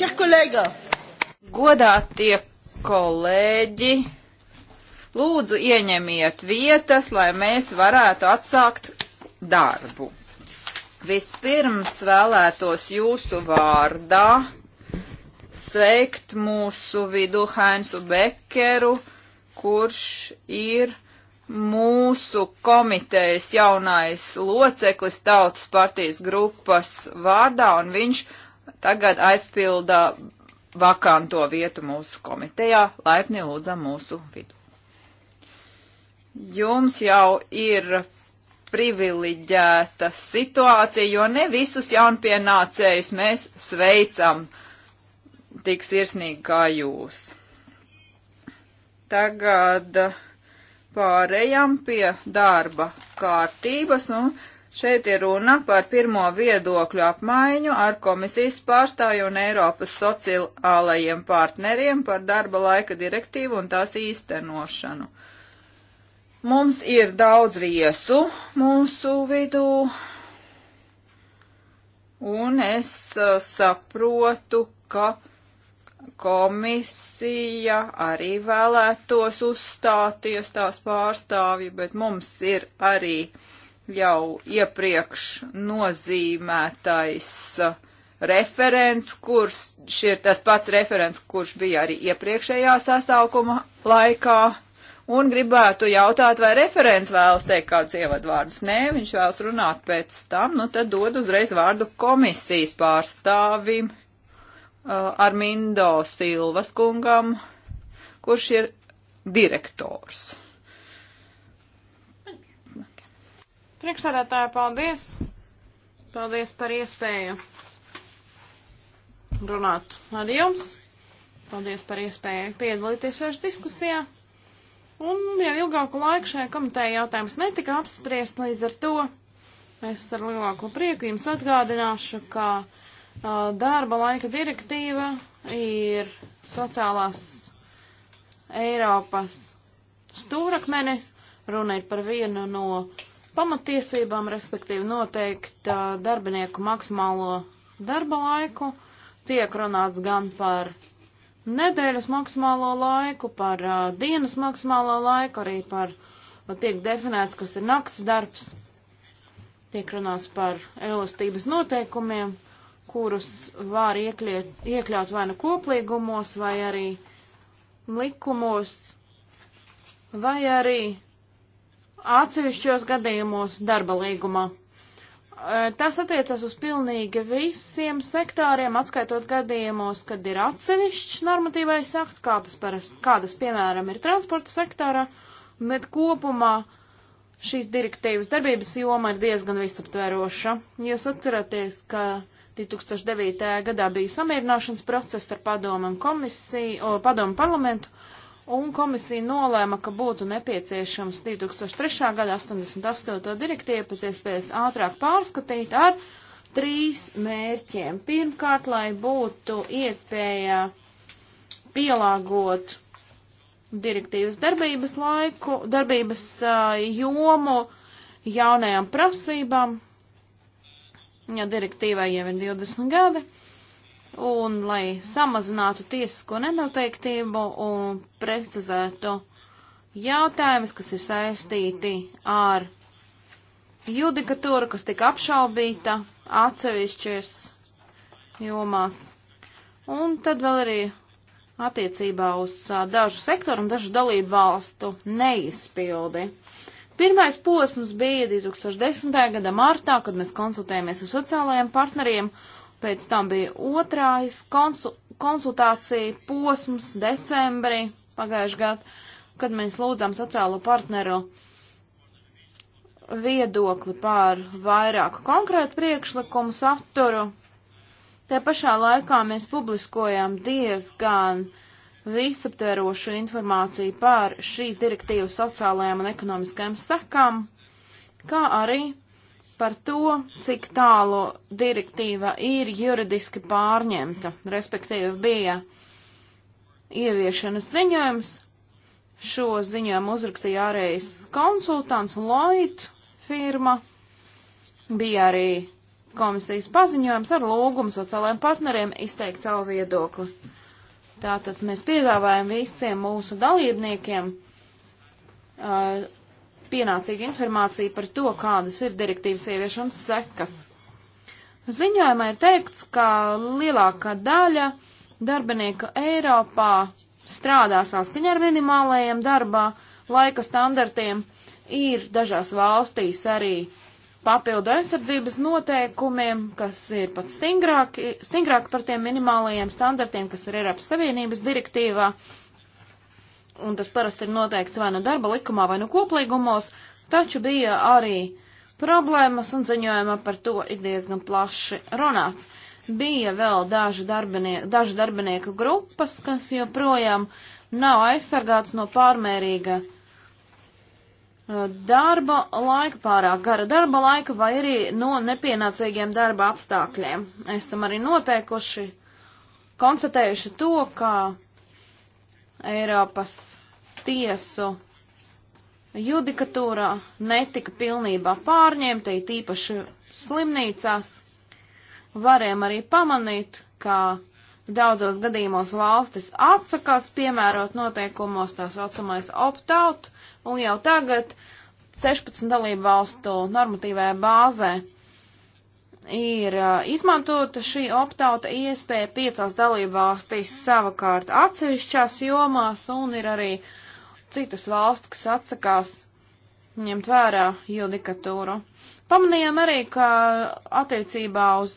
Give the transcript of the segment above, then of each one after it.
Chers collègues, godātie kolēģi, lūdzu ieņemiet vietas, lai mēs varētu atsākt darbu. Vispirms vēlētos jūsu vārdā sveikt mūsu vidu Hainsu Bekeru, kurš ir mūsu komitejas jaunais loceklis tautas partijas grupas vārdā, un viņš tagad aizpilda vakanto vietu mūsu komitejā. Laipni lūdzam mūsu vidu. Jums jau ir privileģēta situācija, jo ne visus jaunpienācējus mēs sveicam tik sirsnīgi kā jūs. Tagad pārējām pie darba kārtības un Šeit ir runa par pirmo viedokļu apmaiņu ar komisijas pārstāju un Eiropas sociālajiem partneriem par darba laika direktīvu un tās īstenošanu. Mums ir daudz viesu mūsu vidū, un es uh, saprotu, ka komisija arī vēlētos uzstāties tās pārstāvji, bet mums ir arī uh, jau iepriekš nozīmētais uh, referents, kurš ir tas pats referents, kurš bija arī iepriekšējā sasaukuma laikā. Un gribētu jautāt, vai referents vēlas teikt kādus ievadvārdus. Nē, viņš vēlas runāt pēc tam, nu tad dod uzreiz vārdu komisijas pārstāvim uh, Armindo Silvas kungam, kurš ir direktors. Priekšsādātāja, paldies! Paldies par iespēju runāt ar jums. Paldies par iespēju piedalīties šajā diskusijā. Un jau ilgāku laiku šajā komitē jautājums netika apspriest, līdz ar to es ar lielāko prieku jums atgādināšu, ka uh, darba laika direktīva ir sociālās Eiropas stūrakmenis. Runa ir par vienu no uh, pamatiesībām, respektīvi noteikti darbinieku maksimālo darba laiku. Tiek runāts gan par nedēļas maksimālo laiku, par uh, dienas maksimālo laiku, arī par tiek definēts, kas ir nakts darbs. Tiek runāts par elastības noteikumiem, kurus var iekļiet, iekļaut vai nu koplīgumos, vai arī likumos, vai arī atsevišķos gadījumos darba līgumā. E, tas attiecas uz pilnīgi visiem sektāriem, atskaitot gadījumos, kad ir atsevišķs normatīvais akts, kādas, parast, kādas piemēram ir transporta sektorā, bet kopumā šīs direktīvas darbības joma ir diezgan visaptveroša. Jūs atceraties, ka 2009. gadā bija samierināšanas process ar padomu un komisiju, o, padomu parlamentu, un komisija nolēma, ka būtu nepieciešams 2003. gada 88. direktīvu pēc iespējas ātrāk pārskatīt ar trīs mērķiem. Pirmkārt, lai būtu iespēja pielāgot direktīvas darbības laiku, darbības uh, jomu jaunajām prasībām, ja direktīvai jau ir 20 gadi un lai samazinātu tiesisko nenoteiktību un precizētu jautājumus, kas ir saistīti ar judikatūru, kas tika apšaubīta atsevišķies jomās. Un tad vēl arī attiecībā uz uh, dažu sektoru un dažu dalību valstu neizpildi. Pirmais posms bija 2010. gada martā, kad mēs konsultējāmies ar sociālajiem partneriem pēc tam bija otrais konsul konsultācija posms decembrī pagājušajā gadā, kad mēs lūdzām sociālo partneru viedokli pār vairāku konkrētu priekšlikumu saturu. Te pašā laikā mēs publiskojām diezgan visaptverošu informāciju par šīs direktīvas sociālajām un ekonomiskajām sakām, kā arī par to, cik tālu direktīva ir juridiski pārņemta, respektīvi bija ieviešanas ziņojums. Šo ziņojumu uzrakstīja ārējais konsultants Lloyd firma. Bija arī komisijas paziņojums ar lūgumu sociālajiem partneriem izteikt savu viedokli. Tātad mēs piedāvājam visiem mūsu dalībniekiem uh, pienācīga informācija par to, kādas ir direktīvas ieviešanas sekas. Ziņojumā ir teikts, ka lielākā daļa darbinieku Eiropā strādā saskaņā ar minimālajiem darbā laika standartiem, ir dažās valstīs arī papildu aizsardzības noteikumiem, kas ir pat stingrāki, stingrāki par tiem minimālajiem standartiem, kas ir Eiropas Savienības direktīvā, un tas parasti ir noteikts vai nu darba likumā, vai nu koplīgumos, taču bija arī problēmas un ziņojumā par to ir diezgan plaši runāts. Bija vēl daži, darbinie, daži darbinieku grupas, kas joprojām nav aizsargāts no pārmērīga uh, darba laika, pārāk gara darba laika vai arī no nepienācīgiem darba apstākļiem. Esam arī noteikuši, konstatējuši to, ka Eiropas tiesu judikatūrā netika pilnībā pārņemta, it īpaši slimnīcās. Varējām arī pamanīt, ka daudzos gadījumos valstis atsakās piemērot noteikumos tās saucamais opt-out, un jau tagad 16 dalību valstu normatīvajā bāzē ir uh, izmantota šī optauta iespēja piecās dalībvalstīs savukārt atsevišķās jomās, un ir arī citas valsts, kas atsakās ņemt vērā judikatūru. Pamanījām arī, ka attiecībā uz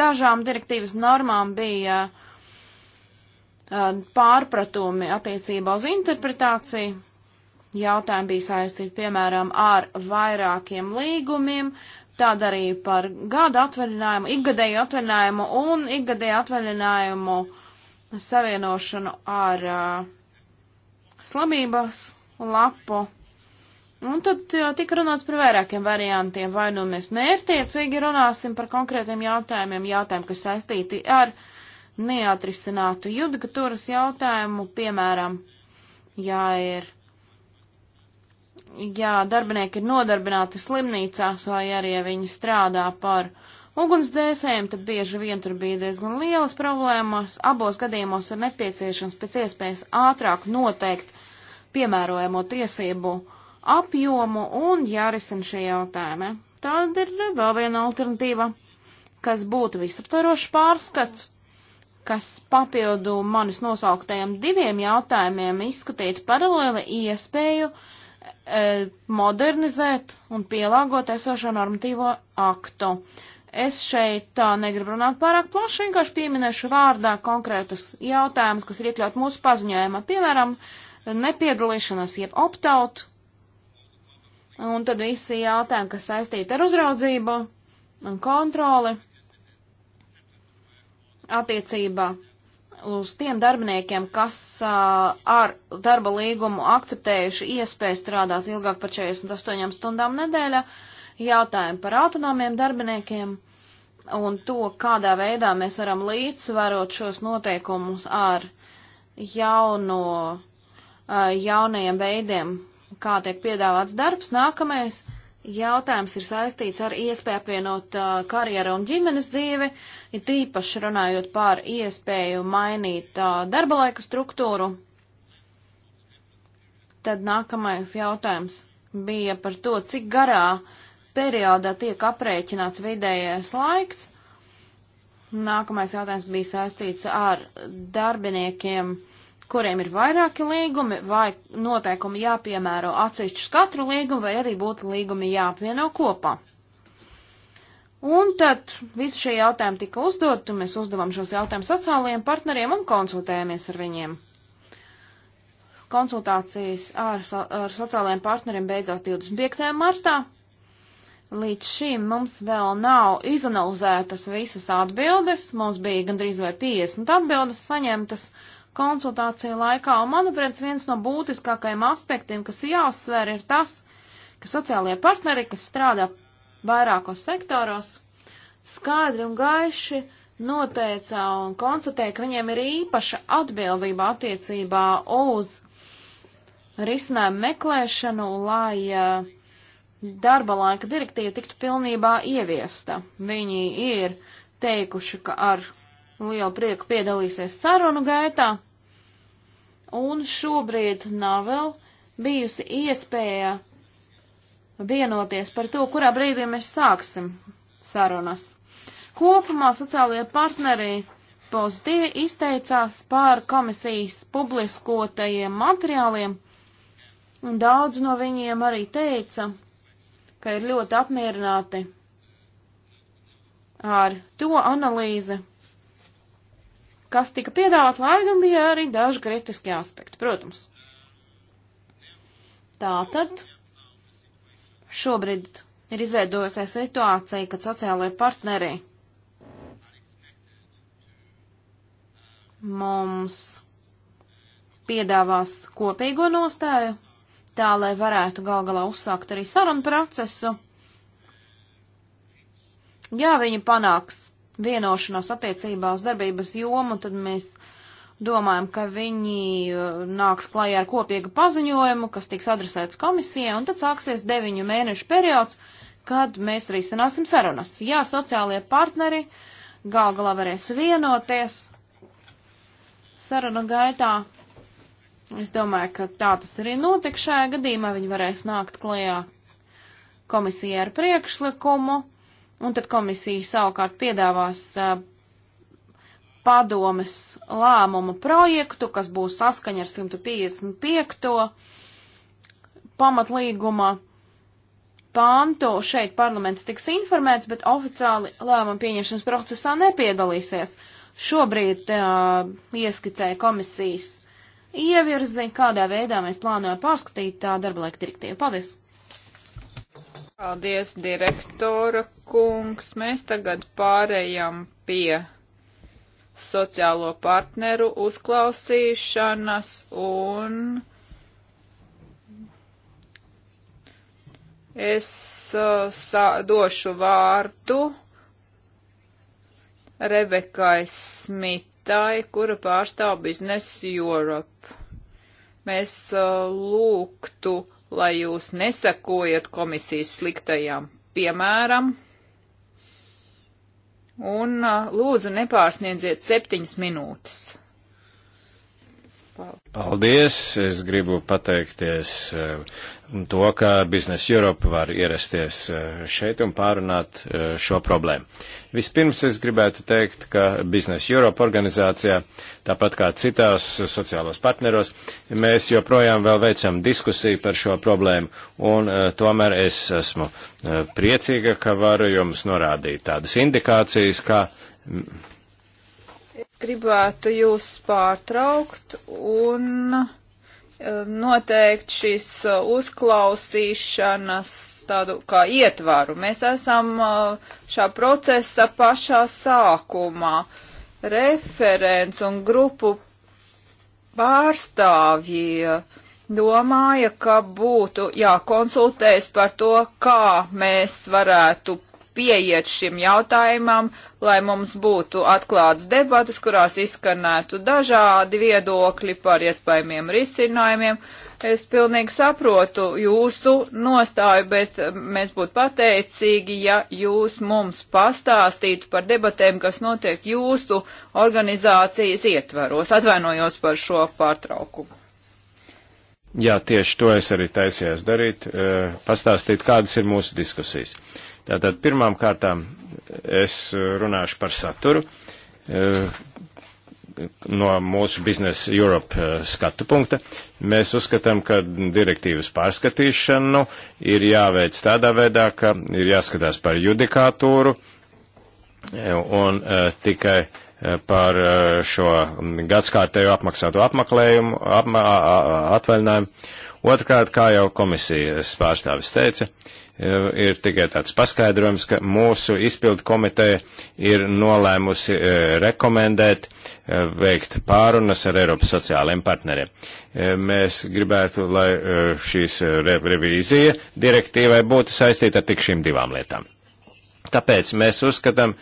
dažām direktīvas normām bija uh, pārpratumi attiecībā uz interpretāciju. Jautājumi bija saistīti, piemēram, ar vairākiem līgumiem, tad arī par gada atvaļinājumu, ikgadēju atvaļinājumu un ikgadēju atvaļinājumu savienošanu ar uh, slimības lapu. Un tad uh, tika runāts par vairākiem variantiem, vai nu mēs mērtiecīgi runāsim par konkrētiem jautājumiem, jautājumiem, kas saistīti ar neatrisinātu judikatūras jautājumu, piemēram, ja ir ja darbinieki ir nodarbināti slimnīcās vai arī ja viņi strādā par ugunsdzēsējiem, tad bieži vien tur bija diezgan lielas problēmas. Abos gadījumos ir nepieciešams pēc iespējas ātrāk noteikt piemērojamo tiesību apjomu un jārisina šie jautājumi. Tāda ir vēl viena alternatīva, kas būtu visaptvarošs pārskats, kas papildu manis nosauktajiem diviem jautājumiem izskatītu paralēli iespēju uh, E, modernizēt un pielāgot esošo normatīvo aktu. Es šeit tā e, negribu runāt pārāk plaši, vienkārši pieminēšu vārdā konkrētus jautājumus, kas ir iekļaut mūsu paziņojumā, piemēram, nepiedalīšanās, jeb optaut, un tad visi jautājumi, kas saistīti ar uzraudzību un kontroli attiecībā uz tiem darbiniekiem, kas uh, ar darba līgumu akceptējuši iespēju strādāt ilgāk par 48 stundām nedēļā, jautājumu par autonomiem darbiniekiem un to, kādā veidā mēs varam līdzsvarot šos noteikumus ar jauno, uh, jaunajiem veidiem, kā tiek piedāvāts darbs. Nākamais jautājums ir saistīts ar iespēju apvienot uh, karjeru un ģimenes dzīvi, ir tīpaši runājot par iespēju mainīt uh, darba laika struktūru. Tad nākamais jautājums bija par to, cik garā periodā tiek aprēķināts vidējais laiks. Nākamais jautājums bija saistīts ar darbiniekiem kuriem ir vairāki līgumi, vai noteikumi jāpiemēro atsevišķi uz katru līgumu, vai arī būtu līgumi jāapvieno kopā. Un tad visi šie jautājumi tika uzdoti, un mēs uzdevām šos jautājumus sociālajiem partneriem un konsultējāmies ar viņiem. Konsultācijas ar, ar sociālajiem partneriem beidzās 25. martā. Līdz šim mums vēl nav izanalizētas visas atbildes, mums bija gandrīz vai 50 atbildes saņemtas. Uh, konsultāciju laikā, un manuprāt, viens no būtiskākajiem aspektiem, kas jāuzsver, ir tas, ka sociālie partneri, kas strādā vairākos sektoros, skaidri un gaiši noteica un konstatēja, ka viņiem ir īpaša atbildība attiecībā uz risinājumu meklēšanu, lai uh, darba laika direktīva tiktu pilnībā ieviesta. Viņi ir teikuši, ka ar lielu prieku piedalīsies sarunu gaitā, un šobrīd nav vēl bijusi iespēja vienoties par to, kurā brīdī mēs sāksim sarunas. Kopumā sociālajie partneri pozitīvi izteicās par komisijas publiskotajiem materiāliem, un daudz no viņiem arī teica, ka ir ļoti apmierināti ar to analīzi, kas tika piedāvāt, lai gan bija arī daži kritiskie aspekti, protams. Tātad šobrīd ir izveidojusies situācija, kad sociālai partneri mums piedāvās kopīgo nostāju, tā lai varētu gal galā uzsākt arī sarunu procesu. Jā, viņi panāks vienošanos attiecībā uz darbības jomu, tad mēs domājam, ka viņi uh, nāks klajā ar kopīgu paziņojumu, kas tiks adresēts komisijai, un tad sāksies deviņu mēnešu periods, kad mēs risināsim sarunas. Jā, sociālie partneri gal galā varēs vienoties sarunu gaitā. Es domāju, ka tā tas arī notiks šajā gadījumā. Viņi varēs nākt klajā komisijai ar priekšlikumu Un tad komisija savukārt piedāvās uh, padomes lēmumu projektu, kas būs saskaņa ar 155. pamatlīguma pantu. Šeit parlaments tiks informēts, bet oficiāli lēmumu pieņemšanas procesā nepiedalīsies. Šobrīd uh, ieskicēja komisijas ievirzi, kādā veidā mēs plānojam pārskatīt tā darba laika direktīvu. Paldies! Paldies, direktora kungs. Mēs tagad pārējām pie sociālo partneru uzklausīšanas un es uh, sā, došu vārdu Rebekai Smitai, kura pārstāv Business Europe. Mēs uh, lūgtu lai jūs nesakojat komisijas sliktajām piemēram. Un lūdzu nepārsniedziet septiņas minūtes. Paldies! Es gribu pateikties eh, to, ka Biznes Europe var ierasties eh, šeit un pārunāt eh, šo problēmu. Vispirms es gribētu teikt, ka Biznes Europe organizācijā, tāpat kā citās sociālos partneros, mēs joprojām vēl veicam diskusiju par šo problēmu, un tomēr es esmu priecīga, ka varu jums norādīt tādas indikācijas, ka gribētu jūs pārtraukt un um, noteikt šīs uh, uzklausīšanas tādu kā ietvaru. Mēs esam uh, šā procesa pašā sākumā. Referents un grupu pārstāvji domāja, ka būtu jākonsultējas par to, kā mēs varētu pieiet šim jautājumam, lai mums būtu atklāts debatas, kurās izskanētu dažādi viedokļi par iespējamiem risinājumiem. Es pilnīgi saprotu jūsu nostāju, bet um, mēs būtu pateicīgi, ja jūs mums pastāstītu par debatēm, kas notiek jūsu organizācijas ietvaros. Atvainojos par šo pārtraukumu. Jā, tieši to es arī taisies darīt, eh, pastāstīt, kādas ir mūsu diskusijas. Tātad pirmām kārtām es runāšu par saturu e, no mūsu biznesa Europe e, skatu punkta. Mēs uzskatām, ka direktīvas pārskatīšanu ir jāveic tādā veidā, ka ir jāskatās par judikatūru e, un tikai par šo gadskārtēju apmaksāto apmeklējumu, apma, atvaļinājumu. Otrkārt, kā jau komisijas pārstāvis teica, uh, ir tikai tāds paskaidrojums, ka mūsu izpildu komiteja ir nolēmusi e, rekomendēt e, veikt pārunas ar Eiropas sociālajiem partneriem. E, mēs gribētu, lai šīs revīzija direktīvai būtu saistīta ar tik šīm divām lietām. Tāpēc mēs uzskatām,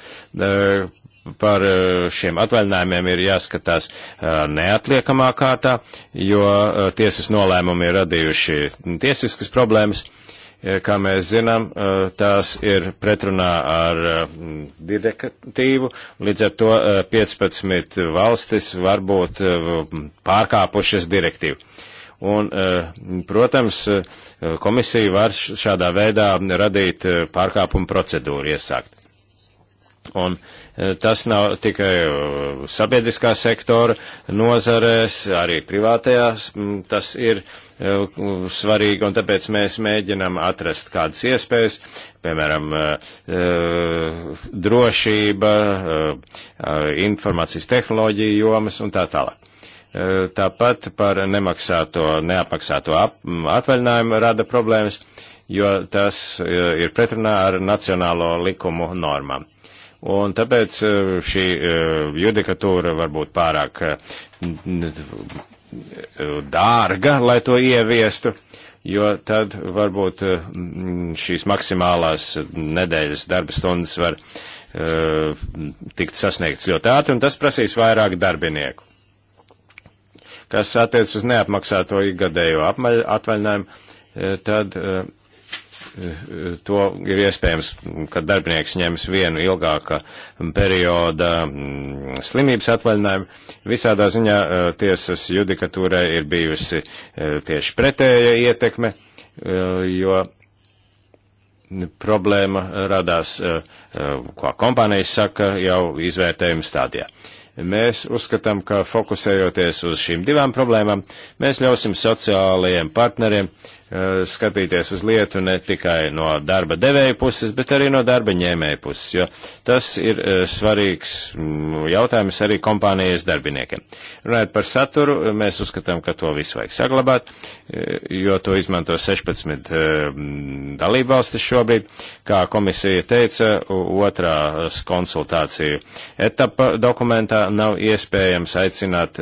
par šiem atvaļinājumiem ir jāskatās neatliekamā kārtā, jo tiesas nolēmumi ir radījuši tiesiskas problēmas kā mēs zinām, tās ir pretrunā ar direktīvu, līdz ar to 15 valstis varbūt pārkāpušas direktīvu. Un, protams, komisija var šādā veidā radīt pārkāpumu procedūru iesākt. Un e, tas nav tikai e, sabiedriskā sektora nozarēs, arī privātajās tas ir e, svarīgi, un tāpēc mēs mēģinam atrast kādas iespējas, piemēram, drošība, informācijas tehnoloģija jomas un tā tālāk. Tāpat par nemaksāto, neapmaksāto atvaļinājumu rada problēmas, jo tas ir pretrunā ar nacionālo likumu normām un tāpēc eh, šī eh, judikatūra var būt pārāk eh, dārga, lai to ieviestu, jo tad varbūt šīs maksimālās nedēļas darba stundas var tikt sasniegts ļoti ātri, un tas prasīs vairāk darbinieku. Kas attiec uz neapmaksāto ikgadējo atvaļinājumu, tad to ir iespējams, ka darbinieks ņems vienu ilgāka perioda mm, slimības atvaļinājumu. Visādā ziņā tiesas judikatūrai ir bijusi tieši pretēja ietekme, jo problēma radās, kā kompānijas saka, jau izvērtējuma stadijā mēs uzskatām, ka fokusējoties uz šīm divām problēmām, mēs ļausim sociālajiem partneriem Eh, skatīties uz lietu ne tikai no darba devēja puses, bet arī no darba ņēmēja puses, jo tas ir eh, svarīgs mm, jautājums arī kompānijas darbiniekiem. Runājot par saturu, mēs uzskatām, ka to visu vajag saglabāt, eh, jo to izmanto 16 mm, dalībvalstis šobrīd. Kā komisija teica, otrās konsultāciju etapa dokumentā nav iespējams aicināt,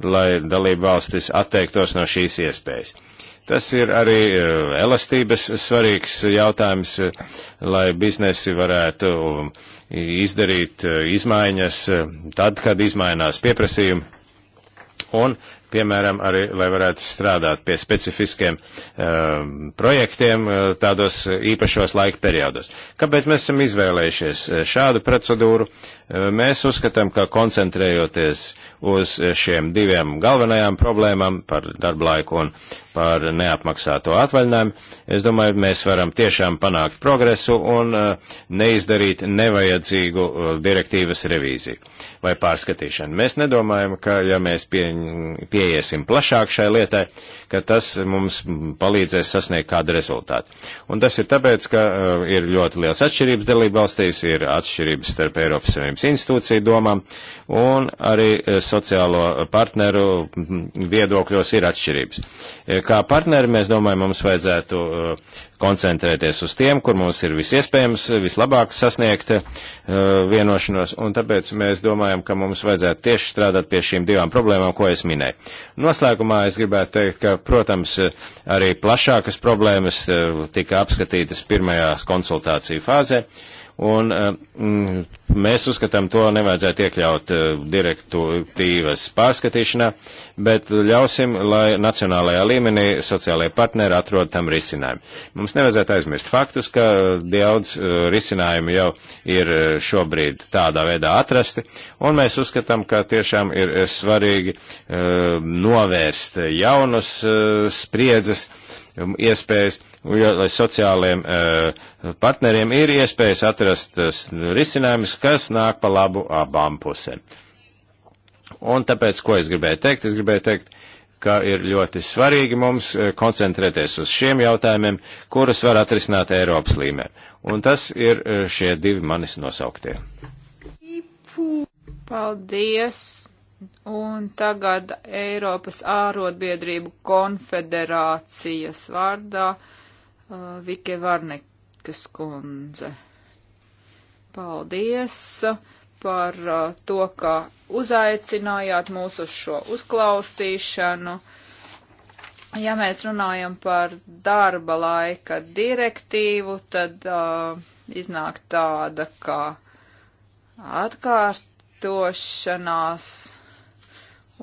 lai dalībvalstis atteiktos no šīs iespējas. Tas ir arī eh, elastības svarīgs jautājums, eh, lai biznesi varētu um, izdarīt eh, izmaiņas tad, kad izmainās pieprasījumi. Un, piemēram, arī, lai varētu strādāt pie specifiskiem um, projektiem tādos īpašos laika periodos. Kāpēc mēs esam izvēlējušies šādu procedūru? Mēs uzskatām, ka koncentrējoties uz šiem diviem galvenajām problēmām par darba laiku un par neapmaksāto atvaļinājumu. Es domāju, mēs varam tiešām panākt progresu un uh, neizdarīt nevajadzīgu uh, direktīvas revīziju vai pārskatīšanu. Mēs nedomājam, ka ja mēs pie, pieiesim plašāk šai lietai, ka tas mums palīdzēs sasniegt kādu rezultātu. Un tas ir tāpēc, ka uh, ir ļoti liels atšķirības dalība valstīs, ir atšķirības starp Eiropas Savienības institūciju domām, un arī uh, sociālo partneru viedokļos ir atšķirības. Uh, kā partneri mēs domājam, mums vajadzētu koncentrēties uz tiem, kur mums ir visiespējams vislabāk sasniegt uh, vienošanos, un tāpēc mēs domājam, ka mums vajadzētu tieši strādāt pie šīm divām problēmām, ko es minēju. Noslēgumā es gribētu teikt, ka protams, eh, arī plašākas problēmas eh, tika apskatītas pirmajās konsultāciju fāzē. Uh, un eh, mm, mēs uzskatām to nevajadzētu iekļaut eh, direktīvas pārskatīšanā, bet ļausim, lai nacionālajā līmenī sociālajie partneri atrod tam risinājumu. Mums nevajadzētu aizmirst faktus, ka eh, daudz risinājumu jau ir šobrīd tādā veidā atrasti, un mēs uzskatām, ka tiešām ir svarīgi novērst jaunus spriedzes um, iespējas jo, lai sociāliem eh, partneriem ir iespējas atrast eh, risinājumus, kas nāk pa labu abām pusēm. Un tāpēc, ko es gribēju teikt? Es gribēju teikt, ka ir ļoti svarīgi mums eh, koncentrēties uz šiem jautājumiem, kurus var atrisināt Eiropas līmenī. Un tas ir šie divi manis nosauktie. Paldies! Un tagad Eiropas ārotbiedrību konfederācijas vārdā uh, Vike Varnekas kundze. Paldies par uh, to, ka uzaicinājāt mūs uz šo uzklausīšanu. Ja mēs runājam par darba laika direktīvu, tad uh, iznāk tāda, kā atkārtošanās,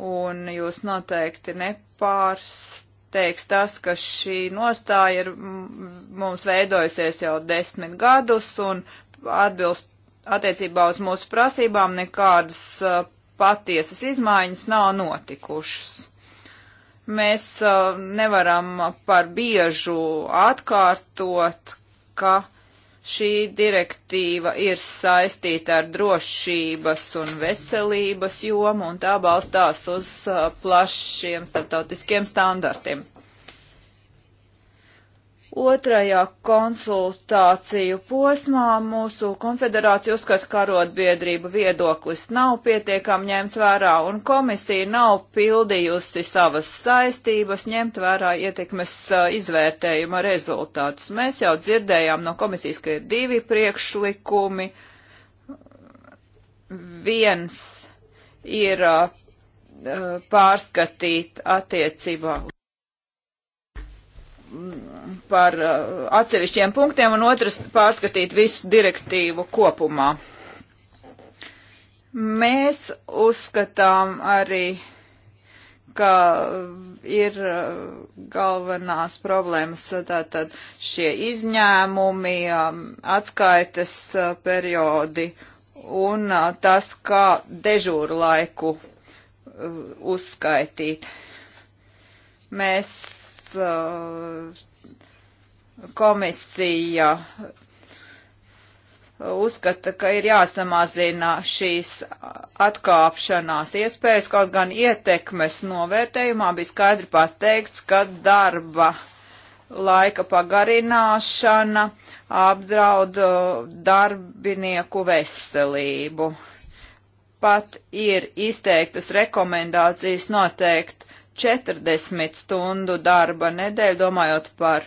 un jūs noteikti nepārst teiks tas, ka šī nostāja ir mums veidojusies jau desmit gadus un atbilst attiecībā uz mūsu prasībām nekādas uh, patiesas izmaiņas nav notikušas. Mēs uh, nevaram par biežu atkārtot, ka Šī direktīva ir saistīta ar drošības un veselības jomu, un tā balstās uz uh, plašiem starptautiskiem standartiem. Otrajā konsultāciju posmā mūsu konfederācija uzskata, ka arotbiedrība viedoklis nav pietiekami ņemts vērā un komisija nav pildījusi savas saistības ņemt vērā ietekmes izvērtējuma rezultātus. Mēs jau dzirdējām no komisijas, ka ir divi priekšlikumi. Viens ir pārskatīt attiecībā par uh, atsevišķiem punktiem un otrs pārskatīt visu direktīvu kopumā. Mēs uzskatām arī, ka ir uh, galvenās problēmas uh, tātad šie izņēmumi, um, atskaites periodi un tas, kā dežūru laiku uzskaitīt. Mēs Uh, komisija uzskata, ka ir jāsamazina šīs atkāpšanās iespējas, kaut gan ietekmes novērtējumā bija skaidri pateikts, ka darba laika pagarināšana apdraud uh, darbinieku veselību. Pat ir izteiktas rekomendācijas noteikt 40 stundu darba nedēļu, domājot par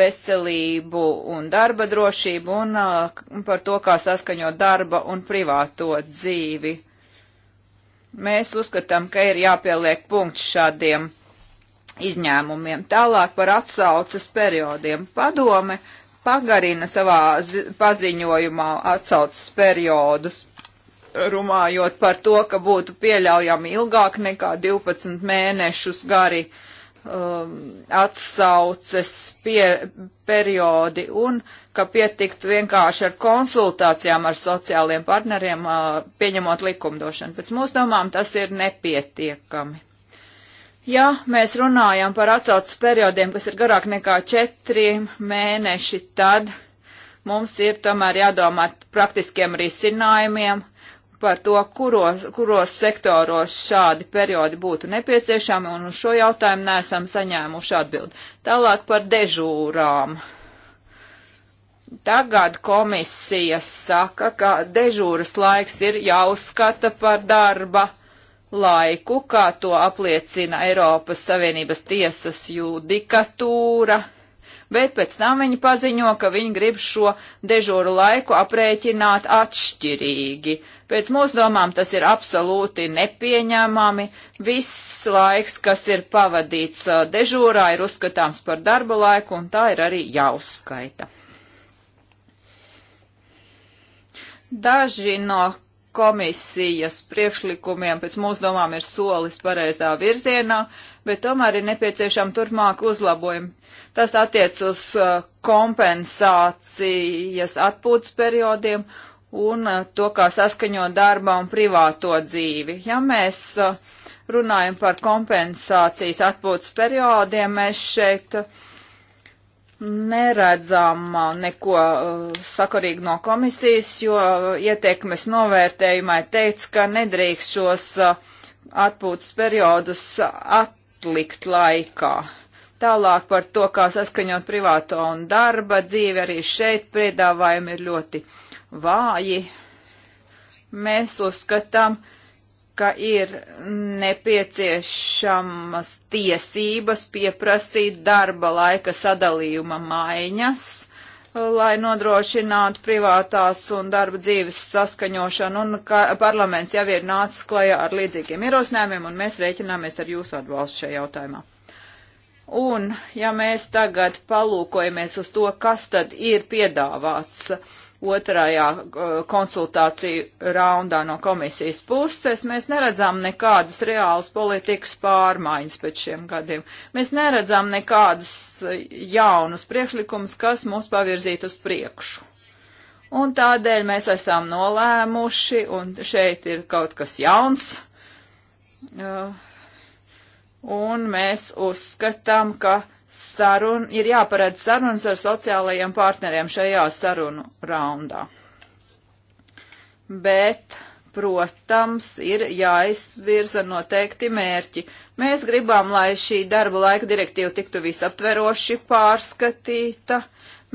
veselību un darba drošību un uh, par to, kā saskaņot darba un privāto dzīvi. Mēs uzskatām, ka ir jāpieliek punkts šādiem izņēmumiem. Tālāk par atsaucas periodiem. Padome pagarina savā paziņojumā atsaucas periodus runājot par to, ka būtu pieļaujami ilgāk nekā 12 mēnešus gari um, atsauces pie, periodi un ka pietiktu vienkārši ar konsultācijām ar sociāliem partneriem, uh, pieņemot likumdošanu. Pēc mūsu domām tas ir nepietiekami. Ja mēs runājam par atsauces periodiem, kas ir garāk nekā četri mēneši, tad mums ir tomēr jādomā par praktiskiem risinājumiem, par to, kuros, kuros sektoros šādi periodi būtu nepieciešami, un uz šo jautājumu neesam saņēmuši atbildi. Tālāk par dežūrām. Tagad komisija saka, ka dežūras laiks ir jāuzskata par darba laiku, kā to apliecina Eiropas Savienības tiesas judikatūra bet pēc tam viņi paziņo, ka viņi grib šo dežūru laiku aprēķināt atšķirīgi. Pēc mūsu domām tas ir absolūti nepieņēmami. Viss laiks, kas ir pavadīts dežūrā, ir uzskatāms par darba laiku, un tā ir arī jāuzskaita. Daži no komisijas priekšlikumiem pēc mūsu domām ir solis pareizā virzienā, bet tomēr ir nepieciešama turpmāka uzlabojuma. Tas attiec uz kompensācijas atpūtas periodiem un eh, to, kā saskaņot darba un privāto dzīvi. Ja mēs eh, runājam par kompensācijas atpūtas periodiem, mēs šeit eh, neredzām neko sakarīgi no komisijas, jo ietekmes novērtējumai teica, ka nedrīkst šos atpūtas periodus atlikt laikā. Tālāk par to, kā saskaņot privāto un darba dzīvi, arī šeit piedāvājumi ir ļoti vāji. Mēs uzskatām, ka ir nepieciešamas tiesības pieprasīt darba laika sadalījuma maiņas, lai nodrošinātu privātās un darba dzīves saskaņošanu, un parlaments jau ir nācis klajā ar līdzīgiem ierosinājumiem, un mēs rēķināmies ar jūsu atbalstu šajā jautājumā. Un, ja mēs tagad palūkojamies uz to, kas tad ir piedāvāts, uh, otrajā uh, konsultāciju raundā no komisijas puses, mēs neredzām nekādas reālas politikas pārmaiņas pēc šiem gadiem. Mēs neredzām nekādas uh, jaunus priekšlikumus, kas mūs pavirzītu uz priekšu. Un tādēļ mēs esam nolēmuši, un šeit ir kaut kas jauns. Uh, un mēs uzskatām, ka sarun, ir jāparedz sarunas ar sociālajiem partneriem šajā sarunu raundā. Bet, protams, ir jāizvirza noteikti mērķi. Mēs gribam, lai šī darba laika direktīva tiktu visaptveroši pārskatīta.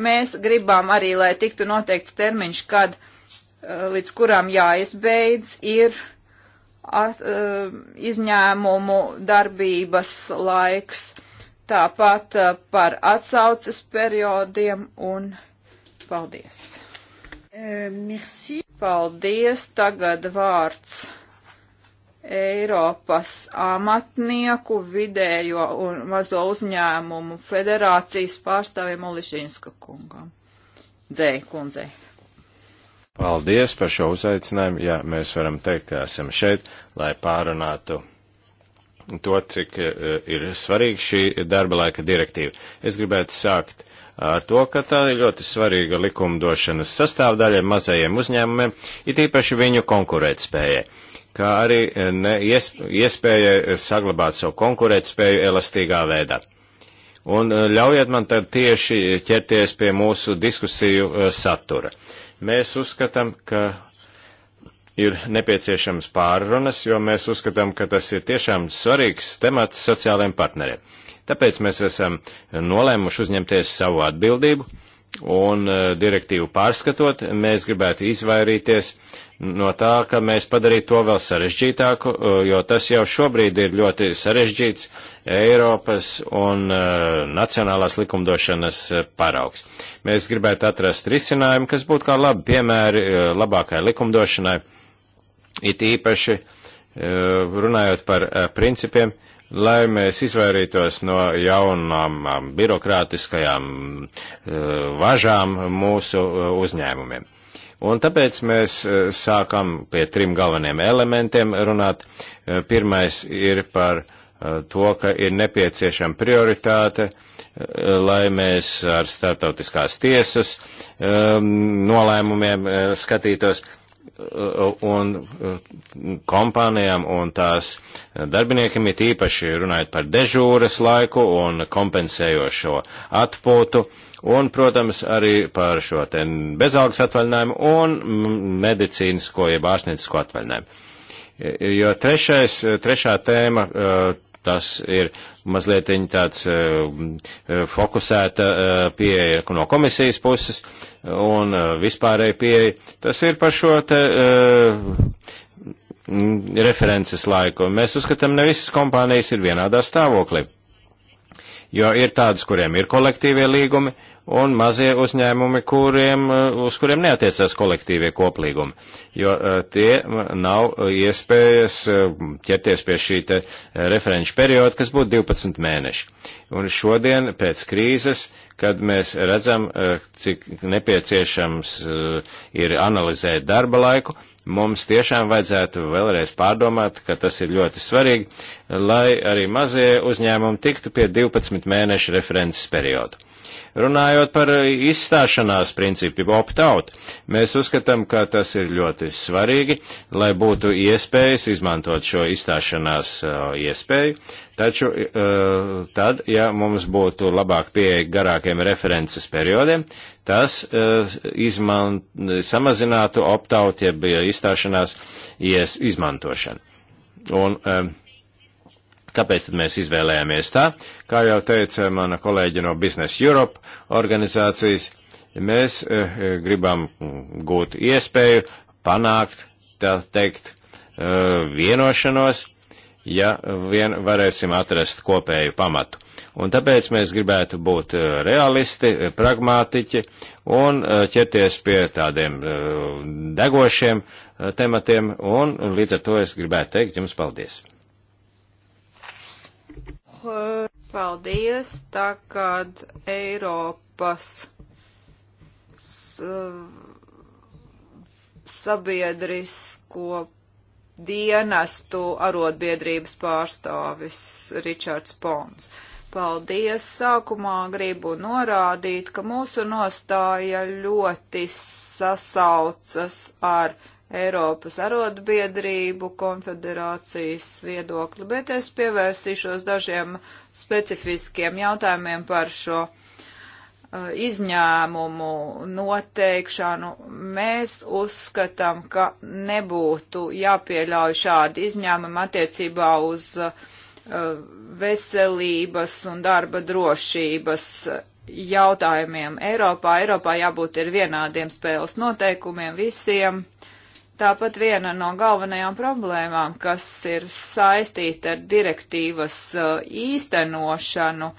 Mēs gribam arī, lai tiktu noteikts termiņš, kad eh, līdz kurām jāizbeidz ir at, eh, izņēmumu darbības laiks tāpat eh, par atsauces periodiem un paldies. E, merci. Paldies. Tagad vārds Eiropas amatnieku vidējo un mazo uzņēmumu federācijas pārstāvjiem Olišinska kungam. Dzēj, kundzei. Paldies par šo uzaicinājumu. Jā, mēs varam teikt, ka esam šeit, lai pārunātu to, cik eh, ir svarīga šī darba laika direktīva. Es gribētu sākt ar to, ka tā ir ļoti svarīga likumdošanas sastāvdaļa mazajiem uzņēmumiem, it īpaši viņu konkurētspējai kā arī eh, ne, ies, iespēja saglabāt savu konkurētspēju elastīgā veidā. Un eh, ļaujiet man tad tieši ķerties pie mūsu diskusiju satura. Mēs uzskatām, ka ir nepieciešams pārrunas, jo mēs uzskatām, ka tas ir tiešām svarīgs temats sociālajiem partneriem. Tāpēc mēs esam nolēmuši uzņemties savu atbildību un e, direktīvu pārskatot, mēs gribētu izvairīties no tā, ka mēs padarītu to vēl sarežģītāku, e, jo tas jau šobrīd ir ļoti sarežģīts Eiropas un e, nacionālās likumdošanas paraugs. Mēs gribētu atrast risinājumu, kas būtu kā labi piemēri labākai likumdošanai it īpaši e, runājot par e, principiem, lai mēs izvairītos no jaunām e, birokrātiskajām važām mūsu uzņēmumiem. Un tāpēc mēs sākam pie trim galveniem elementiem runāt. Pirmais ir par to, ka ir nepieciešama prioritāte, lai mēs ar starptautiskās tiesas um, nolēmumiem skatītos, un uh, kompānijām un tās darbiniekiem ir īpaši runājot par dežūras laiku un kompensējošo atpūtu un, protams, arī par šo te bezalgas atvaļinājumu un medicīnisko jeb ārstniecisko atvaļinājumu. Jo trešais, trešā tēma uh, Tas ir mazliet tāds eh, eh, fokusēta eh, pieeja no komisijas puses un vispārēja pieeja. Tas ir par šo te references laiku. Mēs uzskatām, ne visas kompānijas ir vienādā stāvoklī. Jo ir tādas, kuriem ir kolektīvie līgumi, uh, un mazie uzņēmumi, kuriem, uz kuriem neatiecās kolektīvie koplīgumi, jo eh, tie nav iespējas eh, ķerties pie šī te eh, referenču perioda, kas būtu 12 mēneši. Un šodien pēc krīzes, kad mēs redzam, cik nepieciešams ir analizēt darba laiku, mums tiešām vajadzētu vēlreiz pārdomāt, ka tas ir ļoti svarīgi, lai arī mazie uzņēmumi tiktu pie 12 mēnešu references periodu. Runājot par izstāšanās principu, opt-out, mēs uzskatām, ka tas ir ļoti svarīgi, lai būtu iespējas izmantot šo izstāšanās uh, iespēju, taču uh, tad, ja mums būtu labāk pieeja garākiem references periodiem, tas uh, izman, samazinātu opt-out, jeb ja izstāšanās ies, izmantošanu. Un, uh, Kāpēc tad mēs izvēlējāmies tā? Kā jau teica mana kolēģi no Business Europe organizācijas, mēs eh, gribam mm, gūt iespēju panākt, tā teikt, eh, vienošanos, ja vien varēsim atrast kopēju pamatu. Un tāpēc mēs gribētu būt eh, realisti, pragmātiķi un ķerties pie tādiem degošiem tematiem, un līdz ar to es gribētu teikt jums paldies. Paldies, tā kā Eiropas sabiedrisko dienestu arotbiedrības pārstāvis Ričards Pons. Paldies! Sākumā gribu norādīt, ka mūsu nostāja ļoti sasaucas ar Eiropas arotbiedrību konfederācijas viedokli, bet es pievērsīšos dažiem specifiskiem jautājumiem par šo uh, izņēmumu noteikšanu. Mēs uzskatām, ka nebūtu jāpieļauj šādi izņēmumi attiecībā uz uh, veselības un darba drošības jautājumiem Eiropā. Eiropā jābūt ir vienādiem spēles noteikumiem visiem. Uh, Tāpat viena no galvenajām problēmām, kas ir saistīta ar direktīvas uh, īstenošanu,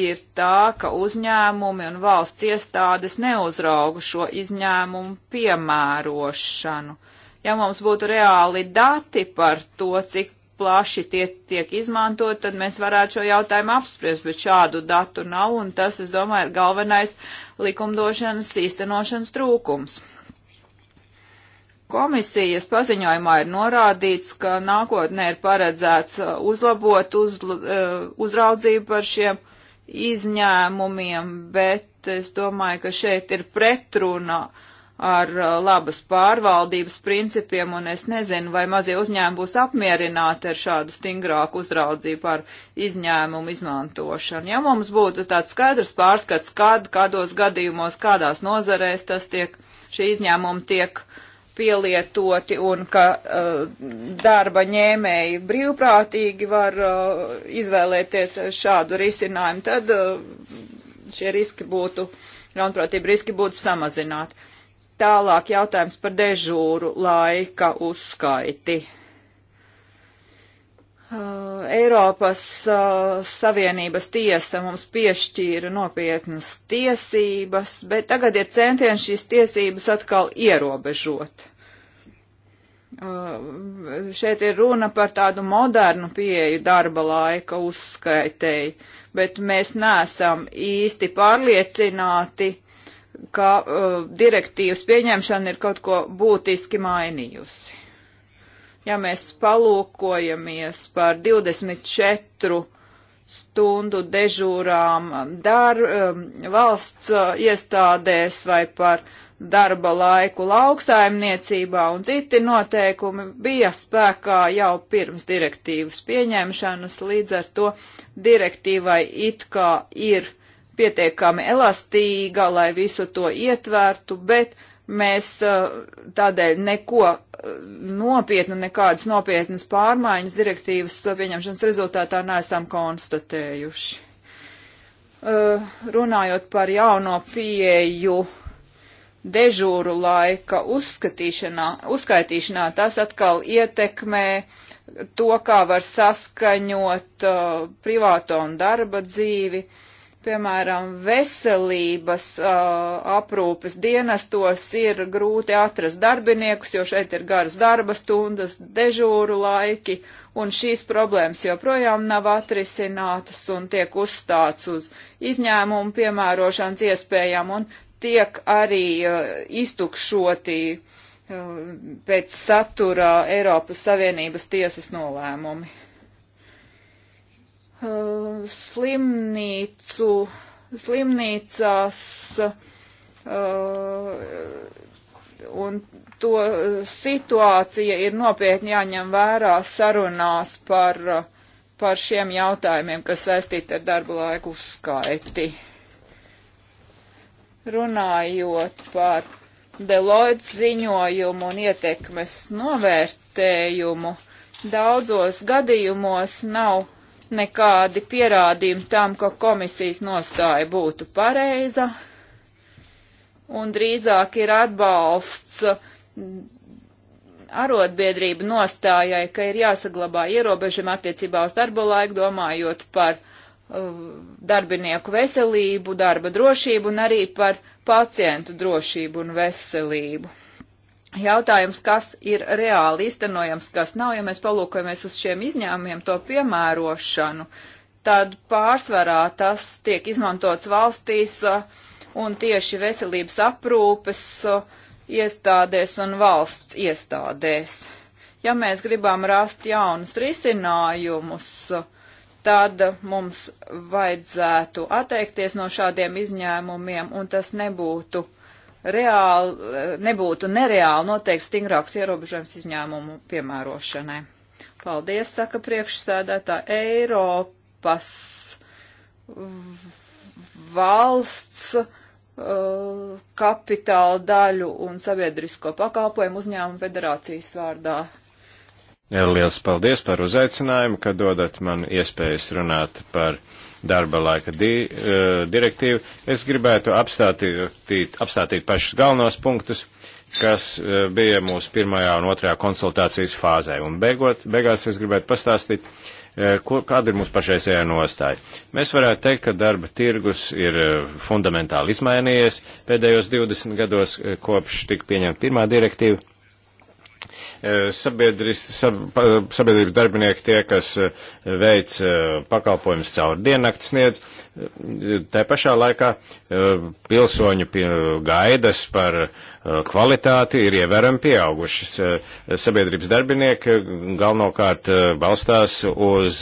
ir tā, ka uzņēmumi un valsts iestādes neuzrauga šo izņēmumu piemērošanu. Ja mums būtu reāli dati par to, cik plaši tie tiek izmantot, tad mēs varētu šo jautājumu apspriest, bet šādu datu nav, un tas, es domāju, ir galvenais likumdošanas īstenošanas trūkums. Komisijas paziņojumā ir norādīts, ka nākotnē ir paredzēts uh, uzlabot uz, uh, uzraudzību par šiem izņēmumiem, bet es domāju, ka šeit ir pretruna ar uh, labas pārvaldības principiem, un es nezinu, vai mazie uzņēmumi būs apmierināti ar šādu stingrāku uzraudzību par izņēmumu izmantošanu. Ja mums būtu tāds skaidrs pārskats, kad, kādos gadījumos, kādās nozarēs tas tiek, šī izņēmuma tiek uh, pielietoti un ka uh, darba ņēmēji brīvprātīgi var uh, izvēlēties šādu risinājumu, tad uh, šie riski būtu, ļaunprātība riski būtu samazināti. Tālāk jautājums par dežūru laika uzskaiti. Uh, Uh, Eiropas uh, Savienības tiesa mums piešķīra nopietnas tiesības, bet tagad ir centieni šīs tiesības atkal ierobežot. Uh, šeit ir runa par tādu modernu pieeju darba laika uzskaitēji, bet mēs neesam īsti pārliecināti, ka direktīvas pieņemšana ir kaut ko būtiski mainījusi. Ja mēs palūkojamies par 24 stundu dežūrām dar, um, valsts uh, iestādēs vai par darba laiku lauksaimniecībā un citi noteikumi bija spēkā jau pirms direktīvas pieņemšanas, līdz ar to direktīvai it kā ir pietiekami elastīga, lai visu to ietvertu, bet Mēs uh, tādēļ neko uh, nopietnu, nekādas nopietnas pārmaiņas direktīvas uh, pieņemšanas rezultātā neesam konstatējuši. Runājot par jauno pieeju dežūru laika uzskatīšanā, uzskaitīšanā, tas atkal ietekmē to, kā var saskaņot uh, privāto un darba dzīvi. Uh, piemēram, veselības uh, aprūpes dienestos ir grūti atrast darbiniekus, jo šeit ir garas darba stundas, dežūru laiki, un šīs problēmas joprojām nav atrisinātas un tiek uzstāts uz izņēmumu piemērošanas iespējām un tiek arī uh, iztukšoti uh, pēc satura Eiropas Savienības tiesas nolēmumi. Uh, slimnīcu, slimnīcās uh, un to situācija ir nopietni jāņem vērā sarunās par, par šiem jautājumiem, kas saistīti ar darba laiku skaiti. Runājot par Deloitte ziņojumu un ietekmes novērtējumu, daudzos gadījumos nav nekādi pierādījumi tam, ka komisijas nostāja būtu pareiza, un drīzāk ir atbalsts mm, arotbiedrību nostājai, ka ir jāsaglabā ierobežam attiecībā uz darba laiku, domājot par uh, darbinieku veselību, darba drošību un arī par pacientu drošību un veselību jautājums, kas ir reāli iztenojams, kas nav, ja mēs palūkojamies uz šiem izņēmumiem to piemērošanu, tad pārsvarā tas tiek izmantots valstīs uh, un tieši veselības aprūpes uh, iestādēs un valsts iestādēs. Ja mēs gribam rast jaunus risinājumus, tad mums vajadzētu atteikties no šādiem izņēmumiem, un tas nebūtu reāli, nebūtu nereāli noteikt stingrāks ierobežojums izņēmumu piemērošanai. Paldies, saka priekšsēdētā Eiropas valsts uh, kapitāla daļu un sabiedrisko pakalpojumu uzņēmumu federācijas vārdā. Liels paldies par uzaicinājumu, ka dodat man iespējas runāt par uh, darba laika di, uh, direktīvu. Es gribētu apstātīt, apstātīt pašus galvenos punktus, kas uh, bija mūsu pirmajā un otrajā konsultācijas fāzē. Un beigot, beigās es gribētu pastāstīt, uh, ko, kāda ir mūsu pašreizējā nostāja. Mēs varētu teikt, ka darba tirgus ir uh, fundamentāli izmainījies pēdējos 20 gados, uh, kopš tika pieņemta pirmā direktīva sabiedris, sab, sabiedrības darbinieki tie, kas eh, veic eh, pakalpojumus caur diennakti sniedz. Tā pašā laikā eh, pilsoņu gaidas par kvalitāti ir ievērami pieaugušas. Sabiedrības darbinieki galvenokārt balstās uz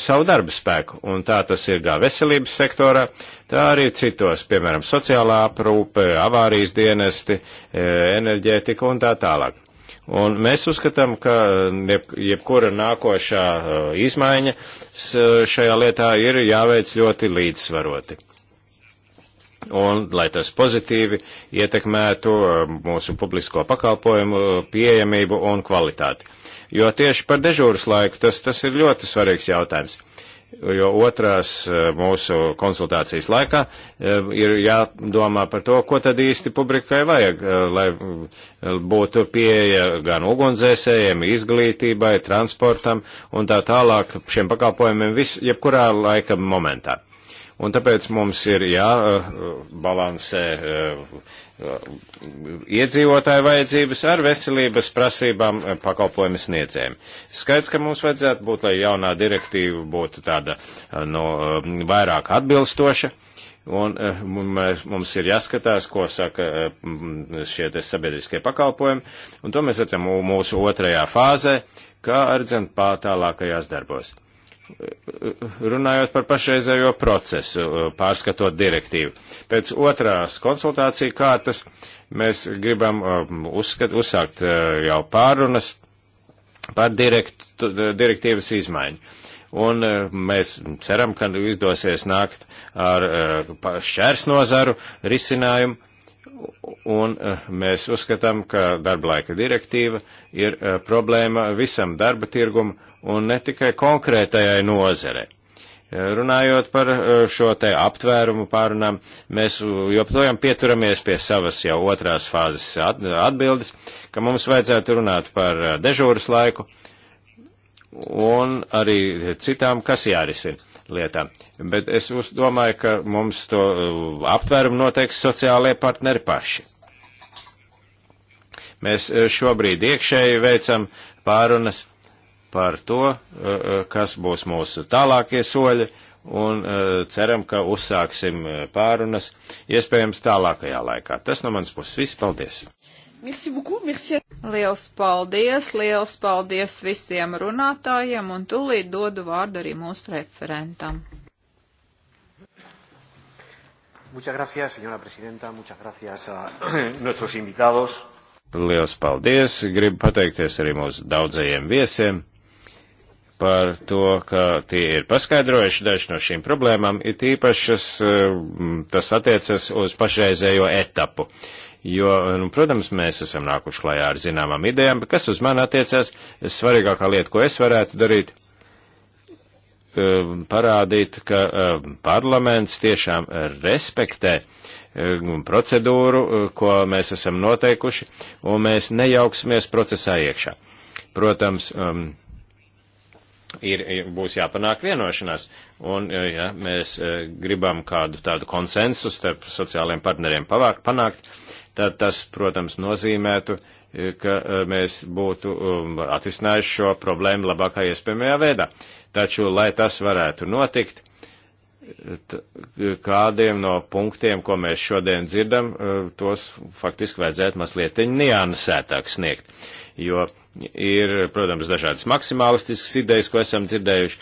savu darba spēku, un tā tas ir kā veselības sektorā, tā arī citos, piemēram, sociālā aprūpe, avārijas dienesti, enerģētika un tā tālāk. Un mēs uzskatām, ka jeb, jebkura nākošā uh, izmaiņa uh, šajā lietā ir jāveic ļoti līdzsvaroti. Un, lai tas pozitīvi ietekmētu uh, mūsu publisko pakalpojumu pieejamību un kvalitāti. Jo tieši par dežūras laiku tas, tas ir ļoti svarīgs jautājums. Uh, jo otrās eh, mūsu konsultācijas laikā eh, ir jādomā par to, ko tad īsti publikai vajag, eh, lai būtu pieeja gan ugunsdzēsējiem, izglītībai, transportam un tā tālāk šiem pakalpojumiem vis, jebkurā laika momentā. Un tāpēc mums ir jābalansē eh, eh, iedzīvotāju vajadzības ar veselības prasībām eh, pakalpojumu sniedzējiem. Skaidrs, ka mums vajadzētu būt, lai jaunā direktīva būtu tāda no, vairāk atbilstoša. Un mums ir jāskatās, ko saka šie sabiedriskie pakalpojumi, un to mēs redzam mūsu otrajā fāzē, kā arī, zin, pā tālākajās darbos runājot par pašreizējo procesu, uh, pārskatot direktīvu. Pēc otrās konsultācija kārtas mēs gribam um, uzskat, uzsākt uh, jau pārunas par direkt, direktīvas izmaiņu. Un uh, mēs ceram, ka izdosies nākt ar šķērs nozaru risinājumu. Un mēs uzskatām, ka darba laika direktīva ir problēma visam darba tirgumu un ne tikai konkrētajai nozarei. Runājot par e, šo te aptvērumu pārunām, mēs joprojām pieturamies pie savas jau otrās fāzes atbildes, ka mums vajadzētu runāt par e, dežūras laiku un arī citām, kas jārisina lietām. Bet es domāju, ka mums to e, aptvērumu noteiks sociālajie partneri paši. Mēs šobrīd iekšēji veicam pārunas par to, eh, eh, kas būs mūsu tālākie soļi, un eh, ceram, ka uzsāksim pārunas iespējams tālākajā laikā. Tas no manas puses viss. Paldies! Merci beaucoup, merci. Liels paldies, liels paldies visiem runātājiem, un tūlīt dodu vārdu arī mūsu referentam. Muchas gracias, señora presidenta. Muchas gracias a nuestros invitados. Liels paldies! Gribu pateikties arī mūsu daudzajiem viesiem par to, ka tie ir paskaidrojuši daži no šīm problēmām, ir tīpašas, eh, tas attiecas uz pašreizējo etapu. Jo, nu, protams, mēs esam nākuši klajā ar zināmām idejām, bet kas uz mani attiecās, svarīgākā lieta, ko es varētu darīt, eh, parādīt, ka eh, parlaments tiešām respektē procedūru, ko mēs esam noteikuši, un mēs nejauksimies procesā iekšā. Protams, um, ir, būs jāpanāk vienošanās. Un, eh, ja mēs eh, gribam kādu tādu konsensu starp sociālajiem partneriem pavākt, panākt, tad tas, protams, nozīmētu, eh, ka mēs būtu um, atrisinājuši šo problēmu labākā iespējamajā veidā. Taču, lai tas varētu notikt, kādiem no punktiem, ko mēs šodien dzirdam, tos faktiski vajadzētu mazliet niansētāk sniegt jo ir, protams, dažādas maksimālistiskas idejas, ko esam dzirdējuši,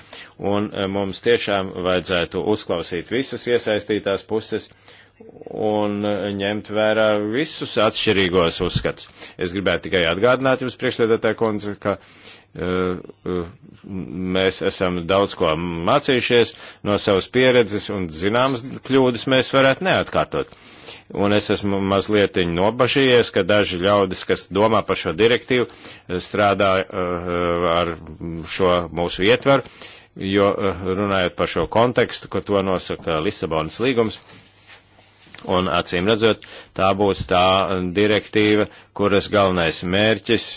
un e, mums tiešām vajadzētu uzklausīt visas iesaistītās puses un e, ņemt vērā visus atšķirīgos uzskatus. Es gribētu tikai atgādināt jums priekšlietētāju kundze, ka uh, mēs esam daudz ko mācījušies no savas pieredzes un zināmas kļūdas mēs varētu neatkārtot. Un es esmu mazliet nobažījies, ka daži ļaudis, kas domā par šo direktīvu, strādā uh, ar šo mūsu ietveru, jo uh, runājot par šo kontekstu, ko to nosaka Lisabonas līgums, un acīm redzot, tā būs tā direktīva, kuras galvenais mērķis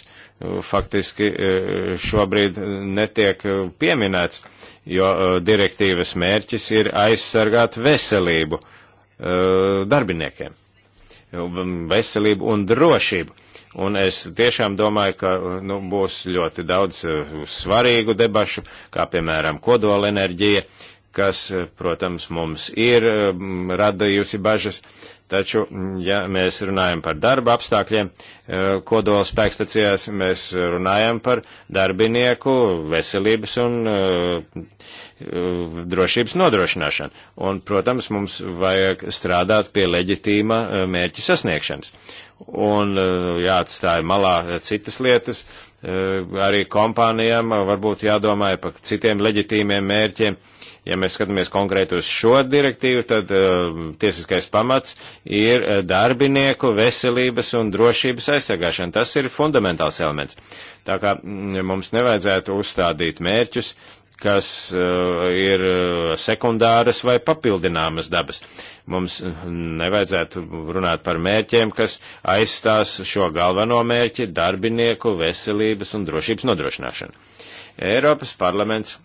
faktiski e, šobrīd netiek pieminēts, jo e, direktīvas mērķis ir aizsargāt veselību e, darbiniekiem, veselību un drošību. Un es tiešām domāju, ka nu, būs ļoti daudz svarīgu debašu, kā piemēram kodolenerģija, kas, protams, mums ir radījusi bažas, Taču, ja mēs runājam par darba apstākļiem, e, kodola spēkstacijās mēs runājam par darbinieku veselības un e, e, drošības nodrošināšanu. Un, protams, mums vajag strādāt pie leģitīma mērķa sasniegšanas. Un jāatstāja malā citas lietas. Arī kompānijām varbūt jādomāja par citiem leģitīmiem mērķiem Ja mēs skatāmies konkrēti uz šo direktīvu, tad uh, tiesiskais pamats ir eh, darbinieku veselības un drošības aizsargāšana. Tas ir fundamentāls elements. Tā kā mm, mums nevajadzētu uzstādīt mērķus, kas uh, ir sekundāras vai papildināmas dabas. Mums mm, nevajadzētu runāt par mērķiem, kas aizstās šo galveno mērķi - darbinieku veselības un drošības nodrošināšanu. Eiropas parlaments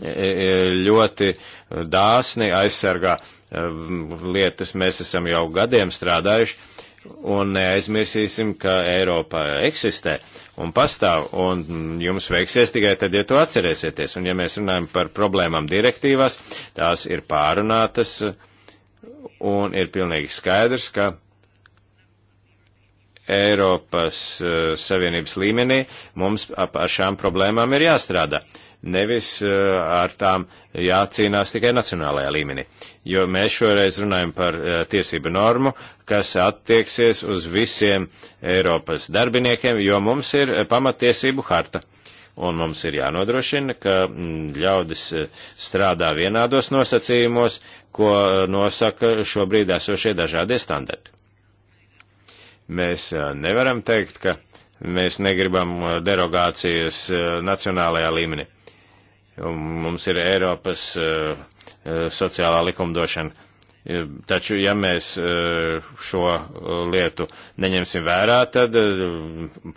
E, e, ļoti dāsni aizsargā e, lietas. Mēs esam jau gadiem strādājuši un neaizmirsīsim, ka Eiropā eksistē un pastāv, un jums veiksies tikai tad, ja to atcerēsieties. Un ja mēs runājam par problēmām direktīvās, tās ir pārunātas, un ir pilnīgi skaidrs, ka Eiropas eh, Savienības līmenī mums ar šām problēmām ir jāstrādā. Nevis eh, ar tām jācīnās tikai nacionālajā līmenī. Jo mēs šoreiz runājam par eh, tiesību normu, kas attieksies uz visiem Eiropas darbiniekiem, jo mums ir pamatiesību harta. Un mums ir jānodrošina, ka mm, ļaudis strādā vienādos nosacījumos, ko nosaka šobrīd esošie dažādie standarti. Mēs nevaram teikt, ka mēs negribam derogācijas nacionālajā līmenī. Mums ir Eiropas sociālā likumdošana. Taču, ja mēs šo lietu neņemsim vērā, tad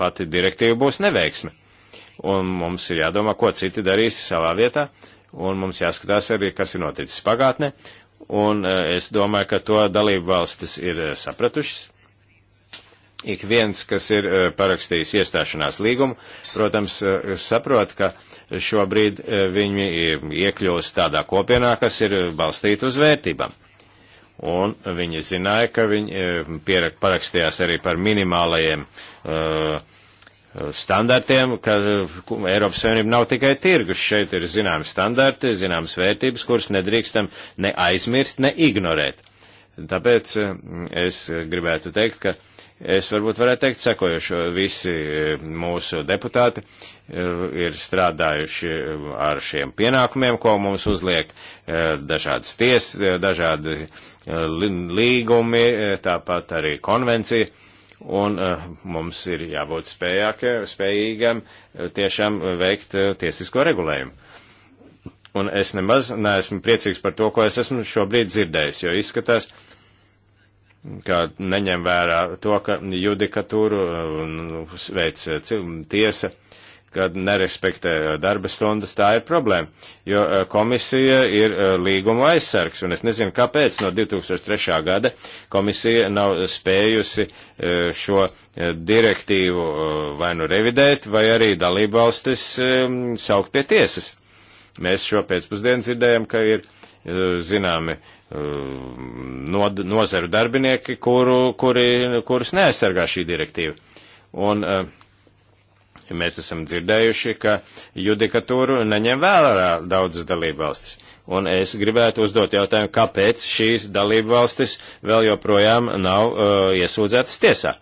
pati direktīva būs neveiksme. Un mums ir jādomā, ko citi darīs savā vietā, un mums jāskatās arī, kas ir noticis pagātnē. Un es domāju, ka to dalību valstis ir sapratušas ik viens, kas ir eh, parakstījis iestāšanās līgumu, protams, eh, saprot, ka šobrīd eh, viņi iekļūst tādā kopienā, kas ir balstīta uz vērtībām. Un viņi zināja, ka viņi parakstījās arī par minimālajiem standartiem, ka Eiropas Savienība nav tikai tirgus. Šeit ir zināmas standarti, zināmas vērtības, kuras nedrīkstam ne aizmirst, ne ignorēt. Tāpēc es gribētu teikt, ka Es varbūt varētu teikt sekojošo. Visi eh, mūsu deputāti eh, ir strādājuši eh, ar šiem pienākumiem, ko mums uzliek dažādas tiesas, dažādi līgumi, tāpat arī konvencija. Un mums ir jābūt spējīgam tiešām veikt tiesisko regulējumu un es nemaz neesmu priecīgs par to, ko es esmu šobrīd dzirdējis, jo izskatās, ka neņem vērā to, ka judikatūru veic eh, tiesa, kad nerespektē eh, darba stundas, tā ir problēma, jo eh, komisija ir līguma aizsargs, un es nezinu, kāpēc no 2003. gada komisija nav spējusi šo direktīvu vai nu revidēt, vai arī dalībvalstis saukt pie tiesas. Mēs šo pēcpusdienu dzirdējam, ka ir zināmi uh, Um, no, nozaru darbinieki, kuru, kuri, kurus neaizsargā šī direktīva. Un uh, mēs esam dzirdējuši, ka judikatūru neņem vērā daudzas dalību valstis. Un es gribētu uzdot jautājumu, kāpēc šīs dalību valstis vēl joprojām nav uh, iesūdzētas tiesā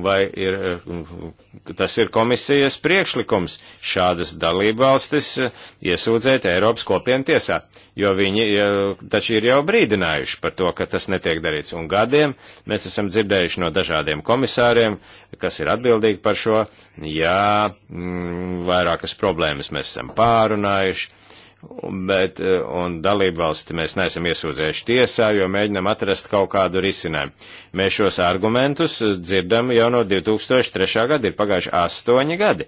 vai ir, eh, tas ir komisijas priekšlikums šādas dalībvalstis eh, iesūdzēt Eiropas kopienu tiesā, jo viņi eh, taču ir jau brīdinājuši par to, ka tas netiek darīts. Un gadiem mēs esam dzirdējuši no dažādiem komisāriem, kas ir atbildīgi par šo, jā, mm, vairākas problēmas mēs esam pārunājuši bet, eh, un dalībvalsti mēs neesam iesūdzējuši tiesā, jo mēģinam atrast kaut kādu risinājumu. Mēs šos argumentus eh, dzirdam jau no 2003. gada, ir pagājuši astoņi gadi,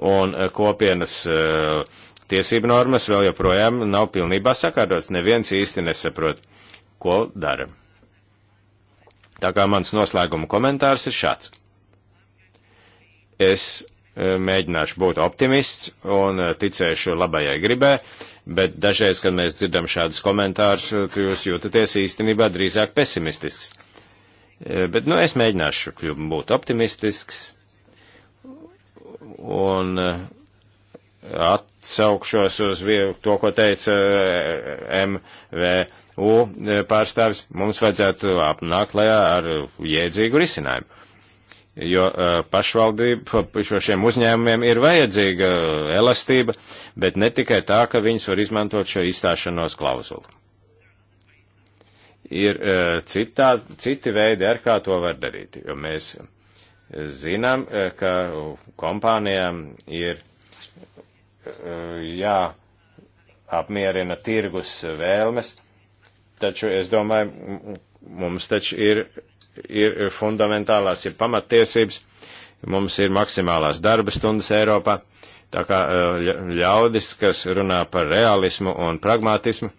un eh, kopienas tiesību normas vēl joprojām nav pilnībā sakārtotas, neviens īsti nesaprot, ko dara. Tā kā mans noslēguma komentārs ir šāds. Es mēģināšu būt optimists un eh, ticēšu labajai gribē, bet dažreiz, kad mēs dzirdam šādus komentārus, jūs jūtaties īstenībā drīzāk pesimistisks. Eh, bet, nu, es mēģināšu būt optimistisks un eh, atsaukšos uz to, ko teica MVU pārstāvis. Mums vajadzētu apnākt lejā ar jēdzīgu risinājumu jo pašvaldību šo šiem uzņēmumiem ir vajadzīga elastība, bet ne tikai tā, ka viņas var izmantot šo izstāšanos klauzulu. Ir citā, citi veidi, ar kā to var darīt, jo mēs zinām, ka kompānijām ir jāapmierina tirgus vēlmes, taču es domāju, mums taču ir ir fundamentālās, ir pamattiesības, mums ir maksimālās darba stundas Eiropā, tā kā eh, ļaudis, kas runā par realismu un pragmatismu,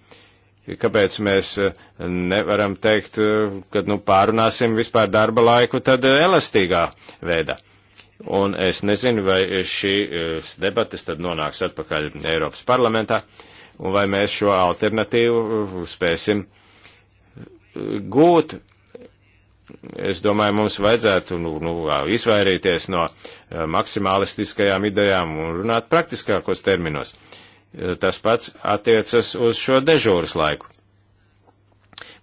kāpēc mēs eh, nevaram teikt, eh, ka nu, pārunāsim vispār darba laiku tad elastīgā veidā. Un es nezinu, vai šīs debatas tad nonāks atpakaļ Eiropas parlamentā, un vai mēs šo alternatīvu spēsim gūt, es domāju, mums vajadzētu nu, nu, izvairīties no maksimālistiskajām idejām un runāt praktiskākos terminos. Tas pats attiecas uz šo dežūras laiku.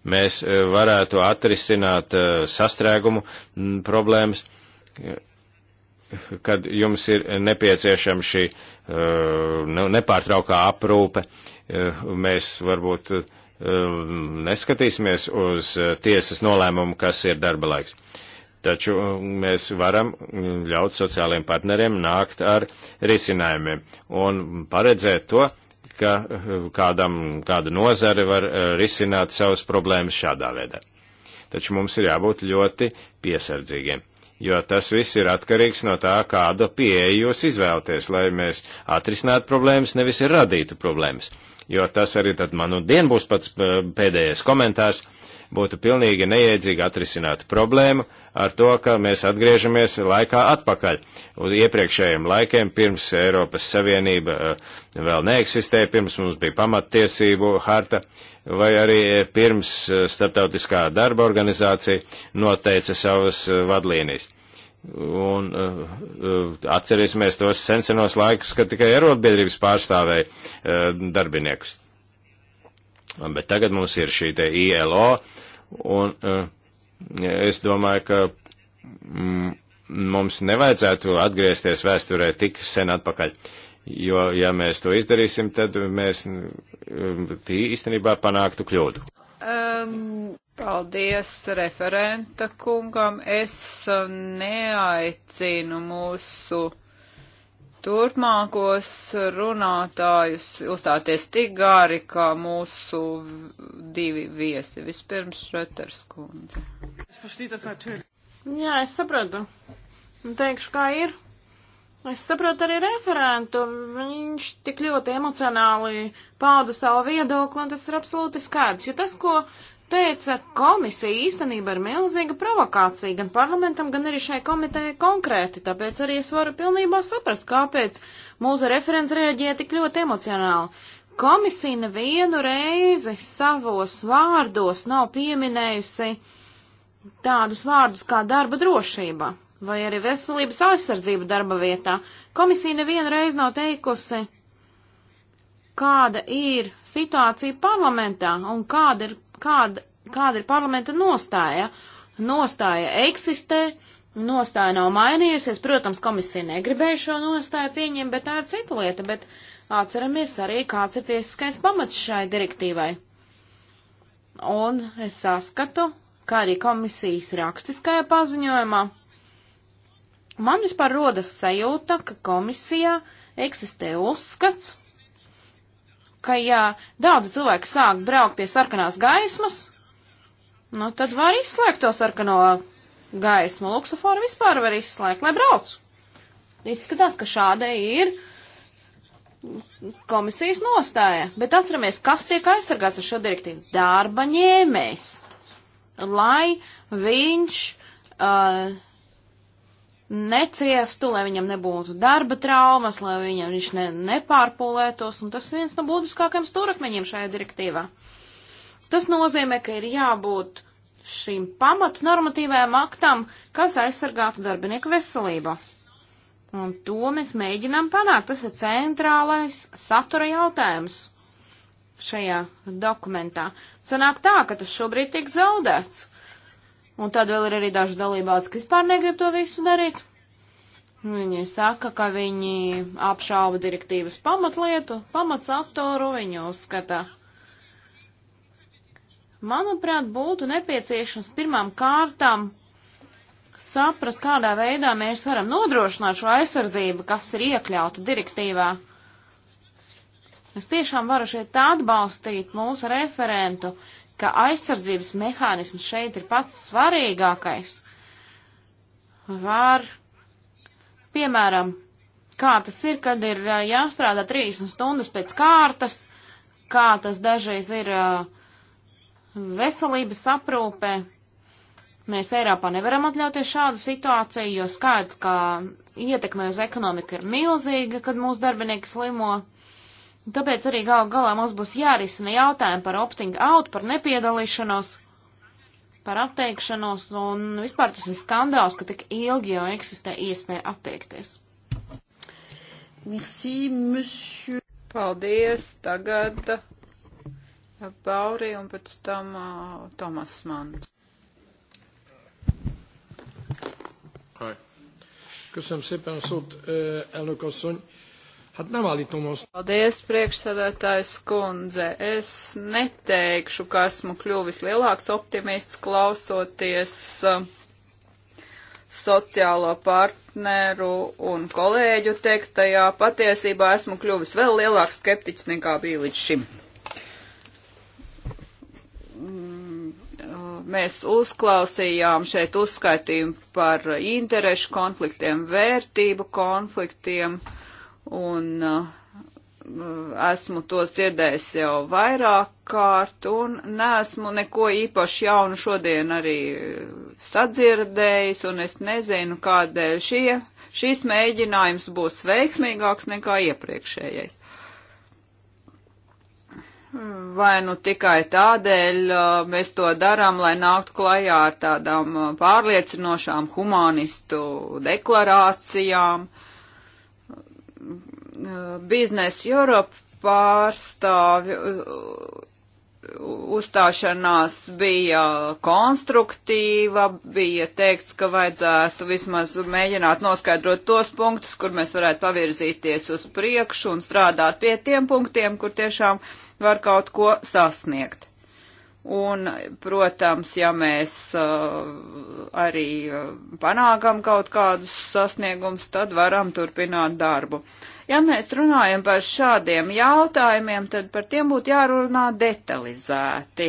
Mēs varētu atrisināt sastrēgumu problēmas, kad jums ir nepieciešama šī nepārtraukā aprūpe. Mēs varbūt Um, neskatīsimies uz uh, tiesas nolēmumu, kas ir darba laiks. Taču um, mēs varam um, ļaut sociālajiem partneriem nākt ar risinājumiem un paredzēt to, ka kādam, kāda nozare var uh, risināt savas problēmas šādā veidā. Taču mums ir jābūt ļoti piesardzīgiem jo tas viss ir atkarīgs no tā, kādu pieeju jūs izvēlaties, lai mēs atrisinātu problēmas, nevis radītu problēmas jo tas arī tad man nu dien būs pats eh, pēdējais komentārs, būtu pilnīgi neiedzīgi atrisināt problēmu ar to, ka mēs atgriežamies laikā atpakaļ uz iepriekšējiem laikiem, pirms Eiropas Savienība eh, vēl neeksistēja, pirms mums bija pamattiesību harta, vai arī eh, pirms Startautiskā darba organizācija noteica savas vadlīnijas. Un uh, atcerēsimies tos sensenos laikus, kad tikai arotbiedrības pārstāvēja uh, darbiniekus. Bet tagad mums ir šī te ILO, un uh, es domāju, ka mm, mums nevajadzētu atgriezties vēsturē tik sen atpakaļ. Jo, ja mēs to izdarīsim, tad mēs mm, īstenībā panāktu kļūdu. Um. Paldies referenta kungam. Es uh, neaicinu mūsu turpmākos runātājus uzstāties tik gāri, kā mūsu divi viesi. Vispirms Šreters kundze. Jā, es saprotu. Teikšu, kā ir. Es saprotu arī referentu. Viņš tik ļoti emocionāli pauda savu viedokli, un tas ir absolūti skaidrs. Jo tas, ko teica, komisija īstenībā ir milzīga provokācija gan parlamentam, gan arī šai komitejai konkrēti, tāpēc arī es varu pilnībā saprast, kāpēc mūsu referents reaģēja tik ļoti emocionāli. Komisija nevienu reizi savos vārdos nav pieminējusi tādus vārdus kā darba drošība vai arī veselības aizsardzība darba vietā. Komisija nevienu reizi nav teikusi, kāda ir situācija parlamentā un kāda ir kāda, kāda ir parlamenta nostāja. Nostāja eksistē, nostāja nav mainījusies. Protams, komisija negribēja šo nostāju pieņemt, bet tā ir cita lieta. Bet atceramies arī, kāds ir tiesiskais pamats šai direktīvai. Un es saskatu, kā arī komisijas rakstiskajā paziņojumā. Man vispār rodas sajūta, ka komisijā eksistē uzskats, ka ja daudz cilvēku sāk braukt pie sarkanās gaismas, nu tad var izslēgt to sarkano gaismu. Luksuforu vispār var izslēgt, lai brauc. Izskatās, ka šāda ir komisijas nostāja, bet atceramies, kas tiek aizsargāts ar šo direktīvu. Darba ņēmējs, lai viņš uh, neciestu, lai viņam nebūtu darba traumas, lai viņam viņš ne, nepārpūlētos, un tas viens no būtiskākajiem stūrakmeņiem šajā direktīvā. Tas nozīmē, ka ir jābūt šīm pamatnormatīvajām aktām, kas aizsargātu darbinieku veselību. Un to mēs mēģinām panākt. Tas ir centrālais satura jautājums šajā dokumentā. Sanāk tā, ka tas šobrīd tiek zaudēts. Un tad vēl ir arī daži dalībvalsts, kas vispār negrib to visu darīt. Viņi saka, ka viņi apšauba direktīvas pamatlietu, pamatsaktoru, viņi uzskata. Manuprāt, būtu nepieciešams pirmām kārtām saprast, kādā veidā mēs varam nodrošināt šo aizsardzību, kas ir iekļauta direktīvā. Es tiešām varu šeit atbalstīt mūsu referentu, ka aizsardzības mehānisms šeit ir pats svarīgākais. Var, piemēram, kā tas ir, kad ir jāstrādā 30 stundas pēc kārtas, kā tas dažreiz ir veselības aprūpē. Mēs Eiropā nevaram atļauties šādu situāciju, jo skaidrs, ka ietekme uz ekonomiku ir milzīga, kad mūsu darbinieki slimo. Tāpēc arī gal galā mums būs jārisina jautājumi par opting out, par nepiedalīšanos, par atteikšanos, un vispār tas ir skandāls, ka tik ilgi jau eksistē iespēja atteikties. Merci, monsieur. Paldies, tagad uh, Bauri un pēc tam uh, Tomas Mann. Köszönöm szépen a szót, uh, elnök asszony. Hát nem állítom azt. Paldies, priekšsēdētājs kundze. Es neteikšu, ka esmu kļuvis lielāks optimists klausoties uh, sociālo partneru un kolēģu teiktajā. Patiesībā esmu kļuvis vēl lielāks skeptiķis nekā bija līdz šim. Mm, uh, mēs uzklausījām šeit uzskaitījumu par interešu konfliktiem, vērtību konfliktiem. Uh, un uh, esmu tos dzirdējis jau vairāk kārt, un nesmu neko īpaši jaunu šodien arī sadzirdējis, un es nezinu, kādēļ šie, šis mēģinājums būs veiksmīgāks nekā iepriekšējais. Vai nu tikai tādēļ uh, mēs to darām, lai nāktu klajā ar tādām uh, pārliecinošām humanistu deklarācijām, uh, biznesa Europa pārstāvi uzstāšanās bija konstruktīva, bija teikts, ka vajadzētu vismaz mēģināt noskaidrot tos punktus, kur mēs varētu pavirzīties uz priekšu un strādāt pie tiem punktiem, kur tiešām var kaut ko sasniegt. Un, protams, ja mēs uh, arī uh, panākam kaut kādus sasniegumus, tad varam turpināt darbu. Ja mēs runājam par šādiem jautājumiem, tad par tiem būtu jārunā detalizēti,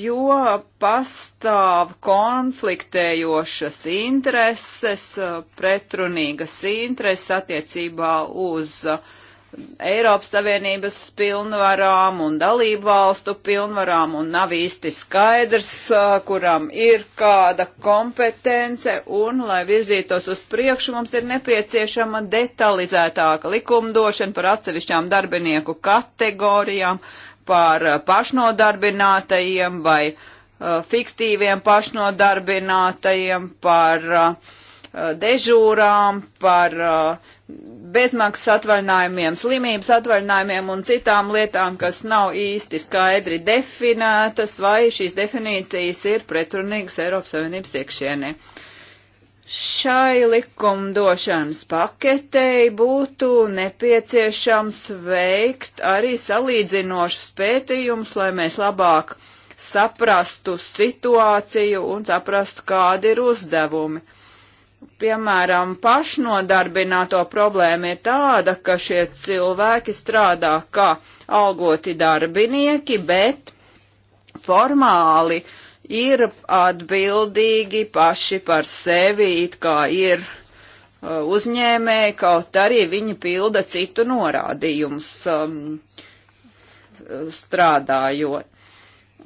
jo pastāv konfliktējošas intereses, uh, pretrunīgas intereses attiecībā uz uh, Eiropas Savienības pilnvarām un dalību valstu pilnvarām un nav īsti skaidrs, kuram ir kāda kompetence un, lai virzītos uz priekšu, mums ir nepieciešama detalizētāka likumdošana par atsevišķām darbinieku kategorijām, par pašnodarbinātajiem vai fiktīviem pašnodarbinātajiem, par uh, Eh, dežūrām, par eh, bezmaksas atvaļinājumiem, slimības atvaļinājumiem un citām lietām, kas nav īsti skaidri definētas, vai šīs definīcijas ir pretrunīgas Eiropas Savienības iekšienē. Šai likumdošanas paketei būtu nepieciešams veikt arī salīdzinošus pētījumus, lai mēs labāk saprastu situāciju un saprastu, kādi ir uzdevumi piemēram, pašnodarbināto problēma ir tāda, ka šie cilvēki strādā kā algoti darbinieki, bet formāli ir atbildīgi paši par sevi, it kā ir uh, uzņēmēji, kaut arī viņi pilda citu norādījumus um, strādājot.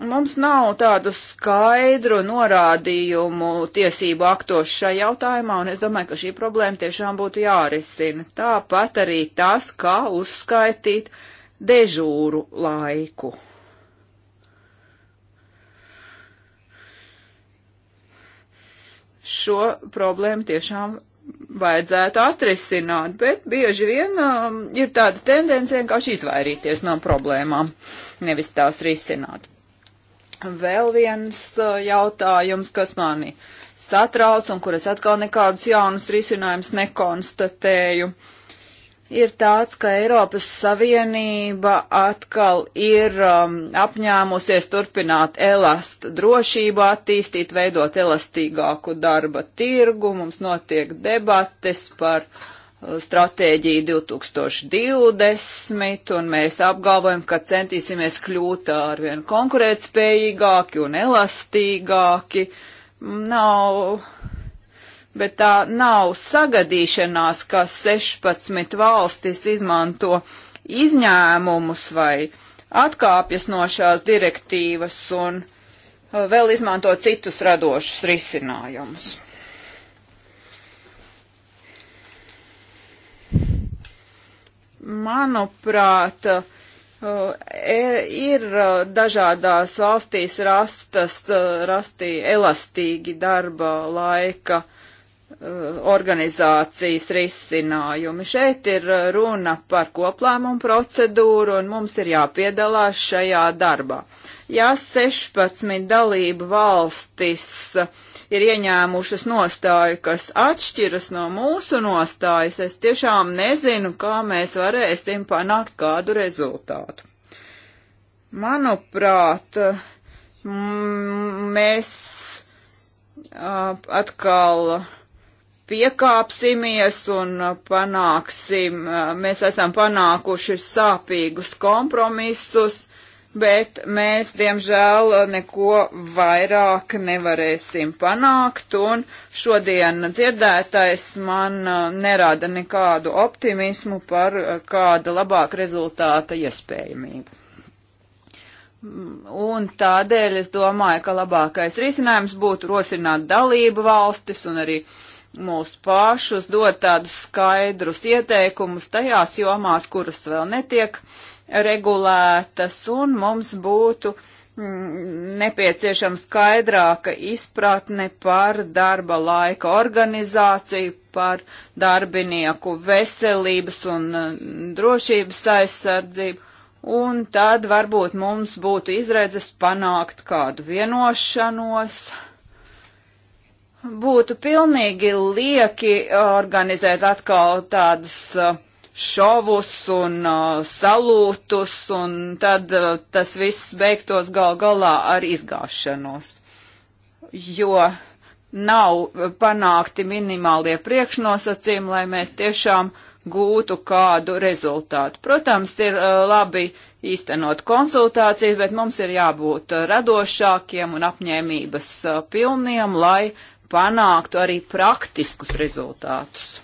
Mums nav tādu skaidru norādījumu tiesību aktos šajā jautājumā, un es domāju, ka šī problēma tiešām būtu jārisina. Tāpat arī tas, kā uzskaitīt dežūru laiku. Šo problēmu tiešām vajadzētu atrisināt, bet bieži vien um, ir tāda tendence vienkārši izvairīties no problēmām, nevis tās risināt. Vēl viens uh, jautājums, kas mani satrauc un kur es atkal nekādus jaunus risinājumus nekonstatēju, ir tāds, ka Eiropas Savienība atkal ir um, apņēmusies turpināt elast drošību, attīstīt, veidot elastīgāku darba tirgu. Mums notiek debates par uh, stratēģiju 2020, un mēs apgalvojam, ka centīsimies kļūt arvien konkurētspējīgāki un elastīgāki. Nav, bet tā nav sagadīšanās, ka 16 valstis izmanto izņēmumus vai atkāpjas no šās direktīvas un uh, vēl izmanto citus radošus risinājumus. manuprāt, uh, e, ir uh, dažādās valstīs rastas, uh, rastī elastīgi darba laika organizācijas risinājumi. Šeit ir runa par koplēmumu procedūru un mums ir jāpiedalās šajā darbā. Ja 16 dalību valstis uh, ir ieņēmušas nostāju, kas atšķiras no mūsu nostājas, es tiešām nezinu, kā mēs varēsim panākt kādu rezultātu. Manuprāt, mm, mēs atkal piekāpsimies un panāksim, mēs esam panākuši sāpīgus kompromisus, bet mēs, diemžēl, neko vairāk nevarēsim panākt, un šodien dzirdētais man uh, nerāda nekādu optimismu par uh, kāda labāka rezultāta iespējamību. Mm, un tādēļ es domāju, ka labākais risinājums būtu rosināt dalību valstis un arī mūsu pašus dot tādus skaidrus ieteikumus tajās jomās, kuras vēl netiek uh, regulētas, un mums būtu mm, nepieciešama skaidrāka izpratne par darba laika organizāciju, par darbinieku veselības un mm, drošības aizsardzību, un tad varbūt mums būtu izredzes panākt kādu vienošanos. Būtu pilnīgi lieki organizēt atkal tādas uh, šovus un uh, salūtus, un tad uh, tas viss beigtos gal galā ar izgāšanos. Jo nav panākti minimālie priekšnosacījumi, lai mēs tiešām gūtu kādu rezultātu. Protams, ir uh, labi īstenot konsultācijas, bet mums ir jābūt uh, radošākiem un apņēmības uh, pilniem, lai panāktu arī praktiskus rezultātus.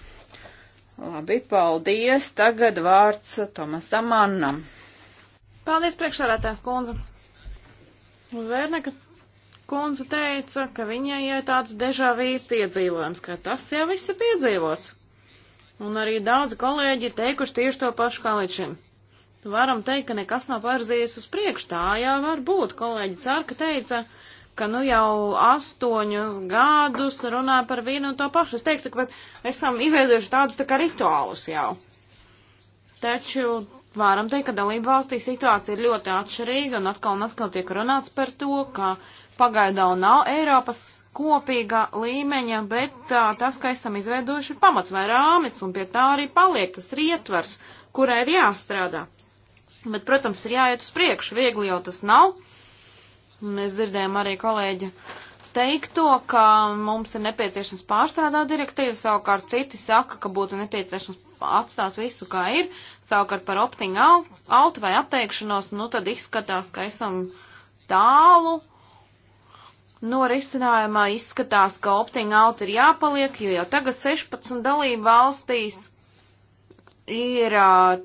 Labi, paldies. Tagad vārds Tomasam Annam. Paldies, priekšsarētājs kundze. Vērneka kundze teica, ka viņai ir tāds dežavī piedzīvojums, ka tas jau viss ir piedzīvots. Un arī daudzi kolēģi ir teikuši tieši to pašu kā līdz šim. Varam teikt, ka nekas nav pārzījies uz priekšu, tā jau var būt. Kolēģi Cārka teica, ka ka nu jau astoņus gadus runā par vienu un to pašu. Es teiktu, ka esam izveidojuši tādus tā kā rituālus jau. Taču varam teikt, ka dalību valstī situācija ir ļoti atšķirīga un atkal un atkal tiek runāts par to, ka pagaidām nav Eiropas kopīga līmeņa, bet tā, tas, ka esam izveidojuši pamats vai rāmis, un pie tā arī paliek tas rietvars, kurai ir jāstrādā. Bet, protams, ir jāiet uz priekšu, viegli jau tas nav, Mēs dzirdējām arī kolēģi teikto, ka mums ir nepieciešams pārstrādāt direktīvu, savukārt citi saka, ka būtu nepieciešams atstāt visu, kā ir, savukārt par opting out vai atteikšanos, nu tad izskatās, ka esam tālu no risinājumā, izskatās, ka opting out ir jāpaliek, jo jau tagad 16 dalību valstīs ir,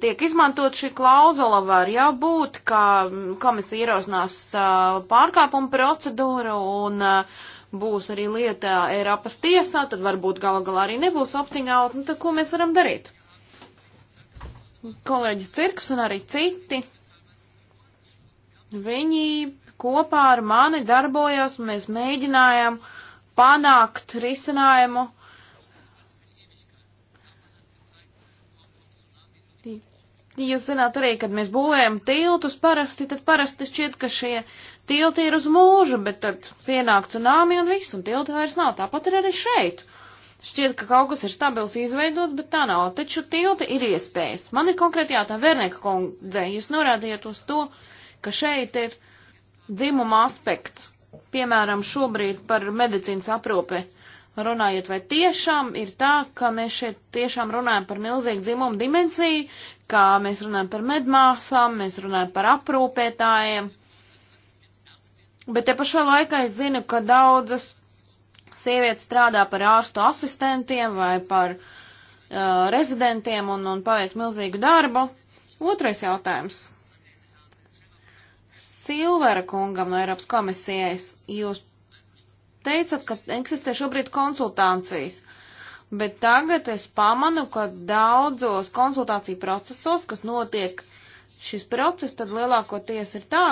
tiek izmantot šī klauzula, var jau būt, ka komisija ierosinās pārkāpuma procedūru un būs arī lieta Eiropas tiesā, tad varbūt gala galā arī nebūs opting-out, nu tad ko mēs varam darīt? Kolēģis Cirks un arī citi, viņi kopā ar mani darbojās un mēs mēģinājām panākt risinājumu Jūs zināt arī, kad mēs būvējam tiltus parasti, tad parasti šķiet, ka šie tilti ir uz mūžu, bet tad pienāk cunāmi un viss, un tilti vairs nav. Tāpat ir arī šeit. Šķiet, ka kaut kas ir stabils izveidots, bet tā nav. Taču tilti ir iespējas. Man ir konkrēti jātā Vērnieka kundze, jūs norādījāt uz to, ka šeit ir dzimuma aspekts. Piemēram, šobrīd par medicīnas aprūpi runājiet, vai tiešām ir tā, ka mēs šeit tiešām runājam par milzīgu dzimumu dimensiju, kā mēs runājam par medmāsām, mēs runājam par aprūpētājiem. Bet te pašā laikā es zinu, ka daudzas sievietes strādā par ārstu asistentiem vai par uh, rezidentiem un, un paveic milzīgu darbu. Otrais jautājums. Silvera kungam no Eiropas komisijas jūs teicat, ka eksistē šobrīd konsultācijas bet tagad es pamanu, ka daudzos konsultāciju procesos, kas notiek šis process, tad lielākoties ir tā,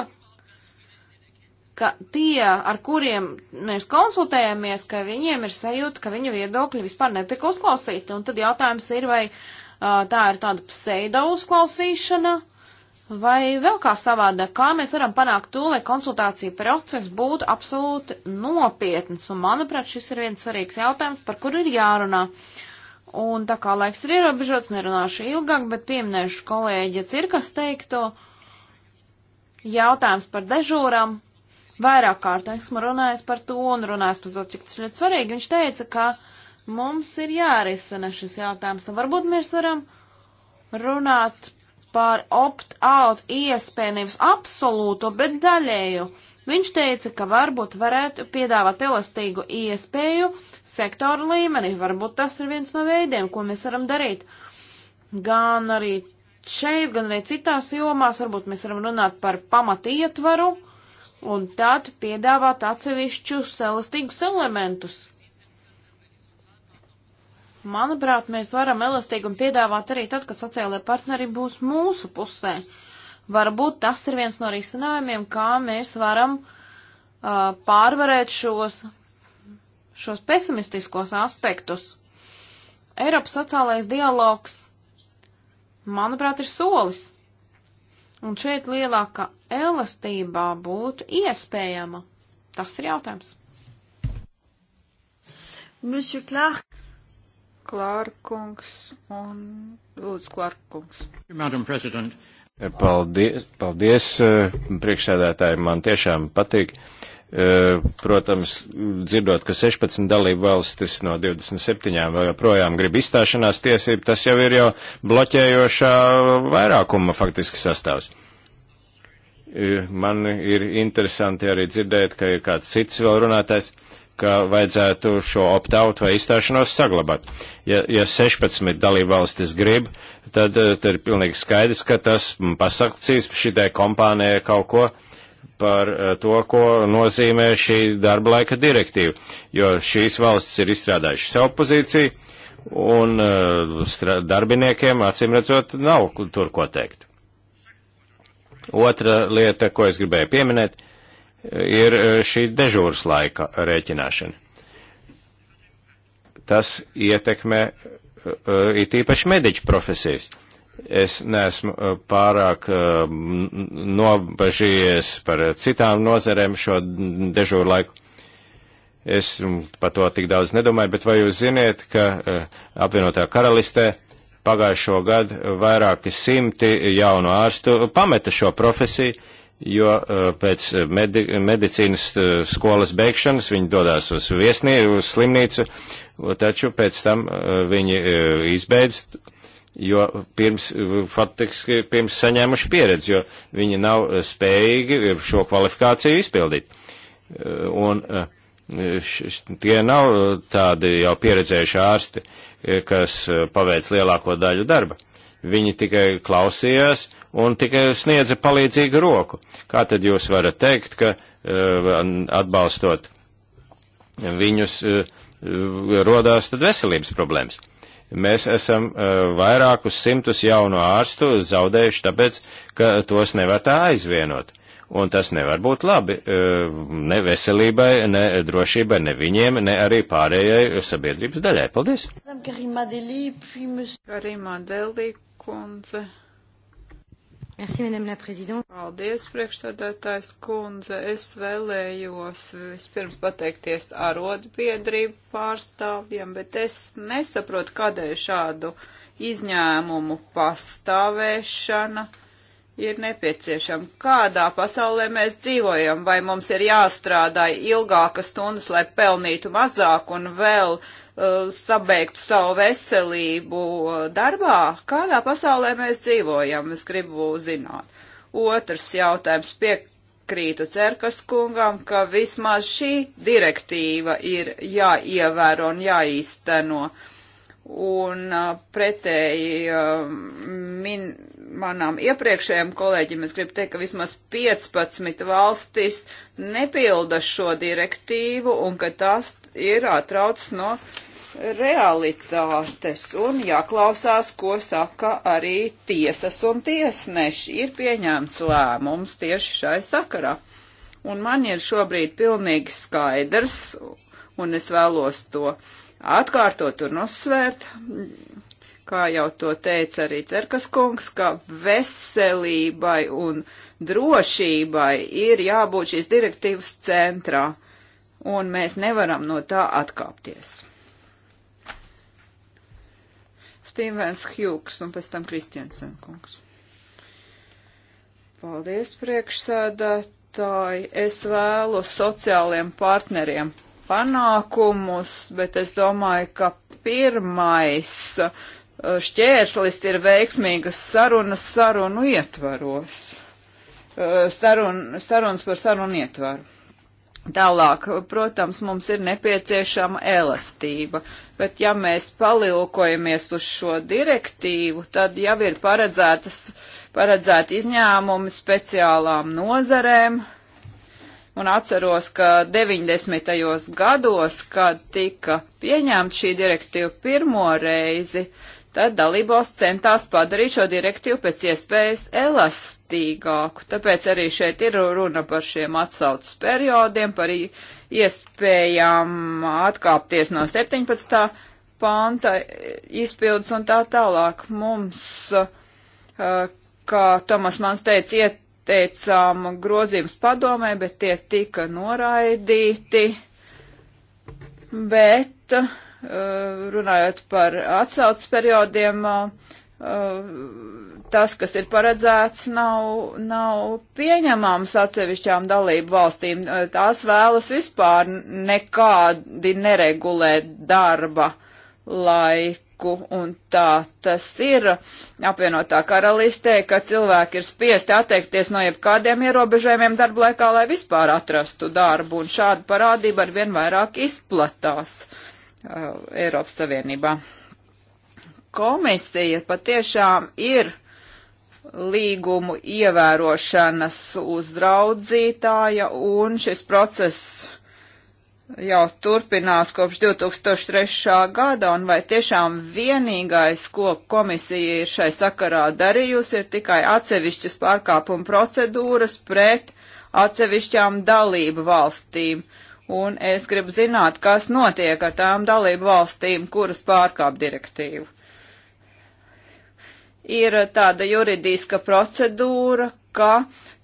ka tie, ar kuriem mēs konsultējamies, ka viņiem ir sajūta, ka viņu viedokļi vispār netika uzklausīti. Un tad jautājums ir, vai uh, tā ir tāda pseido uzklausīšana, vai vēl kā savādāk, kā mēs varam panākt to, lai konsultācija process būtu absolūti nopietns. Un, manuprāt, šis ir viens svarīgs jautājums, par kuru ir jārunā. Un tā kā laiks ir ierobežots, nerunāšu ilgāk, bet pieminēšu kolēģi Cirkas teikto jautājums par dežūram. Vairāk kārt esmu runājis par to un runājis par to, cik tas ļoti svarīgi. Viņš teica, ka mums ir jārisina šis jautājums, un varbūt mēs varam runāt par opt-out iespēju nevis absolūto, bet daļēju. Viņš teica, ka varbūt varētu piedāvāt elastīgu iespēju sektoru līmenī. Varbūt tas ir viens no veidiem, ko mēs varam darīt. Gan arī šeit, gan arī citās jomās varbūt mēs varam runāt par pamatu ietvaru un tad piedāvāt atsevišķus elastīgus elementus. Manuprāt, mēs varam elastīgumu piedāvāt arī tad, kad sociālajie partneri būs mūsu pusē. Varbūt tas ir viens no risinājumiem, kā mēs varam uh, pārvarēt šos, šos pesimistiskos aspektus. Eiropas sociālais dialogs, manuprāt, ir solis. Un šeit lielāka elastībā būtu iespējama. Tas ir jautājums. Monsieur Clark. Klārkungs un Lūdzu Klārkungs. Paldies, paldies eh, priekšsēdētāji, man tiešām patīk. Eh, protams, dzirdot, ka 16 dalību valstis no 27 vēl joprojām grib izstāšanās tiesību, tas jau ir jau bloķējošā vairākuma faktiski sastāvs eh, man ir interesanti arī dzirdēt, ka ir kāds cits vēl runātājs, ka vajadzētu šo opt-out vai izstāšanos saglabāt. Ja, ja 16 dalībvalstis grib, tad, eh, tad ir pilnīgi skaidrs, ka tas pasakcīs šitai kompānijai kaut ko par eh, to, ko nozīmē šī darba laika direktīva, jo šīs valstis ir izstrādājuši savu pozīciju un eh, darbiniekiem, acīm redzot, nav tur ko teikt. Otra lieta, ko es gribēju pieminēt, ir eh, šī dežūras laika rēķināšana. Tas ietekmē eh, it īpaši mediķu profesijas. Es neesmu eh, pārāk nobažījies par citām nozerēm šo dežūru laiku. Es mm, par to tik daudz nedomāju, bet vai jūs ziniet, ka apvienotā karalistē pagājušo gadu vairāki simti jaunu ārstu pameta šo profesiju, jo uh, pēc uh, medi medicīnas uh, skolas beigšanas viņi dodās uz viesnīcu, uz slimnīcu, taču pēc tam viņi izbeidz, jo pirms, faktiski, pirms saņēmuši pieredzi, jo viņi nav spējīgi šo kvalifikāciju izpildīt. Un tie nav tādi jau pieredzējuši ārsti, kas paveic lielāko daļu darba. Viņi tikai klausījās, uh, un tikai sniedza palīdzīgu roku. Kā tad jūs varat teikt, ka eh, atbalstot viņus eh, rodās tad veselības problēmas? Mēs esam eh, vairākus simtus jaunu ārstu zaudējuši tāpēc, ka tos nevar tā aizvienot. Un tas nevar būt labi ne veselībai, ne drošībai, ne viņiem, ne arī pārējai sabiedrības daļai. Paldies! Karima Delī, kundze. Merci, Madame la Présidente. Paldies, priekšsēdētājs kundze. Es vēlējos vispirms pateikties arotbiedrību pārstāvjiem, bet es nesaprotu, kādēļ šādu izņēmumu pastāvēšana ir nepieciešama. Kādā pasaulē mēs dzīvojam? Vai mums ir jāstrādā ilgākas stundas, lai pelnītu mazāk un vēl uh, Uh, sabeigtu savu veselību darbā, kādā pasaulē mēs dzīvojam, es gribu zināt. Otrs jautājums piekrītu Cerkas kungam, ka vismaz šī direktīva ir jāievēro un jāīsteno. Un uh, pretēji um, min, manām iepriekšējām kolēģiem es gribu teikt, ka vismaz 15 valstis nepilda šo direktīvu un ka tas ir atrauc no realitātes un jāklausās, ko saka arī tiesas un tiesneši. Ir pieņemts lēmums tieši šai sakarā. Un man ir šobrīd pilnīgi skaidrs, un es vēlos to atkārtot un uzsvērt, kā jau to teica arī Cerkas kungs, ka veselībai un drošībai ir jābūt šīs direktīvas centrā un mēs nevaram no tā atkāpties. Stīvens Hjūks un pēc tam Kristiansen kungs. Paldies, priekšsēdētāji. Es vēlu sociāliem partneriem panākumus, bet es domāju, ka pirmais uh, šķērslis ir veiksmīgas sarunas sarunu ietvaros. Uh, sarun, sarunas par sarunu ietvaru Tālāk, protams, mums ir nepieciešama elastība, bet ja mēs palilkojamies uz šo direktīvu, tad jau ir paredzētas, paredzēti izņēmumi speciālām nozarēm. Un atceros, ka 90. gados, kad tika pieņemta šī direktīva pirmo reizi, tad dalībvalsts centās padarīt šo direktīvu pēc iespējas elastību elastīgāku. Tāpēc arī šeit ir runa par šiem atsaucas periodiem, par iespējām atkāpties no 17. panta izpildus un tā tālāk. Mums, kā Tomas Mans teica, ieteicām grozījums padomē, bet tie tika noraidīti. Bet runājot par atsaucas periodiem, tas, kas ir paredzēts, nav, nav pieņemams atsevišķām dalību valstīm. Tās vēlas vispār nekādi neregulēt darba laiku, un tā tas ir apvienotā karalistē, ka cilvēki ir spiesti atteikties no jebkādiem ierobežojumiem darba laikā, lai vispār atrastu darbu, un šāda parādība arvien vairāk izplatās uh, Eiropas Savienībā komisija patiešām ir līgumu ievērošanas uzraudzītāja, un šis process jau turpinās kopš 2003. gada, un vai tiešām vienīgais, ko komisija ir šai sakarā darījusi, ir tikai atsevišķas pārkāpuma procedūras pret atsevišķām dalību valstīm. Un es gribu zināt, kas notiek ar tām dalību valstīm, kuras pārkāp direktīvu ir tāda juridiska procedūra, ka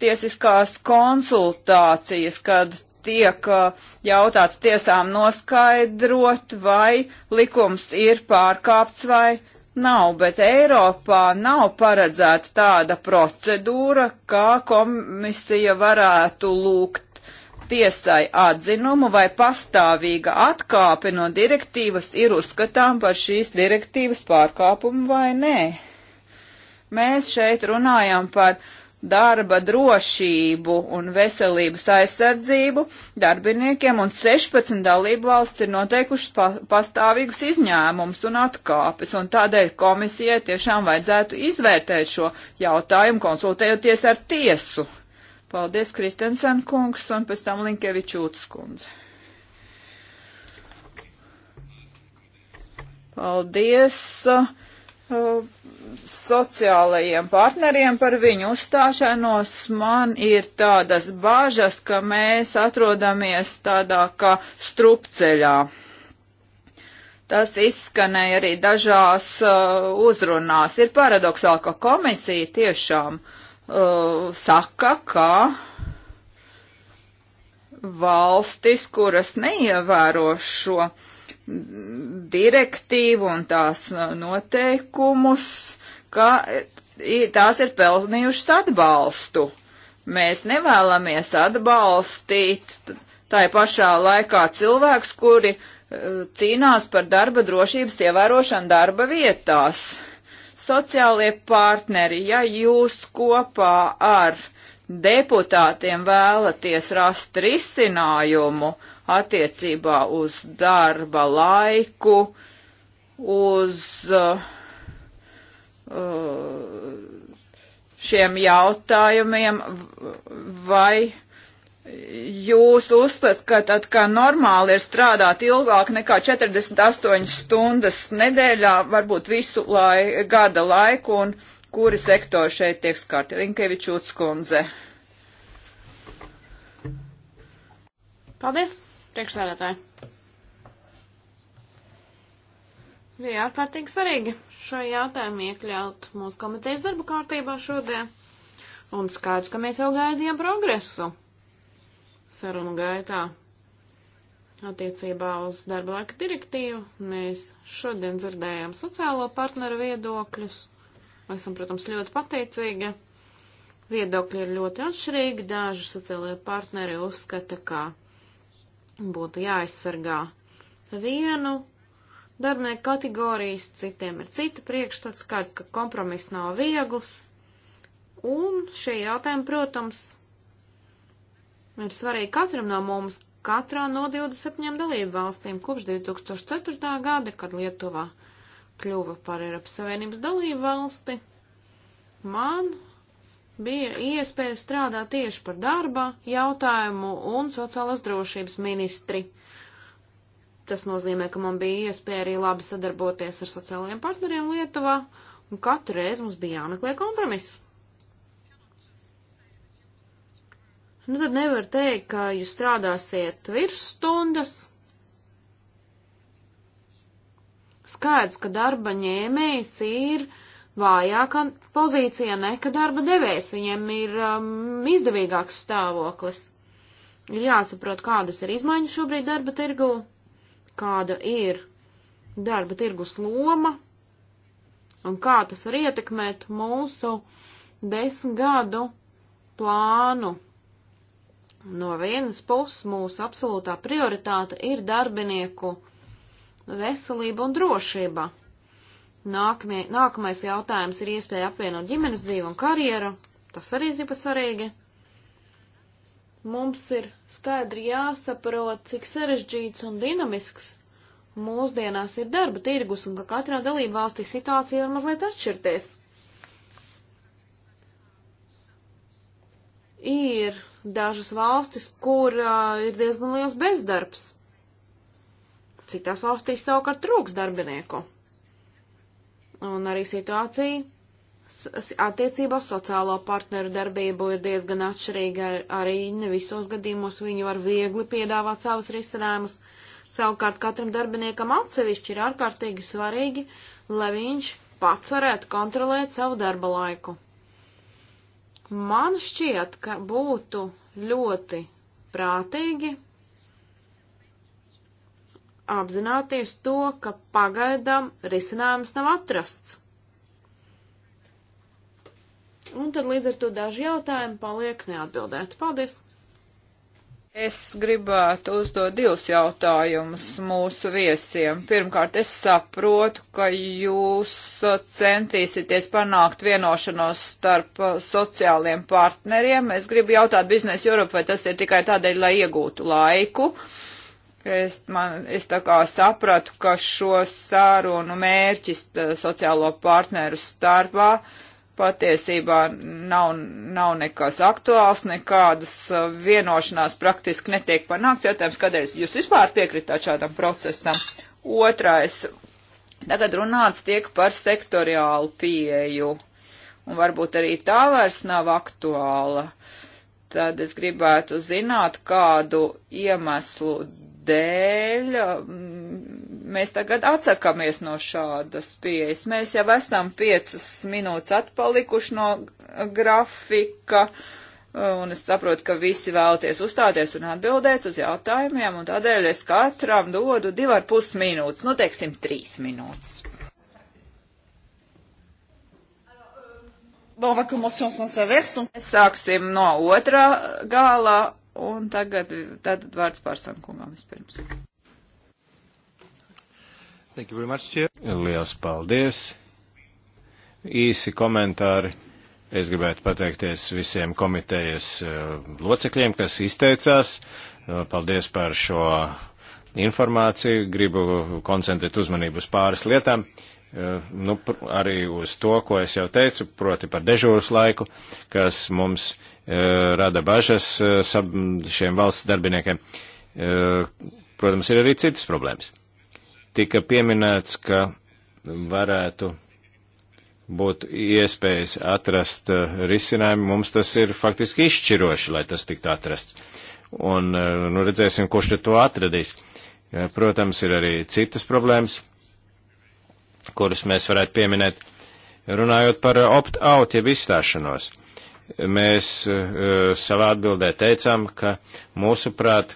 tiesiskās konsultācijas, kad tiek uh, jautāts tiesām noskaidrot, vai likums ir pārkāpts vai nav, bet Eiropā nav paredzēta tāda procedūra, kā komisija varētu lūgt tiesai atzinumu vai pastāvīga atkāpe no direktīvas ir uzskatām par šīs direktīvas pārkāpumu vai nē. Mēs šeit runājam par darba drošību un veselības aizsardzību darbiniekiem, un 16 dalību valsts ir noteikušas pa pastāvīgus izņēmumus un atkāpes, un tādēļ komisijai tiešām vajadzētu izvērtēt šo jautājumu, konsultējoties ar tiesu. Paldies, Kristensen kungs, un pēc tam Linkevičūtas kundze. Paldies. Uh, sociālajiem partneriem par viņu uzstāšanos. Man ir tādas bāžas, ka mēs atrodamies tādā kā strupceļā. Tas izskanēja arī dažās uh, uzrunās. Ir paradoxāli, ka komisija tiešām uh, saka, ka valstis, kuras neievēro šo direktīvu un tās uh, noteikumus, ka tās ir pelnījušas atbalstu. Mēs nevēlamies atbalstīt tai pašā laikā cilvēkus, kuri e, cīnās par darba drošības ievērošanu darba vietās. Sociālie partneri, ja jūs kopā ar deputātiem vēlaties rast risinājumu attiecībā uz darba laiku, uz uh, Uh, šiem jautājumiem, vai jūs uzskat, ka tad, kā normāli ir strādāt ilgāk nekā 48 stundas nedēļā, varbūt visu lai, gada laiku, un kuri sektori šeit tiek skarti? Linkeviča Utskundze. Paldies, priekšsēdētāji. Bija ārkārtīgi svarīgi šo jautājumu iekļaut mūsu komitejas darba kārtībā šodien. Un skaidrs, ka mēs jau gaidījām progresu sarunu gaitā attiecībā uz darba laika direktīvu. Mēs šodien dzirdējām sociālo partneru viedokļus. Esam, protams, ļoti pateicīgi. Viedokļi ir ļoti atšķirīgi. Daži sociālajie partneri uzskata, ka būtu jāaizsargā vienu darbinieku kategorijas, citiem ir cita priekšstats, kāds, ka kompromiss nav viegls. Un šie jautājumi, protams, ir svarīgi katram no mums, katrā no 27 dalību valstīm kopš 2004. gada, kad Lietuvā kļuva par Eiropas Savienības dalību valsti. Man bija iespēja strādāt tieši par darba jautājumu un sociālās drošības ministri. Tas nozīmē, ka man bija iespēja arī labi sadarboties ar sociālajiem partneriem Lietuvā, un katru reizi mums bija jāmeklē kompromiss. Nu tad nevar teikt, ka jūs strādāsiet virs stundas. Skaidrs, ka darba ņēmējs ir vājāka pozīcija nekā darba devējs. Viņiem ir um, izdevīgāks stāvoklis. Ir jāsaprot, kādas ir izmaiņas šobrīd darba tirgū kāda ir darba tirgus loma un kā tas var ietekmēt mūsu desmit gadu plānu. No vienas puses mūsu absolūtā prioritāte ir darbinieku veselība un drošība. Nākamie, nākamais jautājums ir iespēja apvienot ģimenes dzīvi un karjeru. Tas arī ir tikpat svarīgi. Mums ir skaidri jāsaprot, cik sarežģīts un dinamisks mūsdienās ir darba tirgus un ka katrā dalību valstī situācija var mazliet atšķirties. Ir dažas valstis, kur uh, ir diezgan liels bezdarbs. Citās valstīs savukārt trūks darbinieku. Un arī situācija attiecībā sociālo partneru darbību ir diezgan atšķirīga arī ne visos gadījumos viņi var viegli piedāvāt savus risinājumus. Savukārt katram darbiniekam atsevišķi ir ārkārtīgi svarīgi, lai viņš pats varētu kontrolēt savu darba laiku. Man šķiet, ka būtu ļoti prātīgi apzināties to, ka pagaidām risinājums nav atrasts. Un tad līdz ar to daži jautājumi paliek neatbildēti. Paldies! Es gribētu uzdot divus jautājumus mūsu viesiem. Pirmkārt, es saprotu, ka jūs centīsieties panākt vienošanos starp sociāliem partneriem. Es gribu jautāt Biznes Europe, vai tas ir tikai tādēļ, lai iegūtu laiku. Es, man, es tā kā sapratu, ka šo sārunu mērķis sociālo partneru starpā patiesībā nav, nav nekas aktuāls, nekādas uh, vienošanās praktiski netiek panākts. Jautājums, kādēļ jūs vispār piekritāt šādam procesam? Otrais. Tagad runāts tiek par sektoriālu pieeju, un varbūt arī tā vairs nav aktuāla. Tad es gribētu zināt, kādu iemeslu dēļ mm, mēs tagad atsakamies no šādas pieejas. Mēs jau esam piecas minūtes atpalikuši no grafika, un es saprotu, ka visi vēlaties uzstāties un atbildēt uz jautājumiem, un tādēļ es katram dodu divu ar pus minūtes, nu teiksim trīs minūtes. Bon, Mēs sāksim no otrā gālā, un tagad tātad vārds pārstāvjumam vispirms. Thank you very much, Chair. Liels paldies. Īsi komentāri. Es gribētu pateikties visiem komitejas eh, locekļiem, kas izteicās. Eh, paldies par šo informāciju. Gribu koncentrēt uzmanību uz pāris lietām. Eh, nu, arī uz to, ko es jau teicu, proti par dežūras laiku, kas mums rada bažas šiem valsts darbiniekiem. Protams, ir arī citas problēmas Tika pieminēts, ka varētu būt iespējas atrast uh, risinājumu, mums tas ir faktiski izšķiroši, lai tas tiktu atrasts. Un, uh, nu, redzēsim, kurš te to atradīs. Uh, protams, ir arī citas problēmas, kuras mēs varētu pieminēt. Runājot par opt-out, jeb izstāšanos, mēs savā atbildē teicām, ka mūsuprāt, prāt,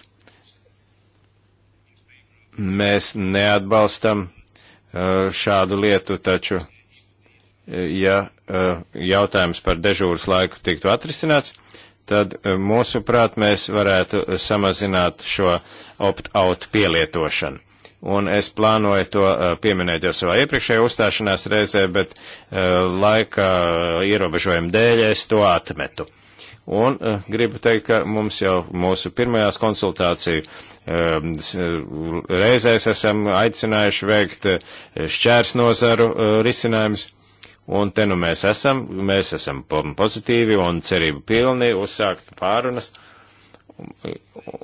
Mēs neatbalstam uh, šādu lietu, taču, uh, ja uh, jautājums par dežūras laiku tiktu atrisināts, tad mūsuprāt mēs varētu samazināt šo opt-out pielietošanu. Un es plānoju to pieminēt jau savā iepriekšējā uzstāšanās reizē, bet laika ierobežojuma dēļ es to atmetu. Un uh, gribu teikt, ka mums jau mūsu pirmajās konsultāciju uh, reizēs esam aicinājuši veikt uh, šķērs nozaru uh, risinājumus. Un te nu mēs esam, mēs esam pozitīvi un cerību pilni uzsākt pārunas.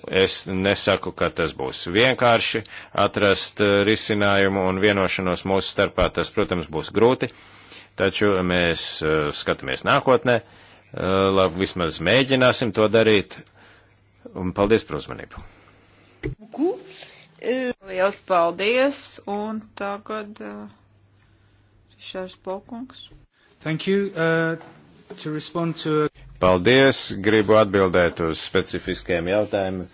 Es nesaku, ka tas būs vienkārši atrast risinājumu un vienošanos mūsu starpā, tas, protams, būs grūti, taču mēs skatāmies nākotnē Eh, labi, vismaz mēģināsim to darīt. Un paldies par uzmanību. Liels paldies. Un tagad eh, Rišārs Bokungs. Thank you. Uh, to respond to... Paldies. Gribu atbildēt uz specifiskiem jautājumiem,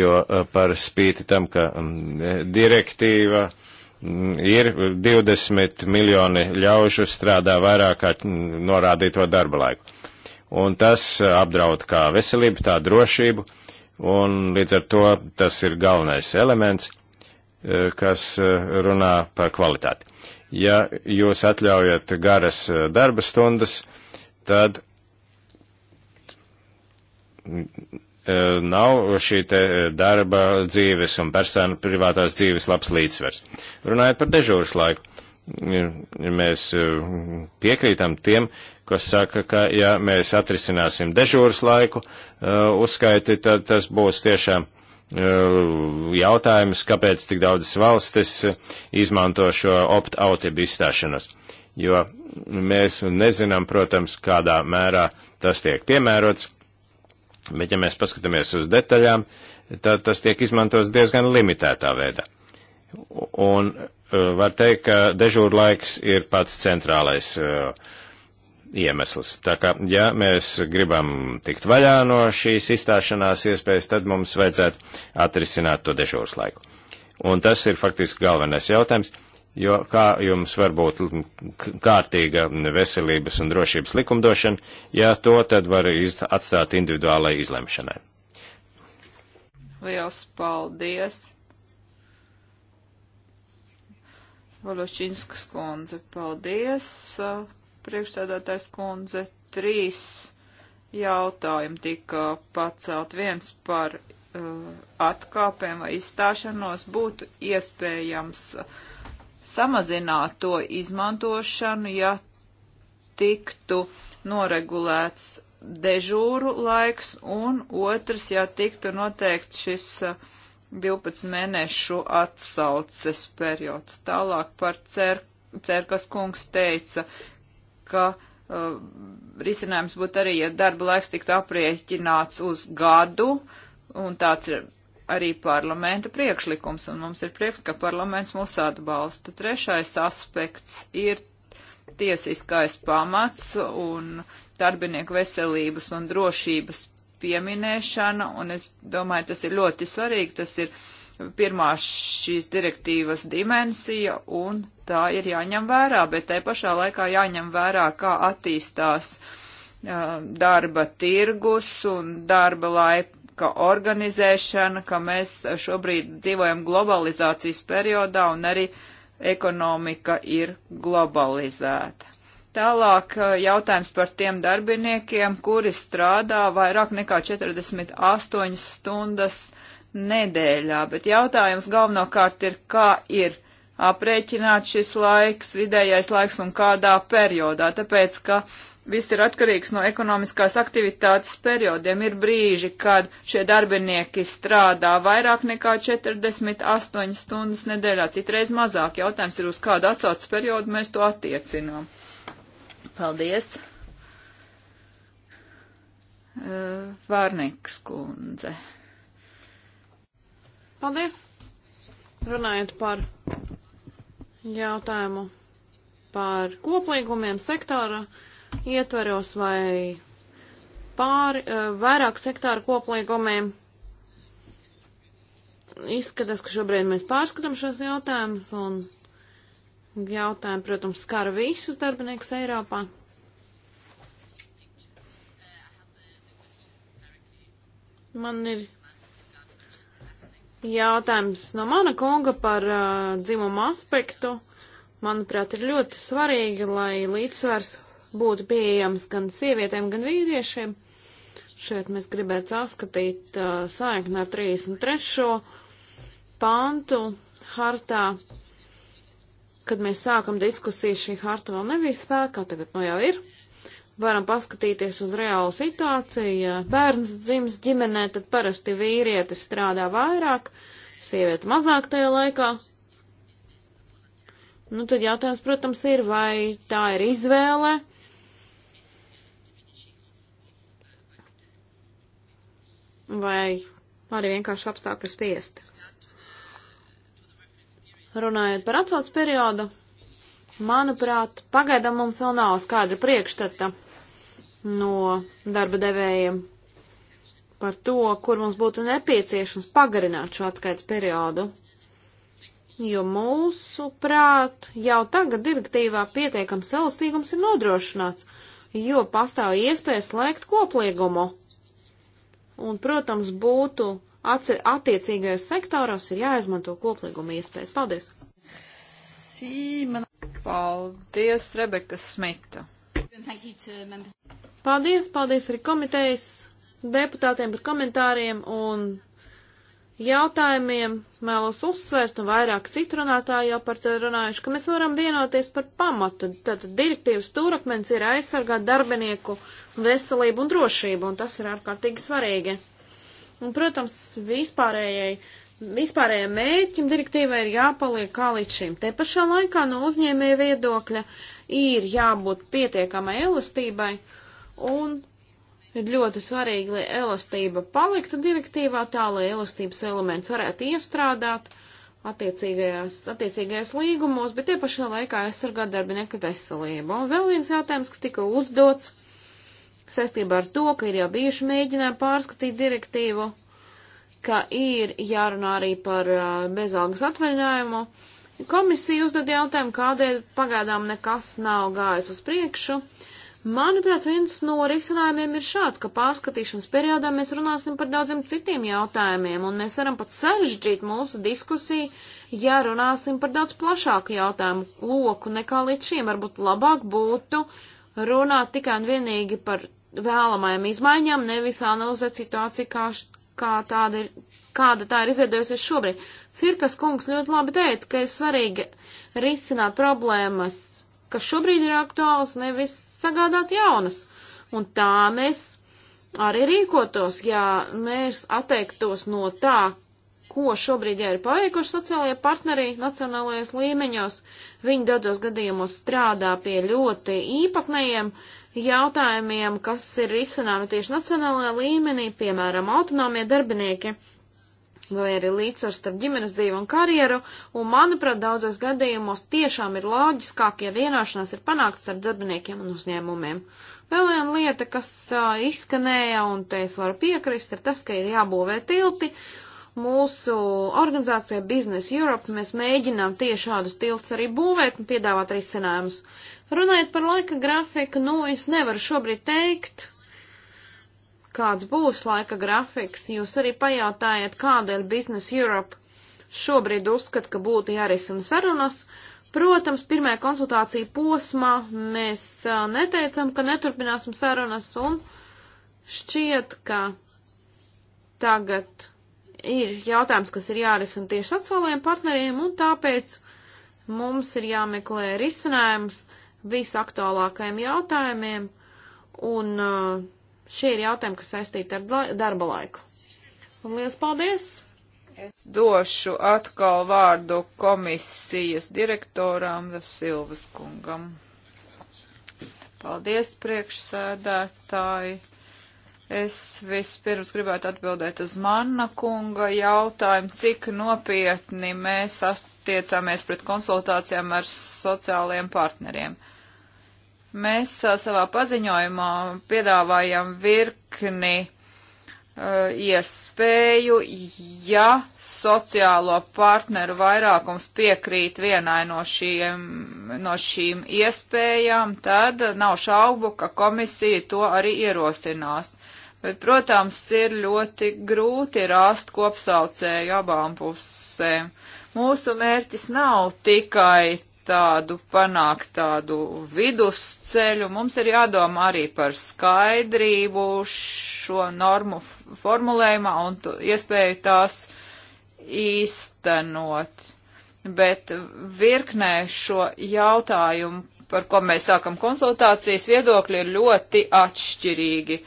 jo par spīti tam, ka mm, direktīva Mm, ir 20 miljoni ļaužu strādā vairāk kā mm, norādīto darba laiku. Un tas eh, apdraud kā veselību, tā drošību, un līdz ar to tas ir galvenais elements, eh, kas eh, runā par kvalitāti. Ja jūs atļaujat garas darba stundas, tad mm, E, nav šī te e, darba dzīves un personu privātās dzīves labs līdzsvers. Runājot par dežūras laiku, mēs e, piekrītam tiem, kas saka, ka ja mēs atrisināsim dežūras laiku uzskaiti, tad tas būs tiešām jautājums, kāpēc tik daudzas valstis izmanto šo opt-out izstāšanos. Jo mēs nezinām, protams, kādā mērā tas tiek piemērots Bet, ja mēs paskatāmies uz detaļām, tad tas tiek izmantots diezgan limitētā veidā. Un e, var teikt, ka dežūrlaiks ir pats centrālais e, iemesls. Tā kā, ja mēs gribam tikt vaļā no šīs izstāšanās iespējas, tad mums vajadzētu atrisināt to dežūras laiku. Un tas ir faktiski galvenais jautājums jo kā jums var būt kārtīga veselības un drošības likumdošana, ja to tad var atstāt individuālai izlemšanai. Liels paldies! Valošinskas kundze, paldies! Priekšstādātais kundze, trīs jautājumi tika pacelt. Viens par uh, atkāpēm vai izstāšanos būtu iespējams uh, samazināt to izmantošanu, ja tiktu noregulēts dežūru laiks, un otrs, ja tiktu noteikts šis 12 uh, mēnešu atsauces periods. Tālāk par cer, Cerkas kungs teica, ka uh, risinājums būtu arī, ja darba laiks tiktu aprieķināts uz gadu, un tāds ir arī parlamenta priekšlikums, un mums ir prieks, ka parlaments mūs atbalsta. Trešais aspekts ir tiesiskais pamats un darbinieku veselības un drošības pieminēšana, un es domāju, tas ir ļoti svarīgi, tas ir pirmā šīs direktīvas dimensija, un tā ir jāņem vērā, bet tai pašā laikā jāņem vērā, kā attīstās uh, darba tirgus un darba laika laika organizēšana, ka mēs šobrīd dzīvojam globalizācijas periodā un arī ekonomika ir globalizēta. Tālāk eh, jautājums par tiem darbiniekiem, kuri strādā vairāk nekā 48 stundas nedēļā, bet jautājums galvenokārt ir, kā ir aprēķināt šis laiks, vidējais laiks un kādā periodā, tāpēc, ka uh, viss ir atkarīgs no ekonomiskās aktivitātes periodiem. Ir brīži, kad šie darbinieki strādā vairāk nekā 48 stundas nedēļā, citreiz mazāk. Jautājums ir, uz kādu atsaucas periodu mēs to attiecinām. Paldies. Vārnieks kundze. Paldies. Runājot par jautājumu par koplīgumiem sektora. Uh, ietveros vai pāri, vairāk sektāru koplīgumiem. Izskatās, ka šobrīd mēs pārskatām šos jautājumus, un jautājumi, protams, skar visus darbiniekus Eiropā. Man ir jautājums no mana kunga par uh, dzimumu aspektu. Manuprāt, ir ļoti svarīgi, lai līdzsvars būtu pieejams gan sievietēm, gan vīriešiem. Šeit mēs gribētu saskatīt uh, saikni ar 33. pantu hartā, kad mēs sākam diskusiju, šī harta vēl nebija spēkā, tagad no nu jau ir. Varam paskatīties uz reālu situāciju. Ja bērns dzims ģimenē, tad parasti vīrietis strādā vairāk, sieviete mazāk tajā laikā. Nu, tad jautājums, protams, ir, vai tā ir izvēle, vai arī vienkārši apstākļu spiesti. Runājot par atsaucas periodu, manuprāt, pagaidām mums vēl nav skaidra priekšstata no darba devējiem par to, kur mums būtu nepieciešams pagarināt šo atskaites periodu. Jo mūsu prāt jau tagad direktīvā pietiekams elastīgums ir nodrošināts, jo pastāv iespēja slēgt kopliegumu Un, protams, būtu attiecīgajos sektoros ir jāizmanto koplīguma iespējas. Paldies! Paldies, Rebeka Smita! Paldies, paldies arī komitejas deputātiem par komentāriem un jautājumiem vēlos uzsvērt, un vairāk citu runātāju jau par to runājuši, ka mēs varam vienoties par pamatu. Tātad direktīvas stūrakmens ir aizsargāt darbinieku veselību un drošību, un tas ir ārkārtīgi svarīgi. Un, protams, vispārējai vispārējiem mērķim direktīvai ir jāpaliek kā līdz šim. Te pašā laikā no uzņēmēja viedokļa ir jābūt pietiekamai elastībai un ir ļoti svarīgi, lai elastība paliktu direktīvā tā, lai elastības elements varētu iestrādāt attiecīgajās, attiecīgajās līgumos, bet te pašā laikā aizsargāt darbinieku veselību. Un vēl viens jautājums, kas tika uzdots saistībā ar to, ka ir jau bijuši mēģinājumi pārskatīt direktīvu, ka ir jārunā arī par uh, bezalgas atvaļinājumu. Komisija uzdod jautājumu, kādēļ pagaidām nekas nav gājis uz priekšu. Uh, Manuprāt, viens no risinājumiem ir šāds, ka pārskatīšanas periodā mēs runāsim par daudziem citiem jautājumiem, un mēs varam pat sarežģīt mūsu diskusiju, ja runāsim par daudz plašāku jautājumu loku nekā līdz šim. Varbūt labāk būtu runāt tikai un vienīgi par vēlamajām izmaiņām, nevis analizēt situāciju, kā, kā tāda ir, kāda tā ir izveidojusies šobrīd. Cirkas kungs ļoti labi teica, ka ir svarīgi risināt problēmas, kas šobrīd ir aktuāls, nevis sagādāt jaunas. Un tā mēs arī rīkotos, ja mēs atteiktos no tā, ko šobrīd jau ir paveikuši sociālajie partneri nacionālajos līmeņos. Viņi daudzos gadījumos strādā pie ļoti īpatnējiem jautājumiem, kas ir risināmi tieši nacionālajā līmenī, piemēram, autonomie darbinieki vai arī līdzsvars starp ģimenes dzīvi un karjeru, un manuprāt, daudzos gadījumos tiešām ir loģiskāk, ja vienošanās ir panākta starp darbiniekiem un uzņēmumiem. Vēl viena lieta, kas uh, izskanēja, un te es varu piekrist, ir tas, ka ir jābūvē tilti. Mūsu organizācijā Business Europe mēs mēģinām tieši šādus tiltus arī būvēt un piedāvāt risinājumus. Runājot par laika grafiku, nu, es nevaru šobrīd teikt, kāds būs laika grafiks. Jūs arī pajautājat, kādēļ Business Europe šobrīd uzskata, ka būtu jārisina sarunas. Protams, pirmajā konsultāciju posmā mēs uh, neteicam, ka neturpināsim sarunas un šķiet, ka tagad ir jautājums, kas ir jārisina tieši atsolējiem partneriem un tāpēc mums ir jāmeklē risinājums visaktuālākajiem jautājumiem un uh, Šie ir jautājumi, kas saistīti ar darba laiku. Un liels paldies! Es došu atkal vārdu komisijas direktoram Silvas kungam. Paldies, priekšsēdētāji! Es vispirms gribētu atbildēt uz Manna kunga jautājumu, cik nopietni mēs attiecamies pret konsultācijām ar sociālajiem partneriem. Uh, Mēs savā paziņojumā piedāvājam virkni uh, iespēju, ja sociālo partneru vairākums piekrīt vienai no šīm, no šīm iespējām, tad nav šaubu, ka komisija to arī ierosinās. Bet, protams, ir ļoti grūti rast kopsaucēju abām pusēm. Mūsu mērķis nav tikai tādu, panākt tādu vidusceļu. Mums ir jādomā arī par skaidrību šo normu formulējumā un tu, iespēju tās īstenot. Bet virknē šo jautājumu, par ko mēs sākam konsultācijas, viedokļi ir ļoti atšķirīgi.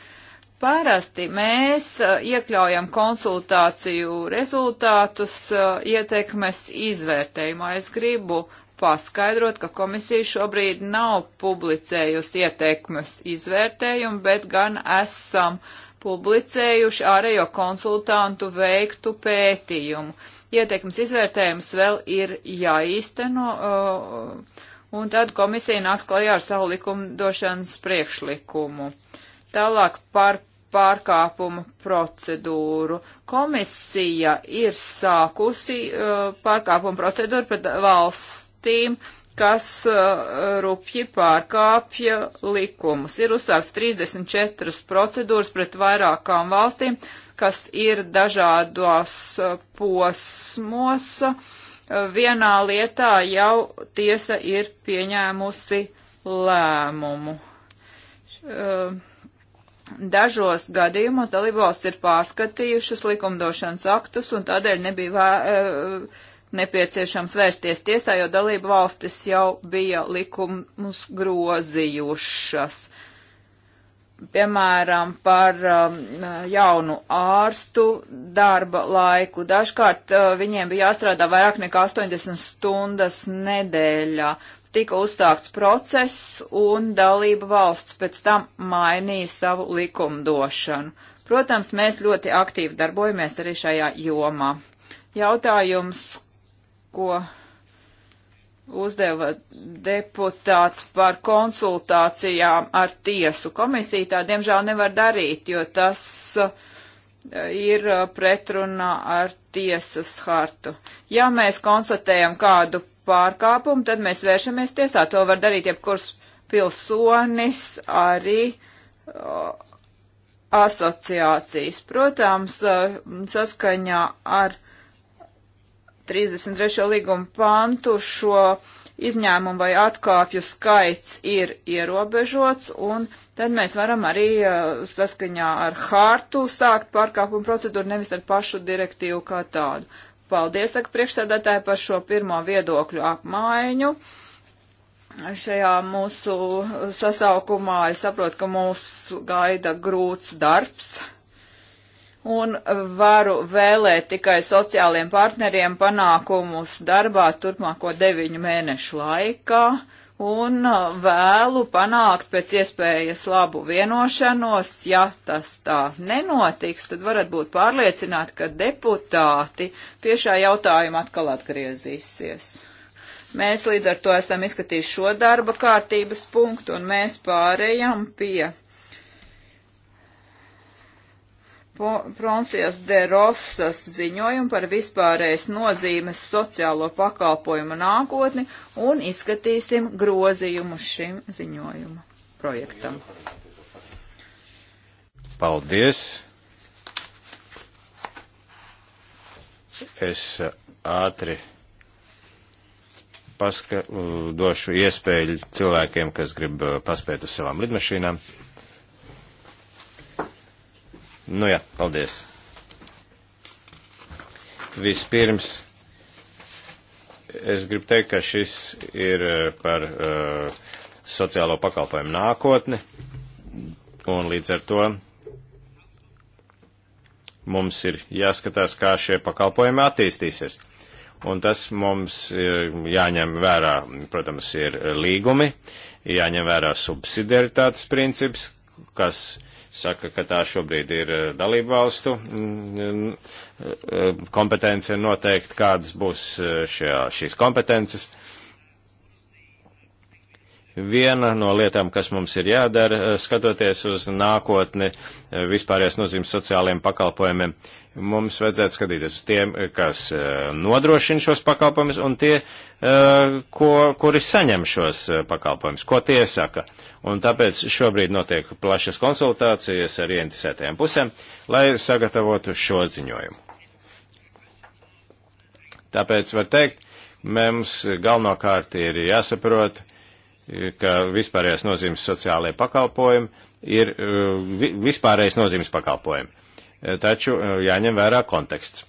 Parasti mēs uh, iekļaujam konsultāciju rezultātus uh, ietekmes izvērtējumā. Es gribu paskaidrot, ka komisija šobrīd nav publicējusi ieteikumus izvērtējumu, bet gan esam publicējuši ārējo konsultantu veiktu pētījumu. Ieteikums izvērtējums vēl ir jāīsteno, uh, un tad komisija nāks klajā ar savu likumdošanas priekšlikumu. Tālāk par pārkāpuma procedūru. Komisija ir sākusi uh, pārkāpuma procedūru pret valsts valstīm, kas uh, rupji pārkāpja likumus. Ir uzsākts 34 procedūras pret vairākām valstīm, kas ir dažādos uh, posmos. Uh, vienā lietā jau tiesa ir pieņēmusi lēmumu. Dažos gadījumos dalībvalsts ir pārskatījušas likumdošanas aktus un tādēļ nebija vē, nepieciešams vērsties tiesā, jo dalību valstis jau bija likumus grozījušas. Piemēram, par um, jaunu ārstu darba laiku. Dažkārt uh, viņiem bija jāstrādā vairāk nekā 80 stundas nedēļā. Tika uzstākts process un dalība valsts pēc tam mainīja savu likumdošanu. Protams, mēs ļoti aktīvi darbojamies arī šajā jomā. Jautājums, ko uzdeva deputāts par konsultācijām ar tiesu. Komisija tā diemžēl nevar darīt, jo tas eh, ir eh, pretrunā ar tiesas hartu. Ja mēs konstatējam kādu pārkāpumu, tad mēs vēršamies tiesā. To var darīt jebkurs pilsonis arī eh, asociācijas. Protams, saskaņā ar 33. līguma pantu šo izņēmumu vai atkāpju skaits ir ierobežots, un tad mēs varam arī eh, saskaņā ar hārtu sākt pārkāpumu procedūru, nevis ar pašu direktīvu kā tādu. Paldies, saka priekšsēdētāji, par šo pirmo viedokļu apmaiņu. Šajā mūsu sasaukumā es saprotu, ka mūs gaida grūts darbs un varu vēlēt tikai sociāliem partneriem panākumus darbā turpmāko deviņu mēnešu laikā un uh, vēlu panākt pēc iespējas labu vienošanos. Ja tas tā nenotiks, tad varat būt pārliecināti, ka deputāti pie šā jautājuma atkal atgriezīsies. Mēs līdz ar to esam izskatījuši šo darba kārtības punktu un mēs pārējām pie Francijas de Rosas ziņojumu par vispārējais nozīmes sociālo pakalpojumu nākotni un izskatīsim grozījumu šim ziņojumu projektam. Paldies! Es ātri paska, došu iespēju cilvēkiem, kas grib eh, paspēt uz savām lidmašīnām. Nu jā, paldies. Vispirms es gribu teikt, ka šis ir eh, par uh, sociālo pakalpojumu nākotni, un līdz ar to mums ir jāskatās, kā šie pakalpojumi attīstīsies. Un tas mums eh, jāņem vērā, protams, ir līgumi, jāņem vērā subsidiaritātes princips, kas uh, saka, ka tā šobrīd ir eh, dalību valstu mm, eh, kompetence noteikt, kādas būs eh, šajā, šīs kompetences. Uh, viena no lietām, kas mums ir jādara, eh, skatoties uz nākotni eh, vispārējais nozīmes sociālajiem pakalpojumiem, mums vajadzētu skatīties uz tiem, kas eh, nodrošina šos pakalpojumus un tie, ko, kuri saņem šos pakalpojumus, ko tie saka. Un tāpēc šobrīd notiek plašas konsultācijas ar ieinteresētajām pusēm, lai sagatavotu šo ziņojumu. Tāpēc var teikt, mums galvenokārt ir jāsaprot, uh, ka vispārējais nozīmes sociālajie pakalpojumi ir uh, vispārējais nozīmes pakalpojumi. Uh, taču uh, jāņem vērā konteksts.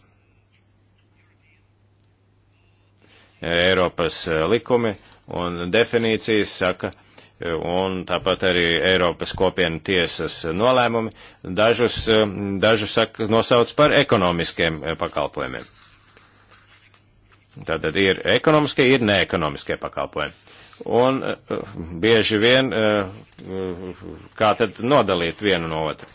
Eiropas likumi un definīcijas saka, un tāpat arī Eiropas kopienu tiesas nolēmumi dažus, dažus saka, nosauc par ekonomiskiem pakalpojumiem. Tātad ir ekonomiskie, ir neekonomiskie pakalpojumi un eh, bieži vien eh, kā tad nodalīt vienu no otru.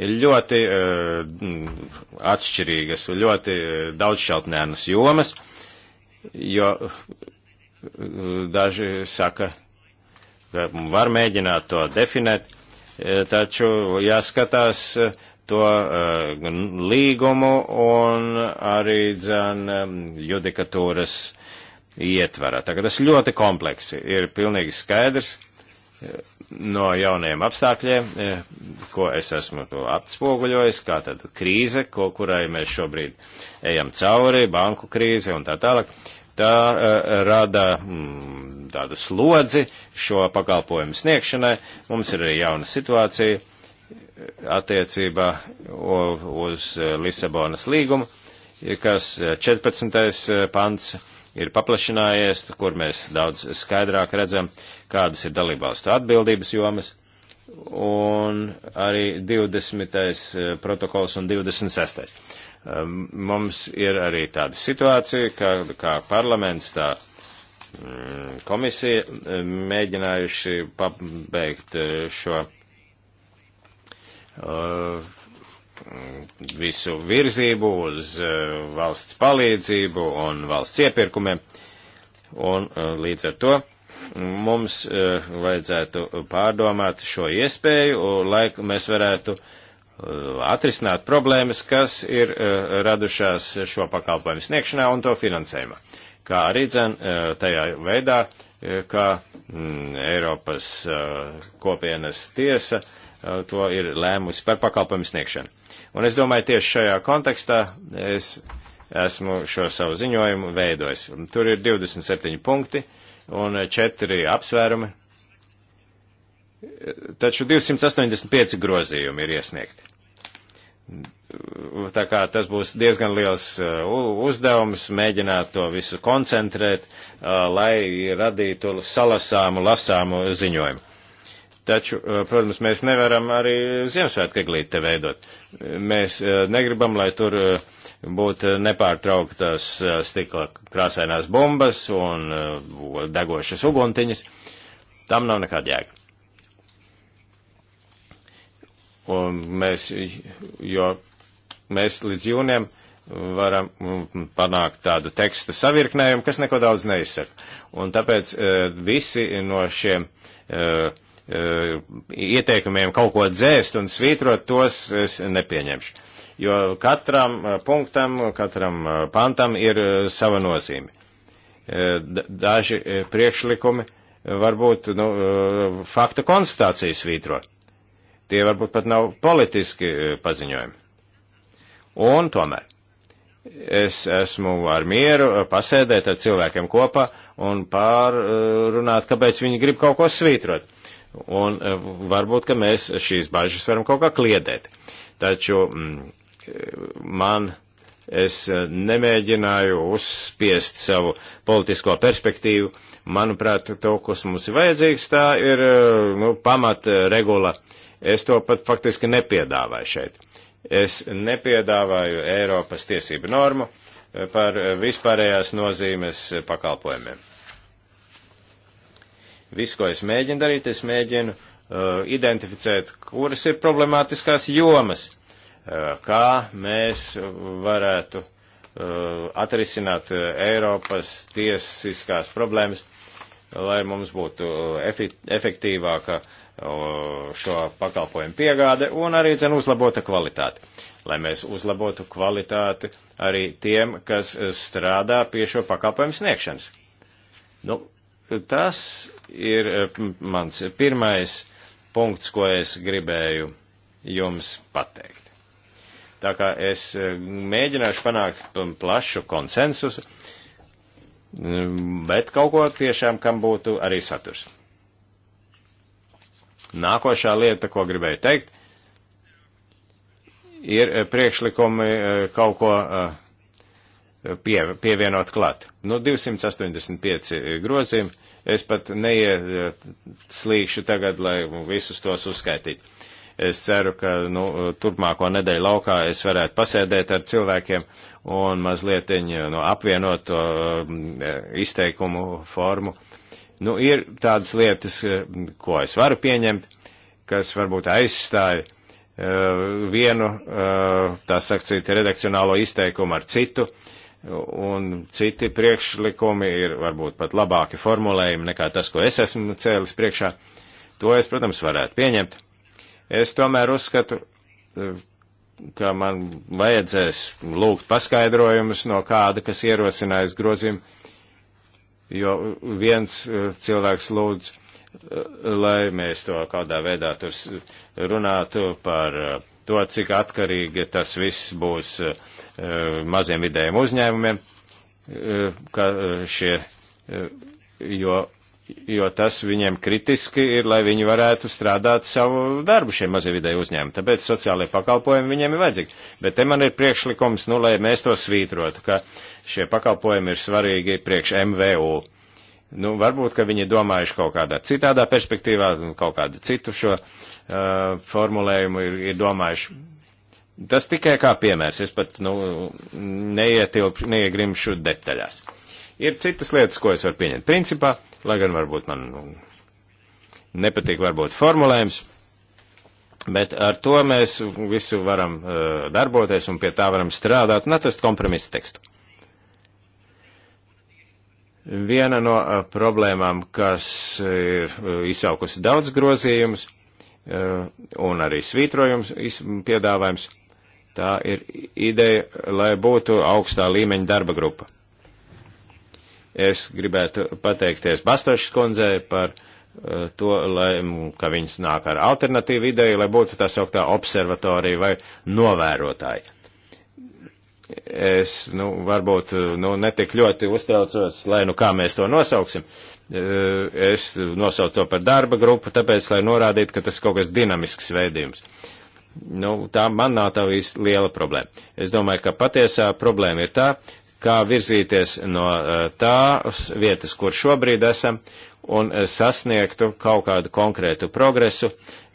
Ir ļoti eh, atšķirīgas, ļoti daudzšķautnēnas jomas, jo daži saka, ka var mēģināt to definēt, taču jāskatās, ja to uh, līgumu un arī dzen um, judikatūras ietverā. Tagad tas ļoti kompleksi. Ir pilnīgi skaidrs eh, no jauniem apstākļiem, ko es esmu to atspoguļojis, kā tad krīze, ko, kurai mēs šobrīd ejam cauri, banku krīze un tā tālāk tā uh, rada mm, tādu slodzi šo pakalpojumu sniegšanai. Mums ir arī jauna situācija, attiecībā uz eh, Lisabonas līgumu, kas 14. Eh, eh, pants ir paplašinājies, kur mēs daudz skaidrāk redzam, kādas ir dalībvalstu atbildības jomas, un arī 20. protokols un 26. Ehm, mums ir arī tāda situācija, ka kā parlaments tā mm, komisija mēģinājuši pabeigt šo Uh, visu virzību uz uh, valsts palīdzību un valsts iepirkumiem. Un uh, līdz ar to mums vajadzētu pārdomāt šo iespēju, lai mēs varētu atrisināt problēmas, kas ir radušās šo pakalpojumu sniegšanā un to finansējumā. Kā arī dzen tajā veidā, kā mm, Eiropas kopienas tiesa uh, to ir lēmusi par pakalpojumu sniegšanu. Un es domāju, tieši šajā kontekstā es esmu šo savu ziņojumu veidojis. Tur ir 27 punkti un 4 apsvērumi. Taču 285 grozījumi ir iesniegti. Tā kā tas būs diezgan liels uzdevums mēģināt to visu koncentrēt, lai radītu salasāmu, lasāmu ziņojumu. Taču, eh, protams, mēs nevaram arī Ziemassvētku eglīti te veidot. Mēs eh, negribam, lai tur eh, būtu nepārtrauktas stikla krāsainās bombas un degošas uguntiņas. Tam nav nekāda jēga. Un mēs, jo mēs līdz jūnijam varam mm, panākt tādu teksta savirknējumu, kas neko daudz neizsaka. Un tāpēc visi no šiem uh, Eh, ieteikumiem kaut ko dzēst un svītrot, tos es nepieņemšu. Jo katram eh, punktam, katram eh, pantam ir sava nozīme. Daži priekšlikumi varbūt nu, fakta konstatācija svītro. Tie varbūt pat nav politiski paziņojumi. Un tomēr es esmu ar mieru pasēdēt ar cilvēkiem kopā un pārrunāt, kāpēc viņi grib kaut ko svītrot. Un e, varbūt, ka mēs šīs bažas varam kaut kā kliedēt. Taču mm, e, man es e, nemēģināju uzspiest savu politisko perspektīvu. Manuprāt, to, kas mums ir vajadzīgs, tā ir nu, pamata regula. Es to pat faktiski nepiedāvāju šeit. Es nepiedāvāju Eiropas tiesību normu par vispārējās nozīmes pakalpojumiem. Visu, ko es mēģinu darīt, es mēģinu uh, identificēt, kuras ir problemātiskās jomas, uh, kā mēs varētu uh, atrisināt uh, Eiropas tiesiskās problēmas, lai mums būtu uh, efektīvāka uh, šo pakalpojumu piegāde un arī, zin, uzlabota kvalitāte lai mēs uzlabotu kvalitāti arī tiem, kas strādā pie šo pakalpojumu sniegšanas. Nu, Tas ir eh, mans pirmais punkts, ko es gribēju jums pateikt. Tā kā es eh, mēģināšu panākt plašu konsensusu, mm, bet kaut ko tiešām, kam būtu arī saturs. Nākošā lieta, ko gribēju teikt, ir eh, priekšlikumi kaut ko pie, pievienot klāt. Nu, 285 grozījumi, es pat neieslīgšu tagad, lai visus tos uzskaitītu. Es ceru, ka nu, turpmāko nedēļu laukā es varētu pasēdēt ar cilvēkiem un mazliet nu, apvienot to um, izteikumu formu. Nu, ir tādas lietas, ko es varu pieņemt, kas varbūt aizstāja uh, vienu, uh, tā sakot, redakcionālo izteikumu ar citu. Uh, un citi priekšlikumi ir varbūt pat labāki formulējumi nekā tas, ko es esmu cēlis priekšā. To es, protams, varētu pieņemt. Es tomēr uzskatu, ka man vajadzēs lūgt paskaidrojumus no kāda, kas ierosinājas grozīm, jo viens eh, cilvēks lūdz, eh, lai mēs to kādā veidā tur runātu par uh, to, cik atkarīgi tas viss būs eh, maziem vidējiem uzņēmumiem, eh, ka eh, šie, jo, jo tas viņiem kritiski ir, lai viņi varētu strādāt savu darbu šie mazie vidēji uzņēmumi. Tāpēc sociālajie pakalpojumi viņiem ir vajadzīgi. Bet te man ir priekšlikums, nu, lai mēs to svītrotu, ka šie pakalpojumi ir svarīgi priekš MVU. Nu, varbūt, ka viņi domājuši kaut kādā citādā perspektīvā, kaut kādu citu šo uh, Uh, formulējumu ir, ir domājuši. Tas tikai kā piemērs, es pat nu, neietilpšu, neiegrimšu detaļās. Ir citas lietas, ko es varu pieņemt. Principā, lai gan varbūt man nu, nepatīk varbūt formulējums, bet ar to mēs visu varam uh, darboties un pie tā varam strādāt un atrast kompromisu tekstu. Viena no uh, problēmām, kas ir uh, izsaukusi daudz grozījumus, Eh, un arī svītrojums piedāvājums. Tā ir ideja, lai būtu augstā līmeņa darba grupa. Es gribētu pateikties Bastošas kundzei par eh, to, lai, ka viņas nāk ar alternatīvu ideju, lai būtu tā sauktā observatorija vai novērotāji es, nu, varbūt, eh, nu, netik ļoti uztraucos, lai, nu, kā mēs to nosauksim. Eh, es nosaucu to par darba grupu, tāpēc, lai norādītu, ka tas ir kaut kas dinamisks veidījums. Nu, tā man nav tā īsti liela problēma. Es domāju, ka patiesā problēma ir tā, kā virzīties no eh, tās vietas, kur šobrīd esam, un sasniegtu kaut kādu konkrētu progresu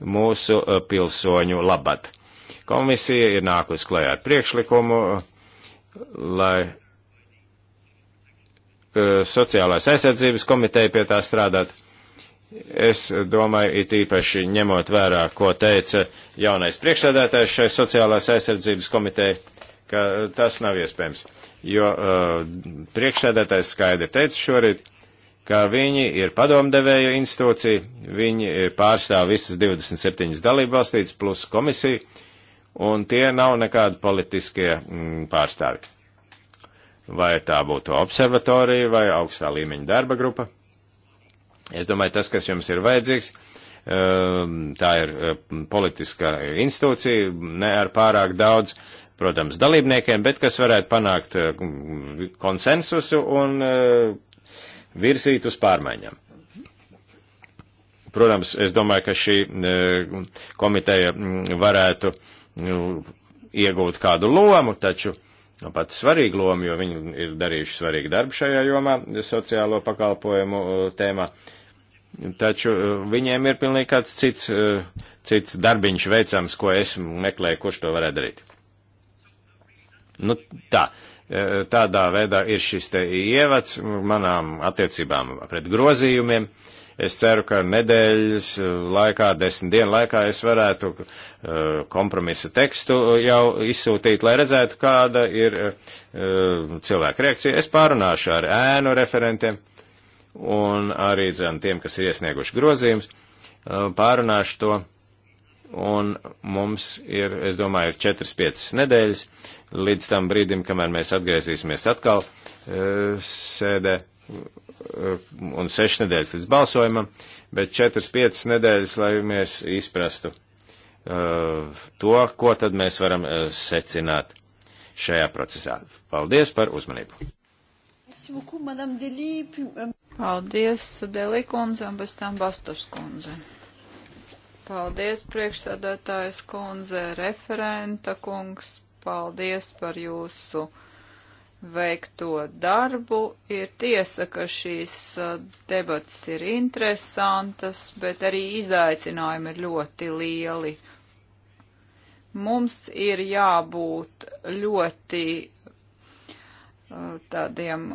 mūsu pilsoņu labad. Komisija ir nākusi klajā ar priekšlikumu, lai eh, sociālās aizsardzības komiteja pie tā strādāt. Es domāju, it īpaši ņemot vērā, ko teica jaunais priekšsēdētājs šai sociālās aizsardzības komiteja, ka tas nav iespējams. Jo uh, priekšsēdētājs skaidri teica šorīt, ka viņi ir padomdevēju institūcija, viņi pārstāv visas 27 dalībvalstītes plus komisiju, uh, un tie nav nekādi politiskie mm, pārstāvi. Vai tā būtu observatorija vai augstā līmeņa darba grupa. Es domāju, tas, kas jums ir vajadzīgs, ehm, tā ir eh, politiska institūcija, ne ar pārāk daudz, protams, dalībniekiem, bet kas varētu panākt eh, konsensusu un eh, virzīt uz pārmaiņām. Protams, es domāju, ka šī komiteja mm, varētu uh, Nu, iegūt kādu lomu, taču nu, pat svarīgu lomu, jo viņi ir darījuši svarīgu darbu šajā jomā, sociālo pakalpojumu uh, tēmā. Taču uh, viņiem ir pilnīgi kāds cits, uh, cits darbiņš veicams, ko es meklēju, kurš to varētu darīt. Nu, tā. Tādā veidā ir šis te ievads manām attiecībām pret grozījumiem. Uh, Es ceru, ka nedēļas laikā, desmit dienu laikā es varētu uh, kompromisa tekstu jau izsūtīt, lai redzētu, kāda ir uh, cilvēka reakcija. Es pārunāšu ar ēnu referentiem un arī dzēn tiem, kas ir iesnieguši grozījumus, uh, pārunāšu to un mums ir, es domāju, ir 4-5 nedēļas līdz tam brīdim, kamēr mēs atgriezīsimies atkal sēdē Eh, un 6 nedēļas līdz balsojumam, bet 4-5 nedēļas, lai mēs izprastu eh, to, ko tad mēs varam eh, secināt šajā procesā. Paldies par uzmanību! Euh, paldies, Delī kundze, un pēc tam Bastos kundze. Paldies, priekšstādātājs kundze, referenta kungs, paldies par jūsu veikto darbu. Ir tiesa, ka šīs uh, debats ir interesantas, bet arī izaicinājumi ir ļoti lieli. Mums ir jābūt ļoti uh, tādiem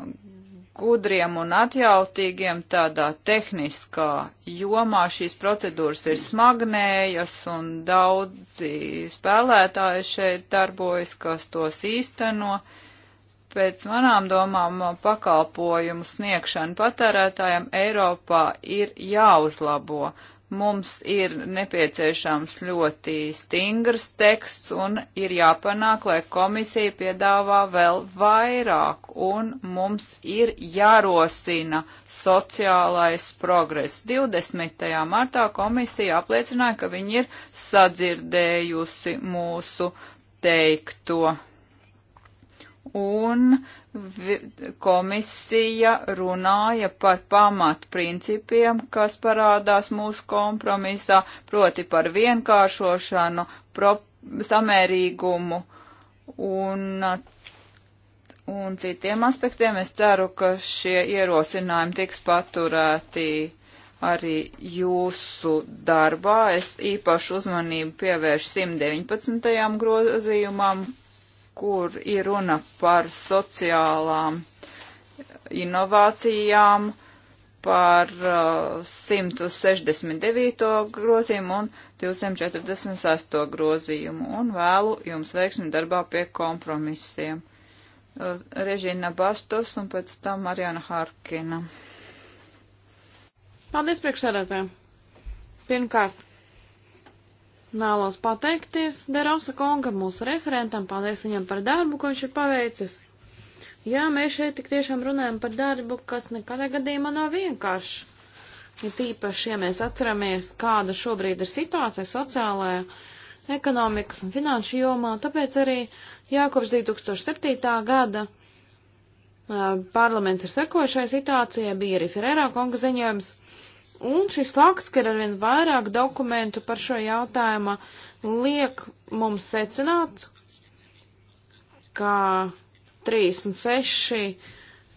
gudriem un atjautīgiem tādā tehniskā jomā. Šīs procedūras ir smagnējas un daudzi spēlētāji šeit darbojas, kas tos īsteno. Uh, Pēc manām domām pakalpojumu sniegšana patērētājiem Eiropā ir jāuzlabo. Mums ir nepieciešams ļoti stingrs teksts un ir jāpanāk, lai komisija piedāvā vēl vairāk un mums ir jārosina sociālais progress. 20. martā komisija apliecināja, ka viņi ir sadzirdējusi mūsu teikto un komisija runāja par pamatprincipiem, kas parādās mūsu kompromisā, proti par vienkāršošanu, pro, samērīgumu un, un citiem aspektiem. Es ceru, ka šie ierosinājumi tiks paturēti arī jūsu darbā. Es īpašu uzmanību pievēršu 119. grozījumam, kur ir runa par sociālām inovācijām, par uh, 169. grozījumu un 248. grozījumu un vēlu jums veiksmi darbā pie kompromisiem. Uh, Režīna Bastos un pēc tam Mariana Harkina. Paldies priekšsēdētājiem! Pirmkārt, Vēlos pateikties Derasa kungam, mūsu referentam, paldies viņam par darbu, ko viņš ir paveicis. Jā, mēs šeit tik tiešām runājam par darbu, kas nekādā gadījumā nav vienkāršs. Ir ja tīpaši, ja mēs atceramies, kāda šobrīd ir situācija sociālajā, ekonomikas un finanšu jomā, tāpēc arī jākopš 2007. gada parlaments ir sekojušai situācijai, bija arī Ferērā konga ziņojums. Un šis fakts, ka ir arvien vairāk dokumentu par šo jautājumu, liek mums secināt, ka 36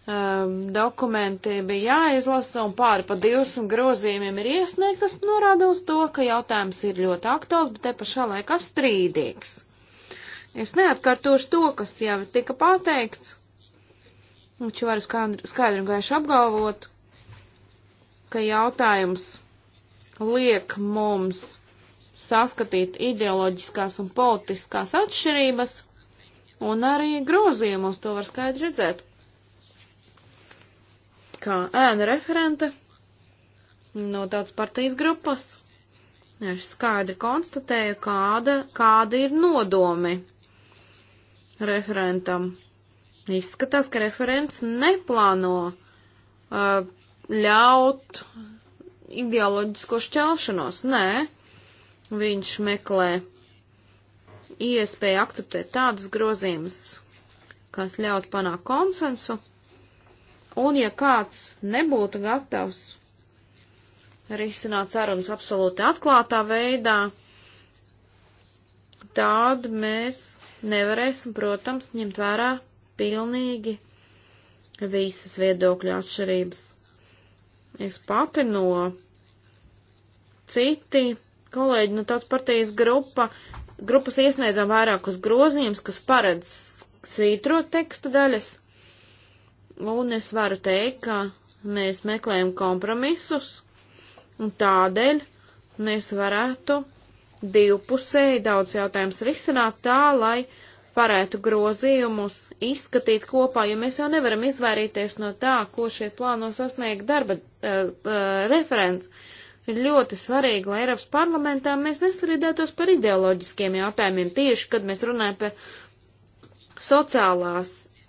um, dokumenti bija jāizlasa un pāri pa 200 grozījumiem ir iesniegt, kas norāda uz to, ka jautājums ir ļoti aktuāls, bet te pašā laikā strīdīgs. Es neatkārtošu to, kas jau tika pateikts, taču varu skaidri un gaiši apgalvot, ka jautājums liek mums saskatīt ideoloģiskās un politiskās atšķirības, un arī grozījumos to var skaidri redzēt. Kā ēna referente no tautas partijas grupas, es skaidri konstatēju, kāda, kāda ir nodomi referentam. Izskatās, ka referents neplāno uh, ļaut ideoloģisko šķelšanos. Nē, viņš meklē iespēju akceptēt tādus grozījumus, kas ļaut panākt konsensu, un ja kāds nebūtu gatavs risināt sarunas absolūti atklātā veidā, tad mēs nevarēsim, protams, ņemt vērā pilnīgi visas viedokļu atšķirības. Es pati no citi kolēģi no tāds partijas grupa, grupas iesniedzām vairākus grozījumus, kas paredz svītro teksta daļas. Un es varu teikt, ka mēs meklējam kompromisus, un tādēļ mēs varētu divpusēji daudz jautājums risināt tā, lai varētu grozījumus izskatīt kopā, jo mēs jau nevaram izvairīties no tā, ko šie plāno sasniegt darba uh, uh, referents. Ir ļoti svarīgi, lai Eiropas parlamentā mēs nesaridētos par ideoloģiskiem jautājumiem, tieši kad mēs runājam par sociālās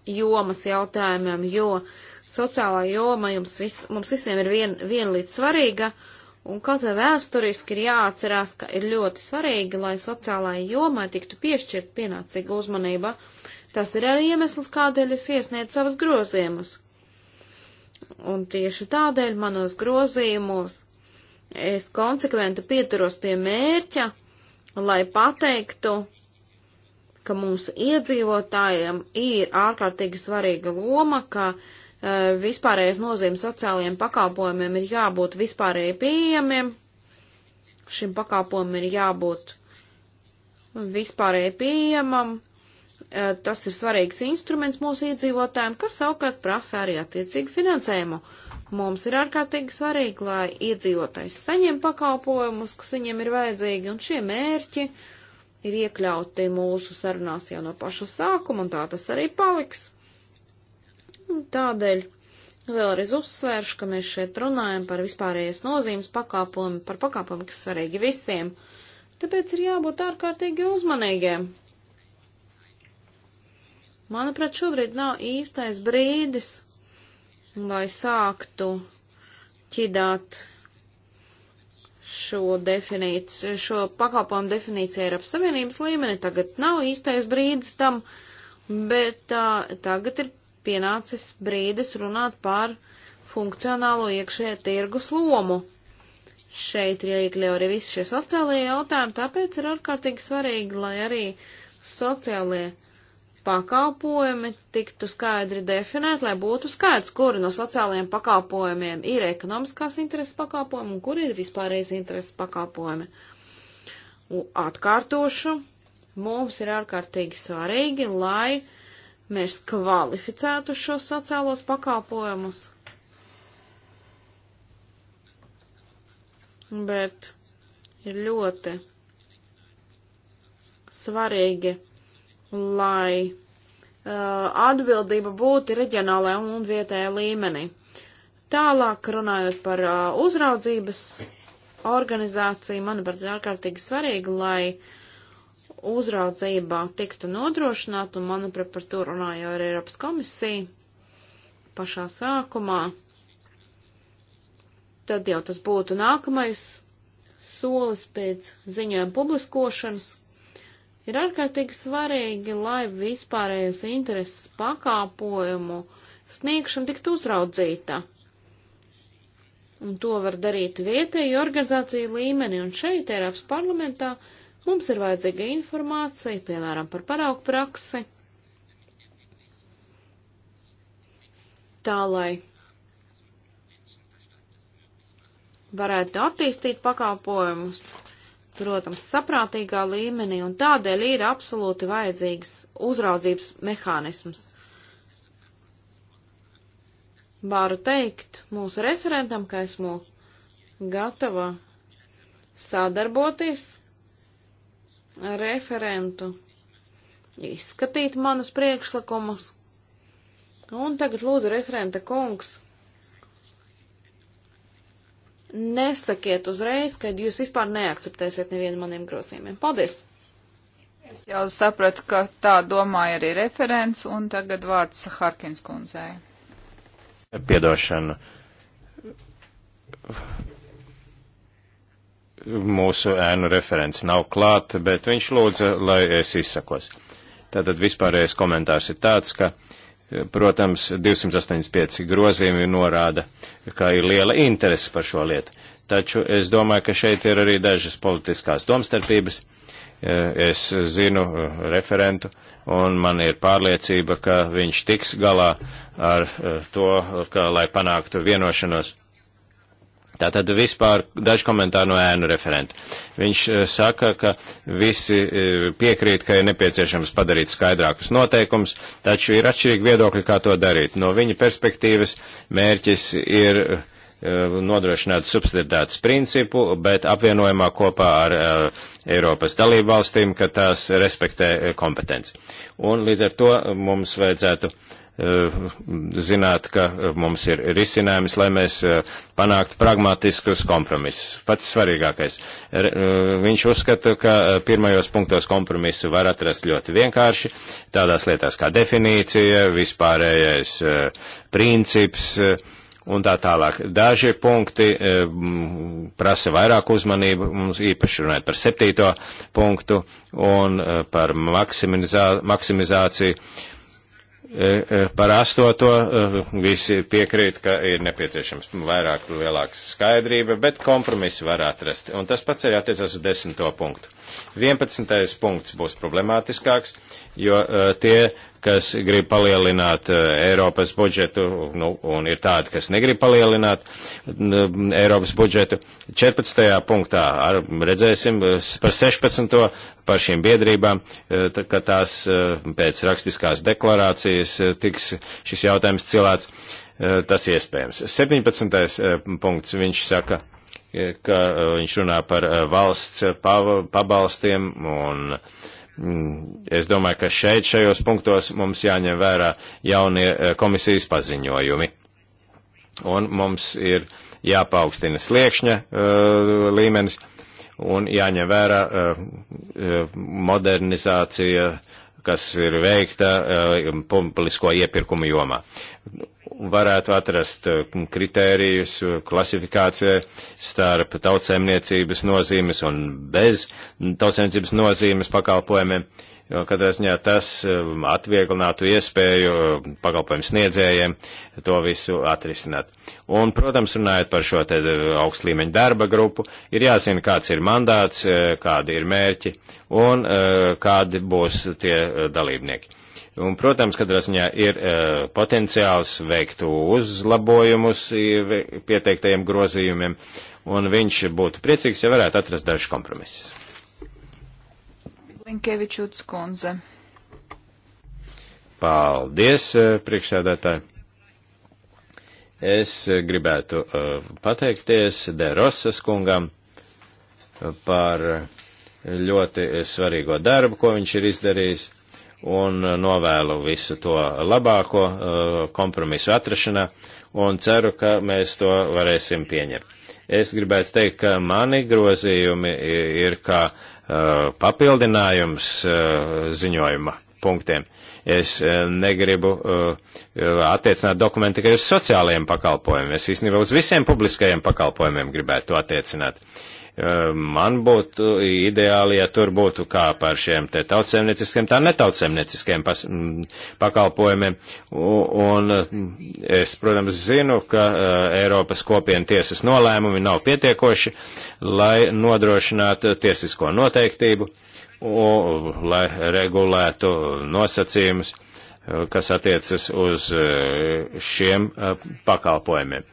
jomas jautājumiem, jo sociālā joma jums vis, mums visiem ir vien, vienlīdz svarīga. Uh, Un kaut vai vēsturiski ir jāatcerās, ka ir ļoti svarīgi, lai sociālajai jomai tiktu piešķirt pienācīga uzmanība. Tas ir arī iemesls, kādēļ es iesniedzu savus grozījumus. Un tieši tādēļ manos grozījumos es konsekventi pieturos pie mērķa, lai pateiktu, ka mūsu iedzīvotājiem ir ārkārtīgi svarīga loma, ka uh, Eh, vispārējais nozīme sociālajiem pakalpojumiem ir jābūt vispārēji pieejamiem, šim pakalpojumam ir jābūt vispārēji pieejamam, eh, tas ir svarīgs instruments mūsu iedzīvotājiem, kas savukārt prasa arī attiecīgu finansējumu. Mums ir ārkārtīgi svarīgi, lai iedzīvotājs saņem pakalpojumus, kas viņiem ir vajadzīgi, un šie mērķi ir iekļauti mūsu sarunās jau no paša sākuma, un tā tas arī paliks. Tādēļ vēlreiz uzsvēršu, ka mēs šeit runājam par vispārējais nozīmes pakāpojumu, par pakāpojumu, kas svarīgi visiem. Tāpēc ir jābūt ārkārtīgi uzmanīgiem. Manuprāt, šobrīd nav īstais brīdis, lai sāktu ķidāt šo definīciju, šo pakalpojumu definīciju Eiropas Savienības līmenī. Tagad nav īstais brīdis tam, bet tā, tagad ir pienācis brīdis runāt par funkcionālo iekšējā tirgus lomu. Šeit ir jāiekļauj arī visi šie sociālajie jautājumi, tāpēc ir ārkārtīgi svarīgi, lai arī sociālie pakalpojumi tiktu skaidri definēti, lai būtu skaidrs, kuri no sociālajiem pakalpojumiem ir ekonomiskās intereses pakalpojumi un kuri ir vispārējais intereses pakalpojumi. Un atkārtošu, mums ir ārkārtīgi svarīgi, lai uh, mēs kvalificētu šos sociālos pakalpojumus. Bet ir ļoti svarīgi, lai uh, atbildība būtu reģionālajā un vietējā līmenī. Tālāk runājot par uh, uzraudzības organizāciju, manuprāt, ir ārkārtīgi svarīgi, lai uh, uzraudzībā tiktu nodrošināta, un manuprāt par to runāja arī Eiropas komisija pašā sākumā, tad jau tas būtu nākamais solis pēc ziņojuma publiskošanas. Ir ārkārtīgi svarīgi, lai vispārējais intereses pakāpojumu sniegšana tiktu uzraudzīta. Un to var darīt vietēju organizāciju līmeni, un šeit Eiropas parlamentā uh, Mums ir vajadzīga informācija, piemēram, par paraugu praksi, tā lai varētu attīstīt pakāpojumus, protams, saprātīgā līmenī, un tādēļ ir absolūti vajadzīgs uzraudzības mehānisms. Varu teikt mūsu referentam, ka esmu gatava sadarboties referentu izskatīt manus priekšlikumus. Un tagad lūdzu referenta kungs. Nesakiet uzreiz, ka jūs vispār neakceptēsiet nevienu maniem grozījumiem. Paldies! Es jau sapratu, ka tā domāja arī referents, un tagad vārds Harkins kundzei. Piedošana mūsu ēnu referents nav klāt, bet viņš lūdza, lai es izsakos. Tātad vispārējais komentārs ir tāds, ka, protams, 285 grozījumi norāda, ka ir liela interese par šo lietu. Taču es domāju, ka šeit ir arī dažas politiskās domstarpības. E, es zinu e, referentu, un man ir pārliecība, ka viņš tiks galā ar e, to, ka, lai panāktu vienošanos Tātad vispār daži komentāri no ēnu referenta. Viņš e, saka, ka visi e, piekrīt, ka ir nepieciešams padarīt skaidrākus noteikumus, taču ir atšķirīgi viedokļi, kā to darīt. No viņa perspektīvas mērķis ir e, nodrošināt subsidētas principu, bet apvienojumā kopā ar uh, Eiropas dalību valstīm, ka tās respektē kompetenci. Un līdz ar to mums vajadzētu uh, Eh, zināt, ka eh, mums ir risinājums, lai mēs eh, panāktu pragmatiskus kompromisus. Pats svarīgākais. Viņš uzskata, ka pirmajos punktos kompromisu var atrast ļoti vienkārši, tādās lietās kā definīcija, vispārējais princips un tā tālāk. Daži punkti e, prasa vairāk uzmanību, mums īpaši runājot par septīto punktu un e, par maksimizā, maksimizāciju. E, e, par astoto e, visi piekrīt, ka ir nepieciešams vairāk lielāka skaidrība, bet kompromisi var atrast. Un tas pats arī attiecas uz desmito punktu. Vienpadsmitais punkts būs problemātiskāks, jo tie kas grib palielināt eh, Eiropas budžetu, nu, un ir tādi, kas negrib palielināt Eiropas budžetu. 14. punktā ar, redzēsim eh, par 16. par šīm biedrībām, eh, ka tās pēc rakstiskās deklarācijas tiks šis jautājums cilāts. Tas iespējams. 17. punkts viņš saka, ka viņš runā par valsts pabalstiem un uh, Mm. Es domāju, ka šeit šajos punktos mums jāņem vērā jaunie e, komisijas paziņojumi. Un mums ir jāpaukstina sliekšņa uh, līmenis un jāņem vērā uh, modernizācija, kas ir veikta uh, publisko iepirkumu jomā varētu atrast eh, kritērijus klasifikācijai starp tautsēmniecības nozīmes un bez tautsēmniecības nozīmes pakalpojumiem. Katrā ziņā tas eh, atvieglinātu iespēju eh, pakalpojumu sniedzējiem to visu atrisināt. Un, protams, runājot par šo te augst līmeņu darba grupu, ir jāzina, kāds ir mandāts, kādi ir mērķi un kādi būs tie dalībnieki. Un, protams, katrā ziņā ir uh, potenciāls veikt uzlabojumus pieteiktajiem grozījumiem, un viņš būtu priecīgs, ja varētu atrast dažus kompromisus. Linkevičūts kundze. Paldies, e, priekšsēdētāji. Es gribētu uh, pateikties Derosas kungam par ļoti svarīgo darbu, ko viņš ir izdarījis un uh, novēlu visu to labāko uh, kompromisu atrašanā un ceru, ka mēs to varēsim pieņemt. Es gribētu teikt, ka mani grozījumi ir kā uh, papildinājums ziņojuma punktiem. Es negribu attiecināt dokumentu tikai uz sociālajiem pakalpojumiem. Es īstenībā uz visiem publiskajiem pakalpojumiem gribētu to attiecināt. Uh, Man būtu ideāli, ja tur būtu kā par šiem te tautsēmnieciskiem, tā netautsēmnieciskiem pas, m, pakalpojumiem. Un, un es, protams, zinu, ka Eiropas kopienu tiesas nolēmumi nav pietiekoši, lai nodrošinātu tiesisko noteiktību, un, lai regulētu nosacījumus kas attiecas uz šiem pakalpojumiem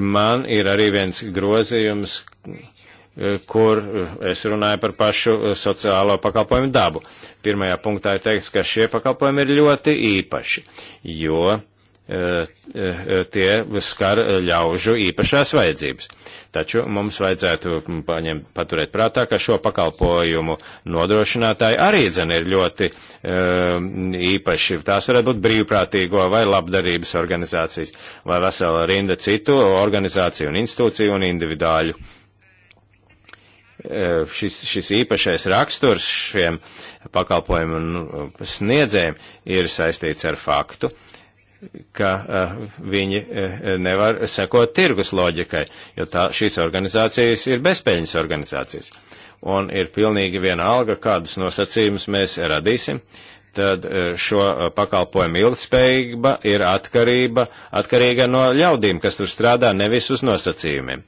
man ir arī viens grozījums, eh, kur eh, es runāju par pašu eh, sociālo pakalpojumu dabu. Pirmajā punktā ir teikts, ka šie pakalpojumi ir ļoti īpaši, jo E, e, e, tie skar ļaužu īpašās vajadzības. Taču mums vajadzētu paņem, paturēt prātā, ka šo pakalpojumu nodrošinātāji arī dzen ir ļoti um, īpaši. Tās varētu būt brīvprātīgo vai labdarības organizācijas vai vesela rinda citu organizāciju un institūciju un individuāļu šis, šis īpašais raksturs šiem pakalpojumu sniedzējiem ir saistīts ar faktu, ka eh, viņi eh, nevar sekot tirgus loģikai, jo tā, šīs organizācijas ir bezpeļņas organizācijas. Un ir pilnīgi vienalga, kādus nosacījumus mēs radīsim, tad eh, šo pakalpojumu ilgspējība ir atkarība, atkarīga no ļaudīm, kas tur strādā, nevis uz nosacījumiem.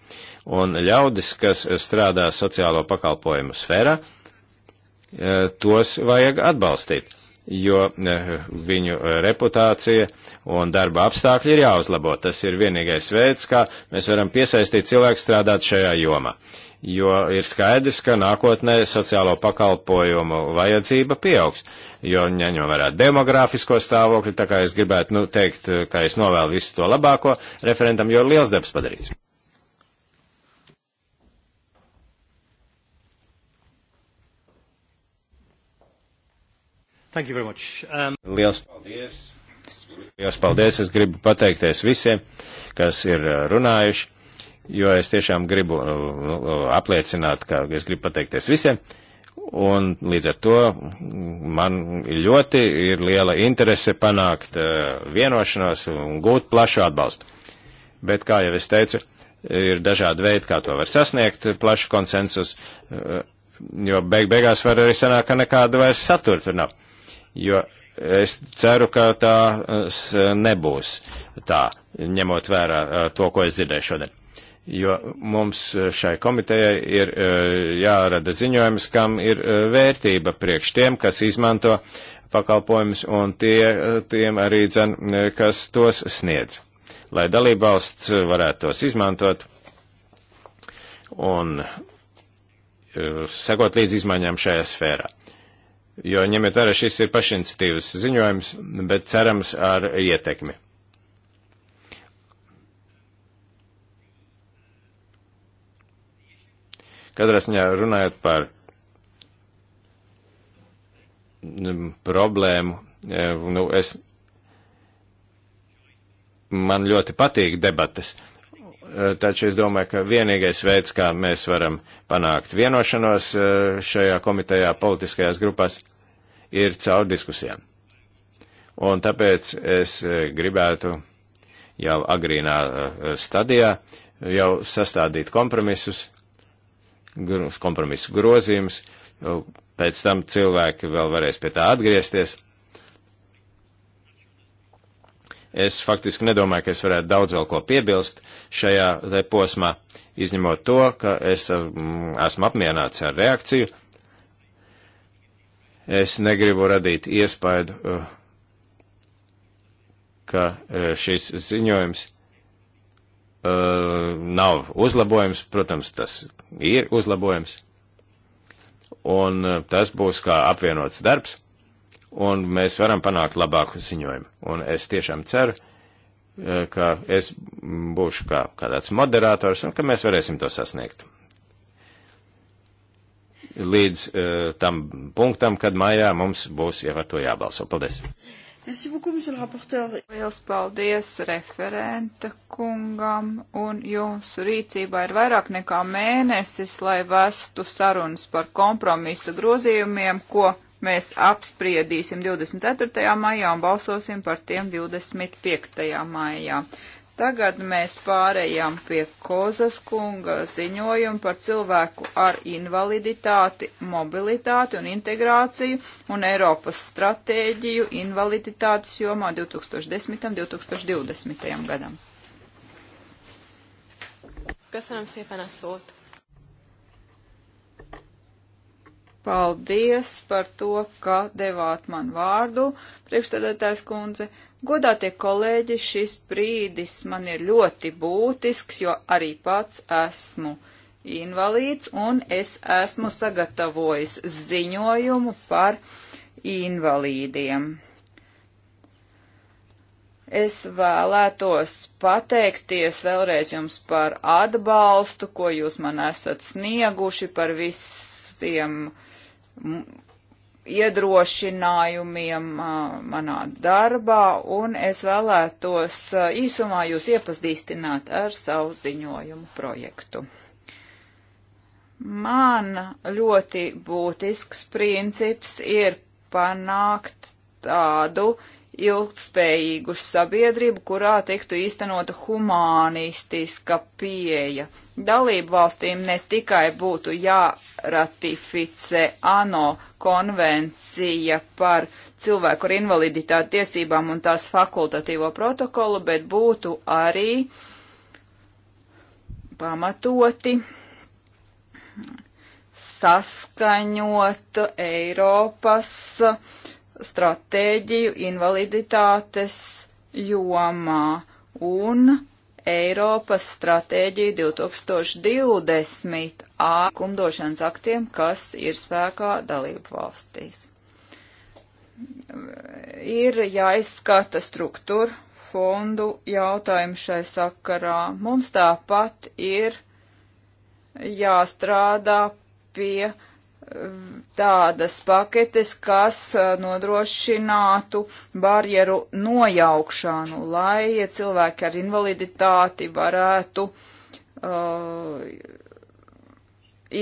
Un ļaudis, kas strādā sociālo pakalpojumu sfērā, tos vajag atbalstīt jo eh, viņu eh, reputācija un darba apstākļi ir jāuzlabo. Tas ir vienīgais veids, kā mēs varam piesaistīt cilvēku strādāt šajā jomā. Jo ir skaidrs, ka nākotnē sociālo pakalpojumu vajadzība pieaugs, jo ņemot vērā demografisko stāvokli, tā kā es gribētu nu, teikt, eh, ka es novēlu visu to labāko referentam, jo ir liels darbs padarīts. Thank you very much. Um... Liels paldies. Liels paldies. Es gribu pateikties visiem, kas ir uh, runājuši, jo es tiešām gribu uh, uh, apliecināt, ka es gribu pateikties visiem. Un līdz ar to man ļoti ir liela interese panākt vienošanos un gūt plašu atbalstu. Bet, kā jau es teicu, ir dažādi veidi, kā to var sasniegt, plašu konsensus, jo beig beigās var arī sanākt, ka nekāda vairs satura tur nav jo es ceru, ka tā eh, nebūs tā, ņemot vērā eh, to, ko es dzirdēju šodien. Jo mums eh, šai komitejai ir jārada ziņojums, kam ir vērtība priekš tiem, kas izmanto pakalpojumus, un tie, tiem arī dzen, kas tos sniedz, lai dalībvalsts varētu tos izmantot un sekot līdz izmaiņām šajā sfērā jo ņemiet vērā, šis ir pašiniciatīvas ziņojums, bet cerams ar ietekmi. Katrā ziņā runājot par mm, problēmu, e, nu, es, man ļoti patīk debatas. Uh, Eh, taču es domāju, ka vienīgais veids, kā mēs varam panākt vienošanos eh, šajā komitejā politiskajās grupās, ir caur diskusijām. Un tāpēc es eh, gribētu jau agrīnā stadijā jau sastādīt kompromisus, kompromisu grozījumus, pēc tam cilvēki vēl varēs pie tā atgriezties Es faktiski nedomāju, ka es varētu daudz vēl ko piebilst šajā posmā, izņemot to, ka es mm, esmu apmierināts ar reakciju. Es negribu radīt iespaidu, uh, ka uh, šis ziņojums uh, nav uzlabojums, protams, tas ir uzlabojums, un tas būs kā apvienots darbs un mēs varam panākt labāku ziņojumu. Un es tiešām ceru, e, ka es būšu kā, kā tāds moderators un ka mēs varēsim to sasniegt. Līdz uh, tam punktam, kad mājā mums būs jau ar to jābalso. Paldies! Merci beaucoup, monsieur le rapporteur. Liels paldies referenta kungam, un jūsu rīcībā ir vairāk nekā mēnesis, lai vestu sarunas par kompromisa grozījumiem, ko mēs apspriedīsim 24. maijā un balsosim par tiem 25. maijā. Tagad mēs pārējām pie Kozas kunga ziņojumu par cilvēku ar invaliditāti, mobilitāti un integrāciju un Eiropas stratēģiju invaliditātes jomā 2010. un 2020. gadam. Köszönöm szépen a szót! Paldies par to, ka devāt man vārdu, priekšstādātājs kundze. Godātie kolēģi, šis brīdis man ir ļoti būtisks, jo arī pats esmu invalīds un es esmu sagatavojis ziņojumu par invalīdiem. Es vēlētos pateikties vēlreiz jums par atbalstu, ko jūs man esat snieguši, par visiem uh, iedrošinājumiem manā darbā, un es vēlētos īsumā jūs iepazīstināt ar savu ziņojumu projektu. Man ļoti būtisks princips ir panākt tādu ilgspējīgu sabiedrību, kurā tiktu īstenota humanistiska pieeja. Dalību valstīm ne tikai būtu jāratificē ANO konvencija par cilvēku ar invaliditāti tiesībām un tās fakultatīvo protokolu, bet būtu arī pamatoti saskaņot Eiropas uh, stratēģiju invaliditātes jomā un Eiropas stratēģiju 2020 akumdošanas aktiem, kas ir spēkā dalību valstīs. Ir jāizskata struktūra fondu jautājumu šai sakarā. Mums tāpat ir jāstrādā pie tādas paketes, kas uh, nodrošinātu barjeru nojaukšanu, lai cilvēki ar invaliditāti varētu uh,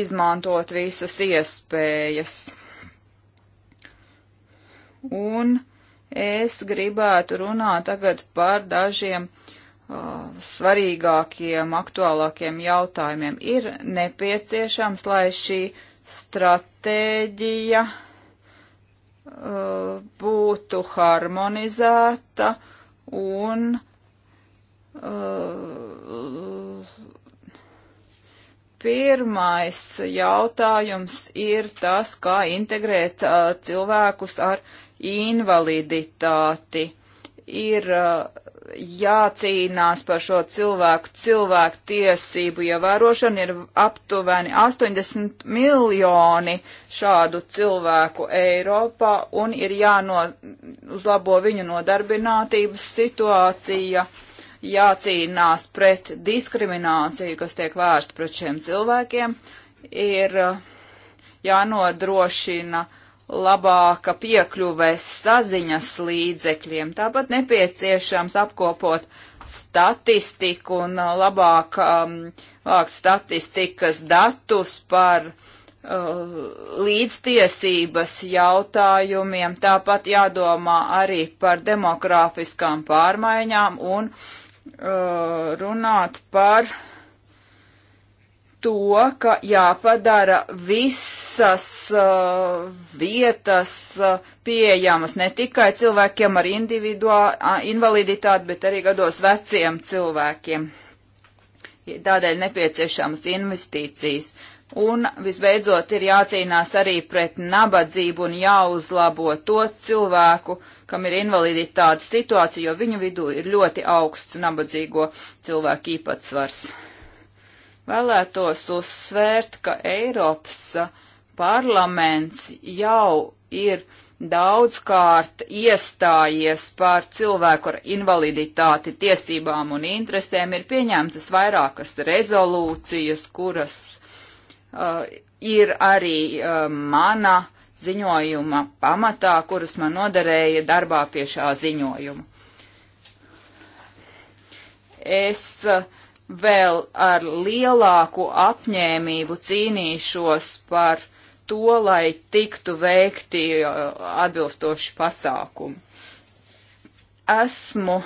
izmantot visas iespējas. Un es gribētu runāt tagad par dažiem uh, svarīgākiem, aktuālākiem jautājumiem. Ir nepieciešams, lai šī uh, stratēģija uh, būtu harmonizēta un uh, pirmais jautājums ir tas, kā integrēt uh, cilvēkus ar invaliditāti. Ir uh, jācīnās par šo cilvēku, cilvēku tiesību ievērošanu, ir aptuveni 80 miljoni šādu cilvēku Eiropā un ir jāuzlabo viņu nodarbinātības situācija, jācīnās pret diskrimināciju, kas tiek vērsta pret šiem cilvēkiem, ir uh, jānodrošina uh, labāka piekļuve saziņas līdzekļiem. Tāpat nepieciešams apkopot statistiku un uh, labāk, um, labāk statistikas datus par uh, līdztiesības jautājumiem. Tāpat jādomā arī par demografiskām pārmaiņām un uh, runāt par uh, to, ka jāpadara visas uh, vietas uh, pieejamas ne tikai cilvēkiem ar invaliditāti, bet arī gados veciem cilvēkiem. Tādēļ nepieciešamas investīcijas. Un visbeidzot ir jācīnās arī pret nabadzību un jāuzlabo to cilvēku, kam ir invaliditātes situācija, jo viņu vidū ir ļoti augsts nabadzīgo cilvēku īpatsvars. Vēlētos uzsvērt, ka Eiropas parlaments jau ir daudzkārt iestājies par cilvēku ar invaliditāti tiesībām un interesēm, ir pieņemtas vairākas rezolūcijas, kuras uh, ir arī uh, mana ziņojuma pamatā, kuras man noderēja darbā pie šā ziņojuma. Es uh, vēl ar lielāku apņēmību cīnīšos par to, lai tiktu veikti uh, atbilstoši pasākumi. Esmu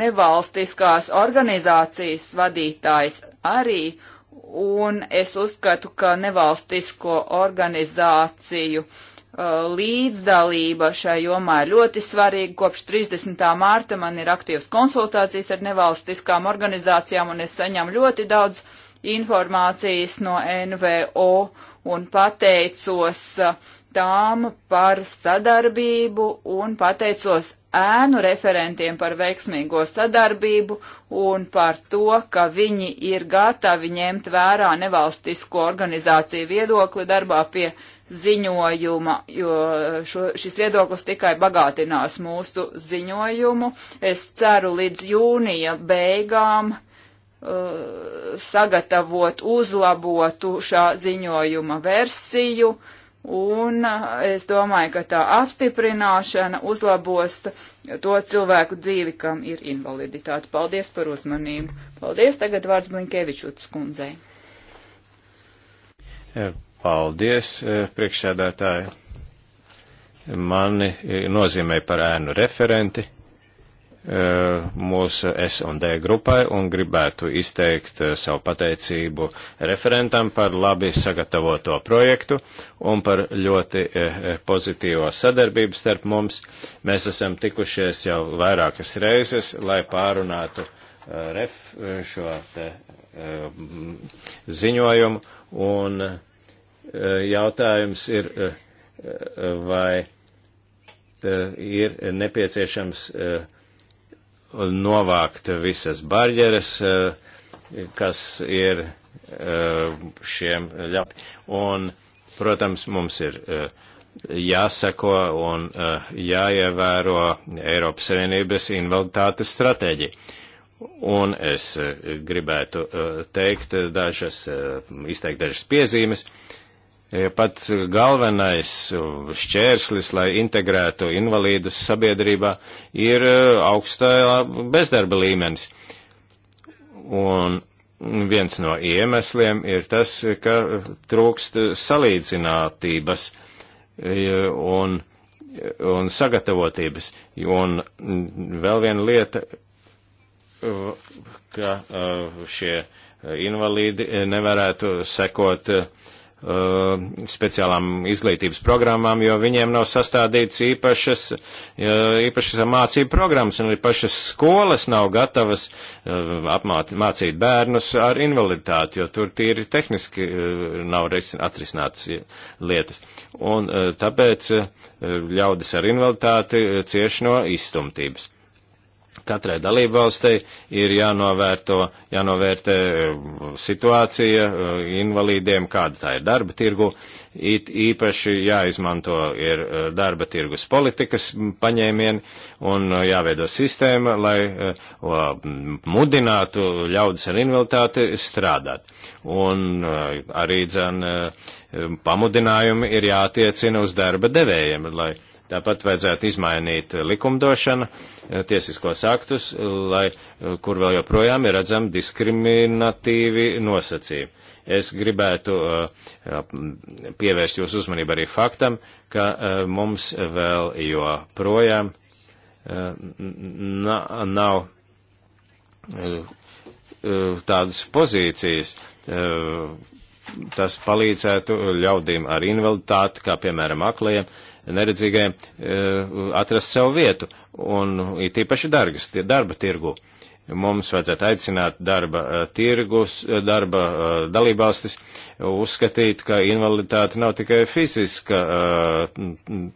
nevalstiskās organizācijas vadītājs arī, un es uzskatu, ka nevalstisko organizāciju uh, Eh, līdzdalība šai jomā ir ļoti svarīga. Kopš 30. mārta man ir aktīvas konsultācijas ar nevalstiskām organizācijām, un es saņemu ļoti daudz informācijas no NVO un pateicos eh, tām par sadarbību un pateicos ēnu referentiem par veiksmīgo sadarbību un par to, ka viņi ir gatavi ņemt vērā nevalstisko organizāciju viedokli darbā pie uh, ziņojuma, jo šo, šis viedoklis tikai bagātinās mūsu ziņojumu. Es ceru līdz jūnija beigām uh, sagatavot uzlabotu šā ziņojuma versiju, un uh, es domāju, ka tā apstiprināšana uzlabos to cilvēku dzīvi, kam ir invaliditāte. Paldies par uzmanību. Paldies, tagad vārds Blinkevičūtas kundzei. Paldies, e, priekšsēdētāji. Mani e, nozīmē par ēnu referenti e, mūsu S&D grupai un gribētu izteikt savu pateicību referentam par labi sagatavoto projektu un par ļoti pozitīvo sadarbību starp mums. Mēs esam tikušies jau vairākas reizes, lai pārunātu ref, šo te, ziņojumu un Eh, jautājums ir, eh, eh, vai ir nepieciešams novākt visas barjeras, kas ir šiem ļaut. Un, protams, mums ir jāseko un jāievēro Eiropas Savienības invaliditātes stratēģija. Un es gribētu teikt dažas, izteikt dažas piezīmes. Uh, pats galvenais šķērslis, lai integrētu invalīdus sabiedrībā, ir e, augstā bezdarba līmenis. Un viens no iemesliem ir tas, ka trūkst salīdzinātības e, un, un sagatavotības. Un vēl viena lieta, e, ka šie invalīdi nevarētu sekot uh, Uh, speciālām izglītības programmām, jo viņiem nav sastādīts īpašas, īpašas mācību programmas, un arī pašas skolas nav gatavas uh, apmācīt bērnus ar invaliditāti, jo tur tīri tehniski uh, nav atrisināts lietas. Un tāpēc ļaudis ar invaliditāti cieši no izstumtības. Katrai dalībvalstei ir jānovērto, jānovērtē eh, situācija eh, invalīdiem, kāda tā ir darba tirgu, it īpaši jāizmanto ir eh, darba tirgus politikas paņēmieni un jāveido sistēma, lai mudinātu ļaudis ar invaliditāti strādāt. Un arī, dzen, pamudinājumi ir jātiecina uz darba devējiem, lai Tāpat vajadzētu izmainīt likumdošanu, eh, tiesiskos aktus, lai, eh, kur vēl joprojām ir redzami diskriminatīvi nosacījumi. Es gribētu eh, pievērst jūsu uzmanību arī faktam, ka mums vēl joprojām nav tādas pozīcijas, tas palīdzētu ļaudīm ar invaliditāti, kā piemēram aklajiem, neredzīgai eh, atrast sev vietu, un ir tīpaši dargas, tie darba tirgu. Mums vajadzētu aicināt darba eh, tirgus, eh, darba dalībvalstis, uzskatīt, ka invaliditāte nav tikai fiziska,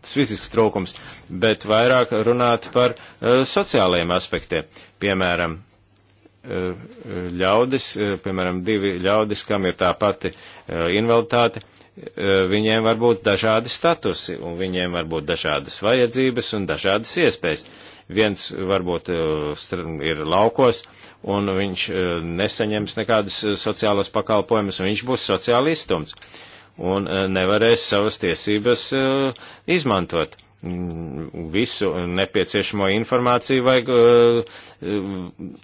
fizisks trūkums, bet vairāk runāt par sociālajiem aspektiem. Piemēram, ļaudis, piemēram, divi ļaudis, kam ir tā pati invaliditāte, viņiem var būt dažādi statusi, un viņiem var būt dažādas vajadzības un dažādas iespējas. Viens varbūt ir laukos, un viņš nesaņems nekādas sociālas pakalpojumus, un viņš būs sociāli izstumts, un nevarēs savas tiesības izmantot. Mm, visu nepieciešamo informāciju vajag eh,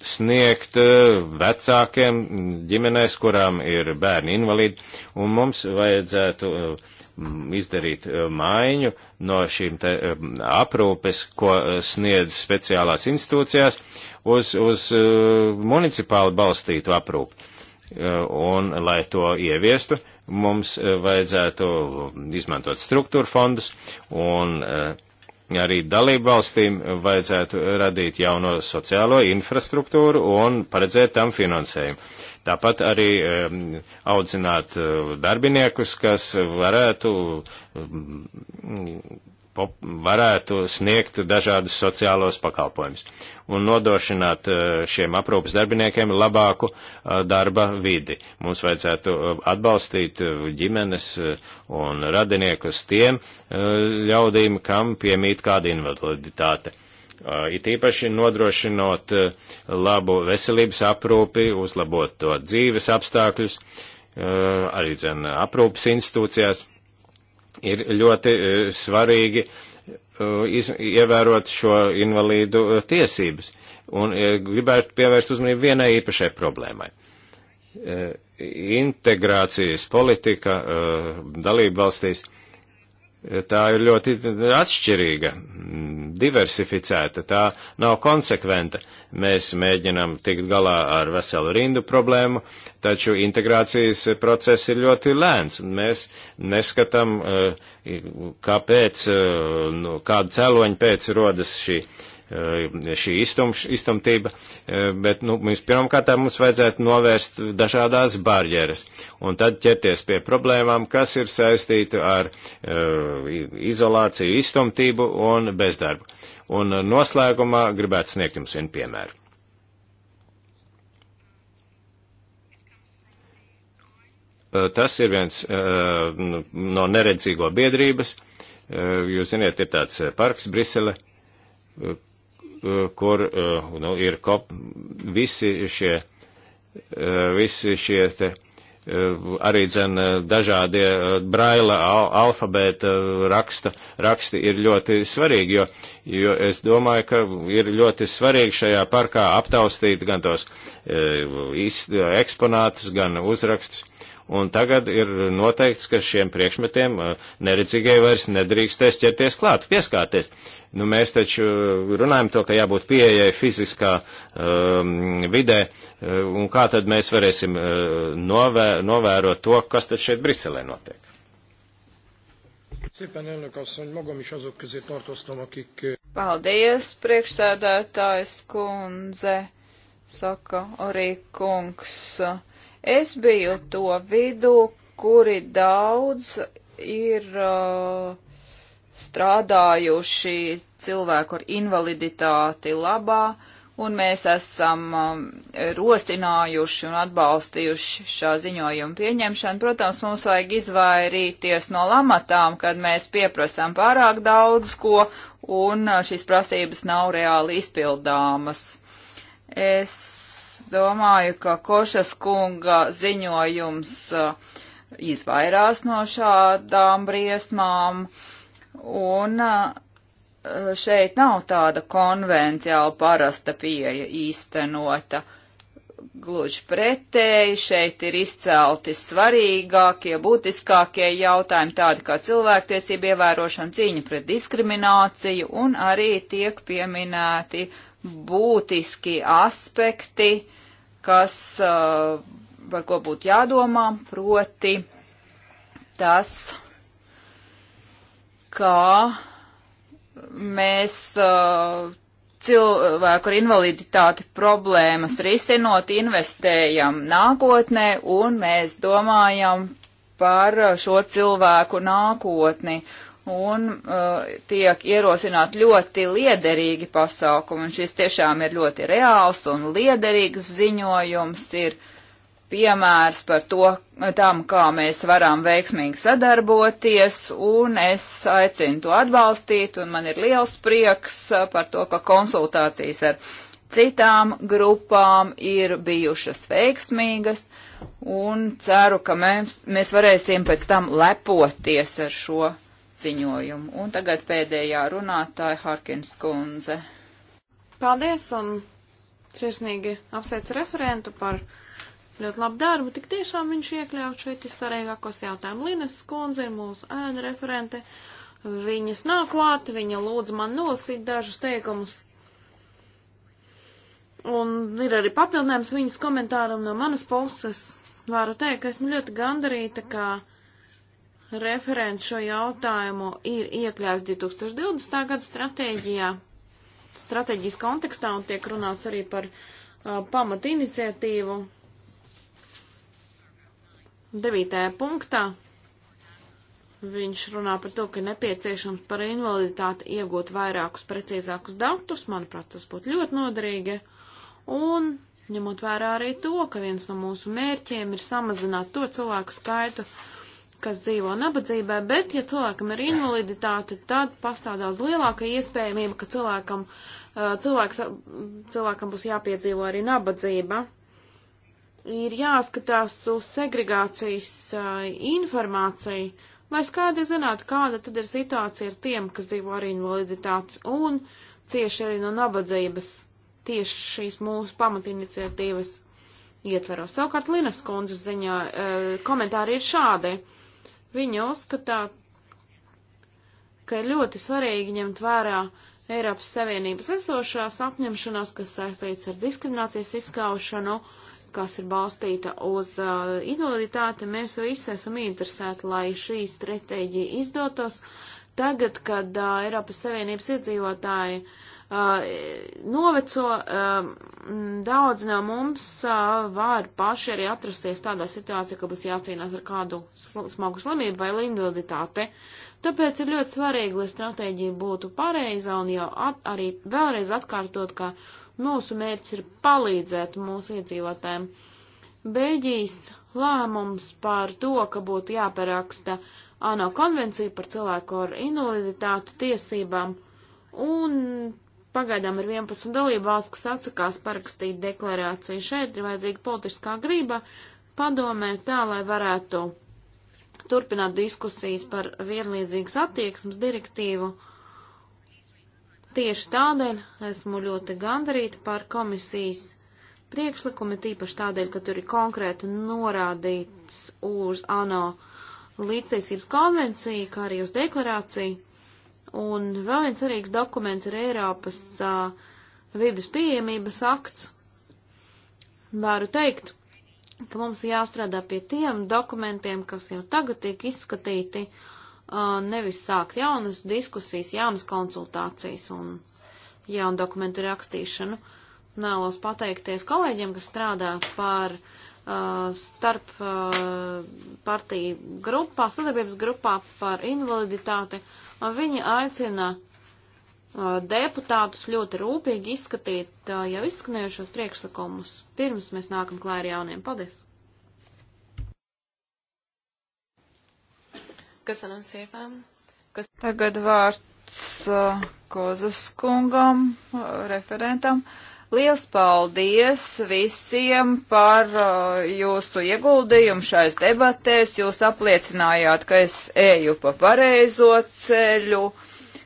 sniegt eh, vecākiem ģimenēs, kurām ir bērni invalīdi, un mums vajadzētu eh, izdarīt maiņu no šīm te aprūpes, ko sniedz speciālās institūcijās, uz, uz municipāli balstītu aprūpi. Un, lai to ieviestu, mums eh, vajadzētu izmantot struktūra fondus un eh, arī dalību valstīm vajadzētu radīt jauno sociālo infrastruktūru un paredzēt tam finansējumu. Tāpat arī eh, audzināt darbiniekus, kas varētu mm, varētu sniegt dažādus sociālos pakalpojumus un nodrošināt eh, šiem aprūpas darbiniekiem labāku eh, darba vidi. Mums vajadzētu eh, atbalstīt ģimenes un radiniekus tiem ļaudīm, kam piemīt kāda invaliditāte. It īpaši nodrošinot labu veselības aprūpi, uzlabot to dzīves apstākļus, arī, zin, aprūpas institūcijās ir ļoti e, svarīgi e, ievērot šo invalīdu e, tiesības. Un gribētu pievērst uzmanību vienai īpašai problēmai. Integrācijas politika dalību valstīs tā ir ļoti atšķirīga, diversificēta, tā nav konsekventa. Mēs mēģinam tikt galā ar veselu rindu problēmu, taču integrācijas process ir ļoti lēns. Mēs neskatām, eh, kāpēc, eh, nu, kādu cēloņu pēc rodas šī Eh, šī istumš, istumtība, eh, bet nu, mums pirmkārt mums vajadzētu novērst dažādās barjeras un tad ķerties pie problēmām, kas ir saistīti ar eh, izolāciju, istumtību un bezdarbu. Un noslēgumā gribētu sniegt jums vienu piemēru. tas ir viens no neredzīgo biedrības. Jūs ziniet, ir tāds parks Brisele, Eh, kur eh, nu, ir kop, visi šie, eh, visi šie te, arī dzen dažādie braila al, alfabēta raksta, raksti ir ļoti svarīgi, jo, jo es domāju, ka ir ļoti svarīgi šajā parkā aptaustīt gan tos eksponātus, gan uzrakstus un tagad ir noteikts, ka šiem priekšmetiem uh, neredzīgai vairs nedrīkstēs ķerties klāt, pieskārties. Nu, mēs taču uh, runājam to, ka jābūt pieejai fiziskā um, vidē, uh, un kā tad mēs varēsim uh, novē, novērot to, kas tad šeit Briselē notiek. Szépen elnök asszony, magam is azok közé tartoztam, akik... Paldies, priekšsēdētājs kundze, saka arī kungs. Uh, Es biju to vidū, kuri daudz ir uh, strādājuši cilvēku ar invaliditāti labā, un mēs esam um, rosinājuši un atbalstījuši šā ziņojuma pieņemšanu. Protams, mums vajag izvairīties no lamatām, kad mēs pieprasām pārāk daudz ko, un uh, šīs prasības nav reāli izpildāmas. Es domāju, ka Košas kunga ziņojums uh, izvairās no šādām briesmām, un uh, šeit nav tāda konvenciāla parasta pieeja īstenota. Gluži pretēji, šeit ir izcelti svarīgākie, būtiskākie jautājumi, tādi kā cilvēktiesība ievērošana, cīņa pret diskrimināciju, un arī tiek pieminēti būtiski aspekti, kas, par ko būtu jādomā, proti tas, kā mēs cilvēku ar invaliditāti problēmas risinot, investējam nākotnē un mēs domājam par šo cilvēku nākotni un uh, tiek ierosināt ļoti liederīgi pasākumi, un šis tiešām ir ļoti reāls un liederīgs ziņojums, ir piemērs par to, tam, kā mēs varam veiksmīgi sadarboties, un es aicinu to atbalstīt, un man ir liels prieks uh, par to, ka konsultācijas ar citām grupām ir bijušas veiksmīgas, un ceru, ka mēs, mēs varēsim pēc tam lepoties ar šo ziņojumu. Un tagad pēdējā runātāja Harkins kundze. Paldies un sirsnīgi apsveicu referentu par ļoti labu darbu. Tik tiešām viņš iekļaut šeit izsvarīgākos jautājumus. Linas kundze ir mūsu ēna referente. Viņas nav klāt, viņa lūdz man nolasīt dažus teikumus. Un ir arī papildinājums viņas komentāram no manas puses. Varu teikt, ka esmu ļoti gandarīta, ka referents šo jautājumu ir iekļauts 2020. gada stratēģijā, stratēģijas kontekstā un tiek runāts arī par uh, pamatu iniciatīvu. Devītajā punktā viņš runā par to, ka nepieciešams par invaliditāti iegūt vairākus precīzākus datus. Manuprāt, tas būtu ļoti noderīgi. Un ņemot vērā arī to, ka viens no mūsu mērķiem ir samazināt to cilvēku skaitu, uh, kas dzīvo nabadzībā, bet, ja cilvēkam ir invaliditāte, tad pastāv daudz lielāka iespējamība, ka cilvēkam, uh, cilvēks, cilvēkam būs jāpiedzīvo arī nabadzība. Ir jāskatās uz segregācijas uh, informāciju, lai skaidri zinātu, kāda tad ir situācija ar tiem, kas dzīvo ar invaliditātes un cieši arī no nabadzības tieši šīs mūsu pamatiniciatīvas ietveros. Savukārt Linas kundzes ziņā e, komentāri ir šādi. Viņa uzskatā, ka ir ļoti svarīgi ņemt vērā Eiropas Savienības esošās apņemšanās, kas saistīts ar diskriminācijas izskaušanu, kas ir balstīta uz uh, invaliditāti. Mēs visi esam interesēti, lai šī stratēģija izdotos. Tagad, kad uh, Eiropas Savienības iedzīvotāji uh, Uh, noveco, uh, daudz no mums uh, var paši arī atrasties tādā situācijā, ka būs jācīnās ar kādu sl smagu slimību vai invaliditāti. Tāpēc ir ļoti svarīgi, lai stratēģija būtu pareiza un jau at arī vēlreiz atkārtot, ka mūsu mērķis ir palīdzēt mūsu iedzīvotājiem. Beļģijas lēmums par to, ka būtu jāparaksta ANO konvenciju par cilvēku ar invaliditāti tiesībām un Pagaidām ir 11 dalība valsts, kas atsakās parakstīt deklarāciju. Šeit ir vajadzīga politiskā grība padomē tā, lai varētu turpināt diskusijas par vienlīdzīgas attieksmes direktīvu. Tieši tādēļ esmu ļoti gandarīta par komisijas priekšlikumu, tīpaši tādēļ, ka tur ir konkrēti norādīts uz ANO līdztiesības konvenciju, kā arī uz deklarāciju. Un vēl viens svarīgs dokuments ir Eiropas uh, vidas pieejamības akts. Varu teikt, ka mums ir jāstrādā pie tiem dokumentiem, kas jau tagad tiek izskatīti, uh, nevis sākt jaunas diskusijas, jaunas konsultācijas un jaunu dokumentu rakstīšanu. Nēlos pateikties kolēģiem, kas strādā par uh, Uh, starp uh, partiju grupā, sadarbības grupā par invaliditāti, un viņi aicina uh, deputātus ļoti rūpīgi izskatīt jau izskanējušos priekšlikumus, pirms mēs nākam klāj ar jauniem. Paldies! Köszönöm szépen. Kösz... Tagad vārds uh, Kozas kungam, uh, referentam. Uh, Liels paldies visiem par uh, jūsu ieguldījumu šais debatēs. Jūs apliecinājāt, ka es eju pa pareizo ceļu.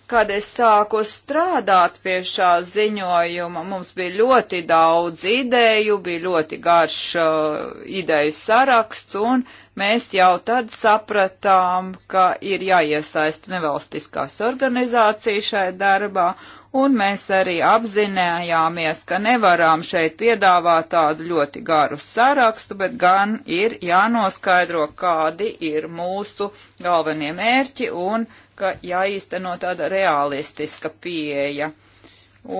Kad es sāku strādāt pie šā ziņojuma, mums bija ļoti daudz ideju, bija ļoti garš uh, ideju saraksts un Mēs jau tad sapratām, ka ir jāiesaista nevalstiskās organizācijas šai darbā, un mēs arī apzinājāmies, ka nevaram šeit piedāvāt tādu ļoti garu sarakstu, bet gan ir jānoskaidro, kādi ir mūsu galvenie mērķi un ka jāīsteno tāda realistiska pieeja.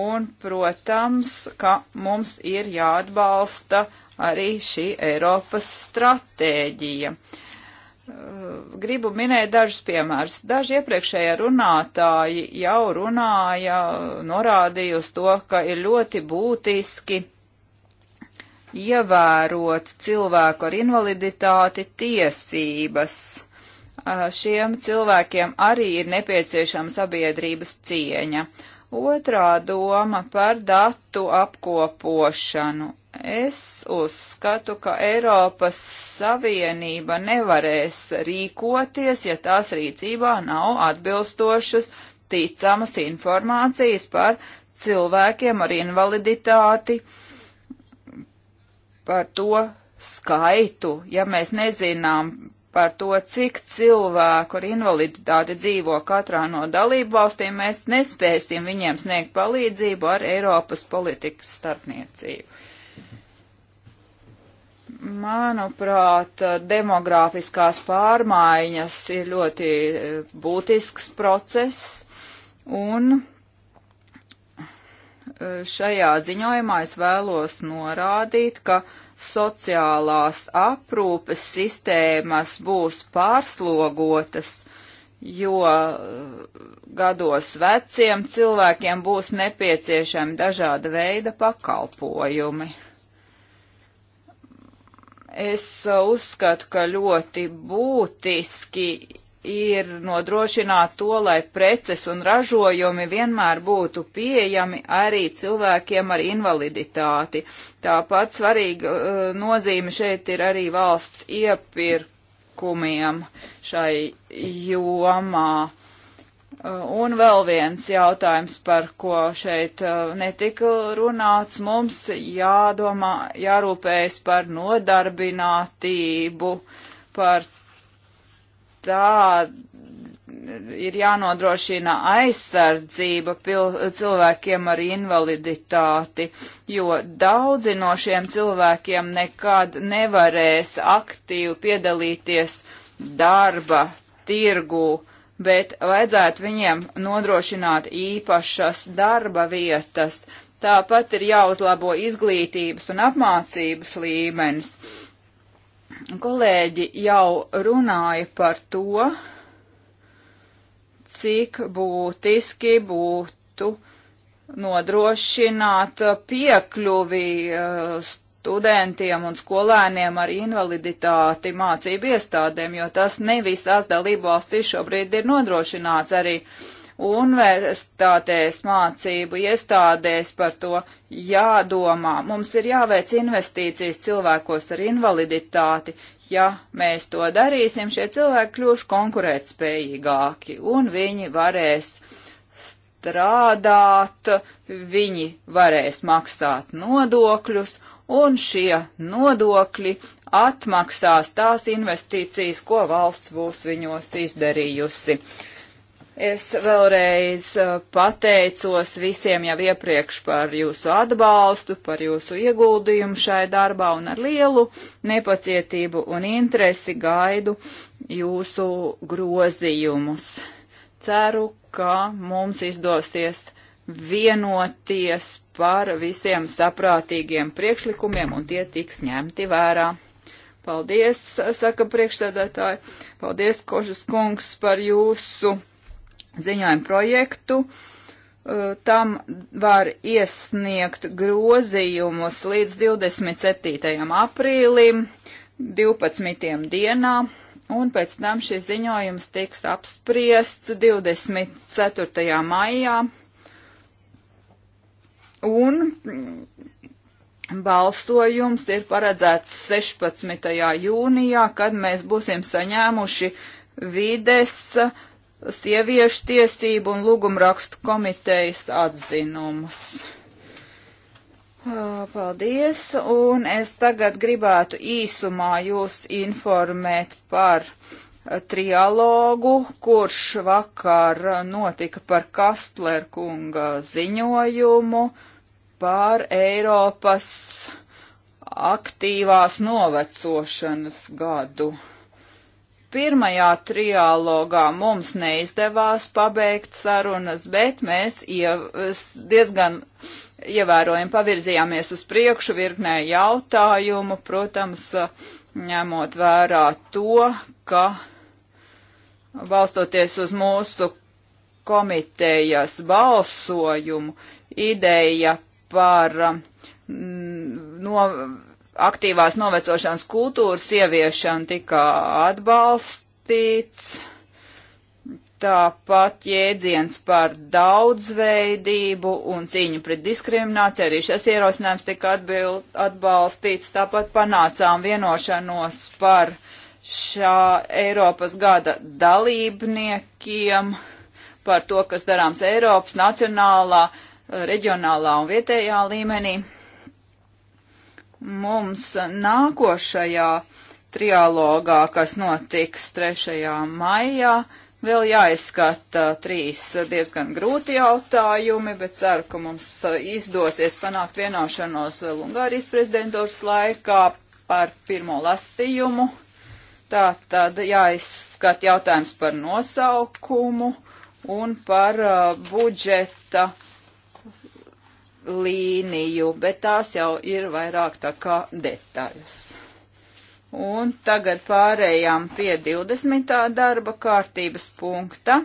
Un, protams, ka mums ir jāatbalsta arī šī Eiropas stratēģija. Gribu minēt dažus piemērus. Daži iepriekšējie runātāji jau runāja, norādīja uz to, ka ir ļoti būtiski ievērot cilvēku ar invaliditāti tiesības šiem cilvēkiem arī ir nepieciešama sabiedrības cieņa. Otrā doma par datu apkopošanu Es uzskatu, ka Eiropas Savienība nevarēs rīkoties, ja tās rīcībā nav atbilstošas ticamas informācijas par cilvēkiem ar invaliditāti, par to skaitu, ja mēs nezinām par to, cik cilvēku ar invaliditāti dzīvo katrā no dalību valstīm, mēs nespēsim viņiem sniegt palīdzību ar Eiropas politikas starpniecību. Manuprāt, demogrāfiskās pārmaiņas ir ļoti eh, būtisks process, un eh, šajā ziņojumā es vēlos norādīt, ka sociālās aprūpes sistēmas būs pārslogotas, jo eh, gados veciem cilvēkiem būs nepieciešami dažāda veida pakalpojumi. Es uh, uzskatu, ka ļoti būtiski ir nodrošināt to, lai preces un ražojumi vienmēr būtu pieejami arī cilvēkiem ar invaliditāti. Tāpat svarīga uh, nozīme šeit ir arī valsts iepirkumiem šai jomā. Uh, un vēl viens jautājums, par ko šeit uh, netika runāts. Mums jādomā, jārūpējas par nodarbinātību, par tā ir jānodrošina aizsardzība pil, cilvēkiem ar invaliditāti, jo daudzi no šiem cilvēkiem nekad nevarēs aktīvi piedalīties darba tirgū bet vajadzētu viņiem nodrošināt īpašas darba vietas. Tāpat ir jāuzlabo izglītības un apmācības līmenis. Kolēģi jau runāja par to, cik būtiski būtu nodrošināt piekļuvi uh, studentiem un skolēniem ar invaliditāti mācību iestādēm, jo tas ne visās dalību valstīs šobrīd ir nodrošināts arī universitātēs mācību iestādēs par to jādomā. Mums ir jāveic investīcijas cilvēkos ar invaliditāti. Ja mēs to darīsim, šie cilvēki kļūs konkurētspējīgāki un viņi varēs strādāt, viņi varēs maksāt nodokļus un šie nodokļi atmaksās tās investīcijas, ko valsts būs viņos izdarījusi. Es vēlreiz uh, pateicos visiem jau iepriekš par jūsu atbalstu, par jūsu ieguldījumu šai darbā un ar lielu nepacietību un interesi gaidu jūsu grozījumus. Ceru, ka mums izdosies vienoties par visiem saprātīgiem priekšlikumiem, un tie tiks ņemti vērā. Paldies, saka priekšsēdētāji, paldies, Kožas kungs, par jūsu ziņojumu projektu. Uh, tam var iesniegt grozījumus līdz 27. aprīlim, 12. dienā, un pēc tam šis ziņojums tiks apspriests 24. maijā Un mm, balsojums ir paredzēts 16. jūnijā, kad mēs būsim saņēmuši vides sieviešu tiesību un lūgumrakstu komitejas atzinumus. Paldies, un es tagad gribētu īsumā jūs informēt par trialogu, kurš vakar notika par Kastler kunga ziņojumu. Uh, par Eiropas aktīvās novecošanas gadu. Pirmajā triālogā mums neizdevās pabeigt sarunas, bet mēs iev diezgan ievērojami pavirzījāmies uz priekšu virknē jautājumu, protams, ņemot vērā to, ka balstoties uz mūsu komitejas balsojumu, ideja par um, no, aktīvās novecošanas kultūras ieviešanu tika atbalstīts. Tāpat jēdziens par daudzveidību un cīņu pret diskrimināciju, arī šis ierosinājums tika atbild, atbalstīts. Tāpat panācām vienošanos par šā Eiropas gada dalībniekiem, par to, kas darāms Eiropas nacionālā uh, reģionālā un vietējā līmenī. Mums nākošajā trialogā, kas notiks 3. maijā, vēl jāizskata trīs diezgan grūti jautājumi, bet ceru, ka mums izdosies panākt vienošanos vēl Ungārijas prezidentūras laikā par pirmo lasījumu. Tā tad jāizskat jautājums par nosaukumu un par uh, budžeta uh, līniju, bet tās jau ir vairāk tā kā detaļas. Un tagad pārējām pie 20. darba kārtības punkta.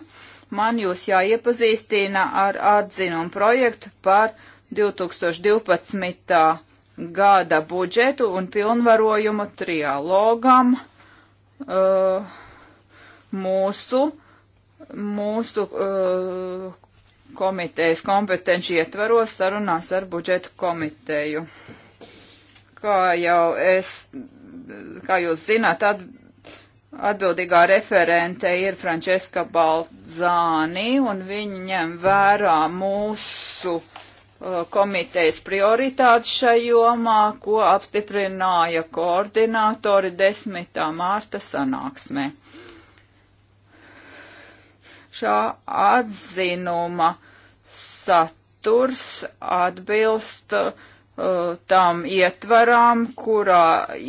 Man jūs jāiepazīstina ar atzinumu projektu par 2012. gada budžetu un pilnvarojumu trialogam uh, mūsu, mūsu uh, komitejas kompetenci ietvaros sarunās ar budžetu komiteju. Kā jau es, kā jūs zināt, at, atbildīgā referente ir Frančeska Balzāni, un viņi ņem vērā mūsu uh, komitejas prioritātes šai jomā, ko apstiprināja koordinātori 10. mārta sanāksmē šā atzinuma saturs atbilst uh, tām ietvarām, kurā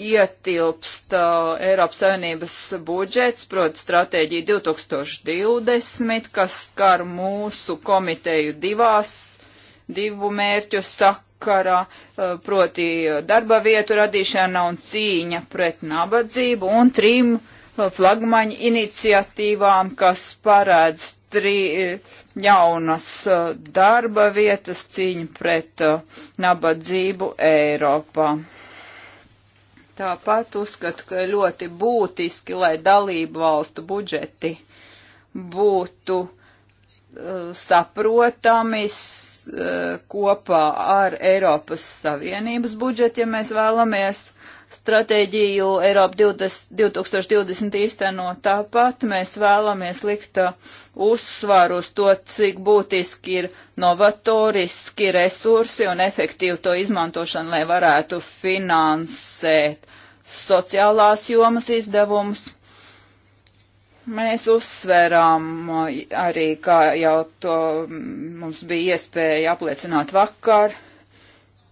ietilpst uh, Eiropas Savienības budžets, proti stratēģija 2020, kas skar mūsu komiteju divās, divu mērķu sakarā, uh, proti darba vietu radīšana un cīņa pret nabadzību un trim uh, flagmaņu iniciatīvām, kas parādz tri jaunas uh, darba vietas cīņu pret uh, nabadzību Eiropā. Tāpat uzskatu, ka ļoti būtiski, lai dalību valstu budžeti būtu uh, saprotami uh, kopā ar Eiropas Savienības budžetu, ja mēs vēlamies stratēģiju Eiropa 20, 2020 īstenot tāpat. Mēs vēlamies likt uh, uzsvaru uz to, cik būtiski ir novatoriski resursi un efektīvu to izmantošanu, lai varētu finansēt sociālās jomas izdevumus. Mēs uzsverām uh, arī, kā jau to mm, mums bija iespēja apliecināt vakar,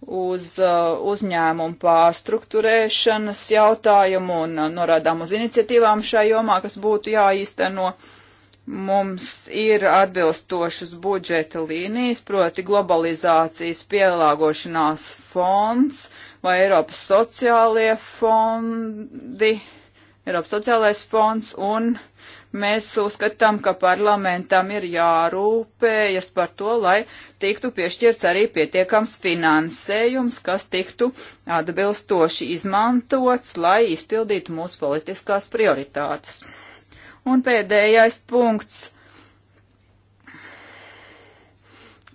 uz uh, uzņēmumu pārstruktūrēšanas jautājumu un uh, norādām uz iniciatīvām šai jomā, kas būtu jāīsteno. Mums ir atbilstošas budžeta līnijas, proti globalizācijas pielāgošanās fonds vai Eiropas sociālie fondi, Eiropas sociālais fonds un Mēs uzskatām, ka parlamentam ir jārūpējas par to, lai tiktu piešķirts arī pietiekams finansējums, kas tiktu atbilstoši izmantots, lai izpildītu mūsu politiskās prioritātes. Un pēdējais punkts,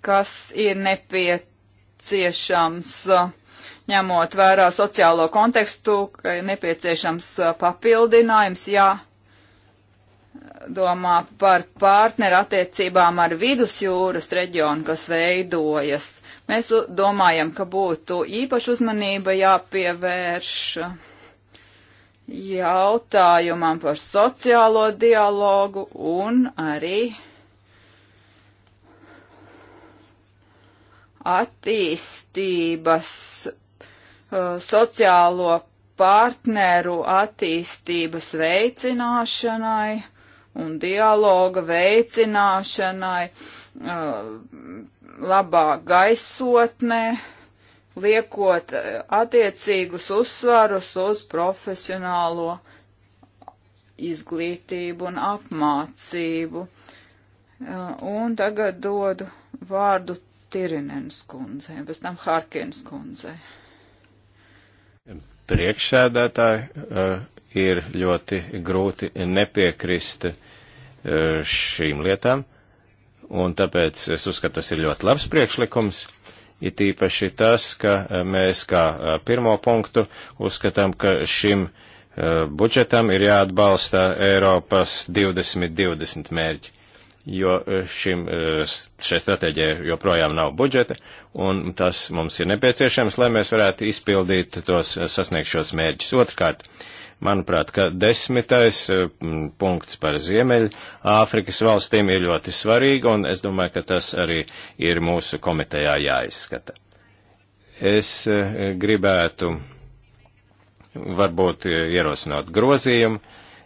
kas ir nepieciešams ņemot vērā sociālo kontekstu, ka ir nepieciešams papildinājums, jā. Ja domā par partneru attiecībām ar vidusjūras reģionu, kas veidojas. Mēs domājam, ka būtu īpaši uzmanība jāpievērš jautājumam par sociālo dialogu un arī attīstības, uh, sociālo partneru attīstības veicināšanai un dialoga veicināšanai, uh, labā gaisotnē, liekot uh, attiecīgus uzsvarus uz profesionālo izglītību un apmācību. Uh, un tagad dodu vārdu Tirinens kundzei, pēc tam Harkins kundzei priekšsēdētāji, eh, ir ļoti grūti nepiekrist eh, šīm lietām, un tāpēc es uzskatu, tas ir ļoti labs priekšlikums. It īpaši tas, ka eh, mēs kā pirmo punktu uzskatām, ka šim budžetam ir jāatbalsta Eiropas 2020 mērķi jo e, šim, e, šai stratēģijai joprojām nav budžeta, un tas mums ir nepieciešams, lai mēs varētu izpildīt tos e, sasniegšos mērķus. Otrkārt, manuprāt, ka desmitais punkts par Ziemeļu Āfrikas valstīm ir ļoti svarīgi, un es domāju, ka tas arī ir mūsu komitejā jāizskata. Es gribētu varbūt ierosināt grozījumu,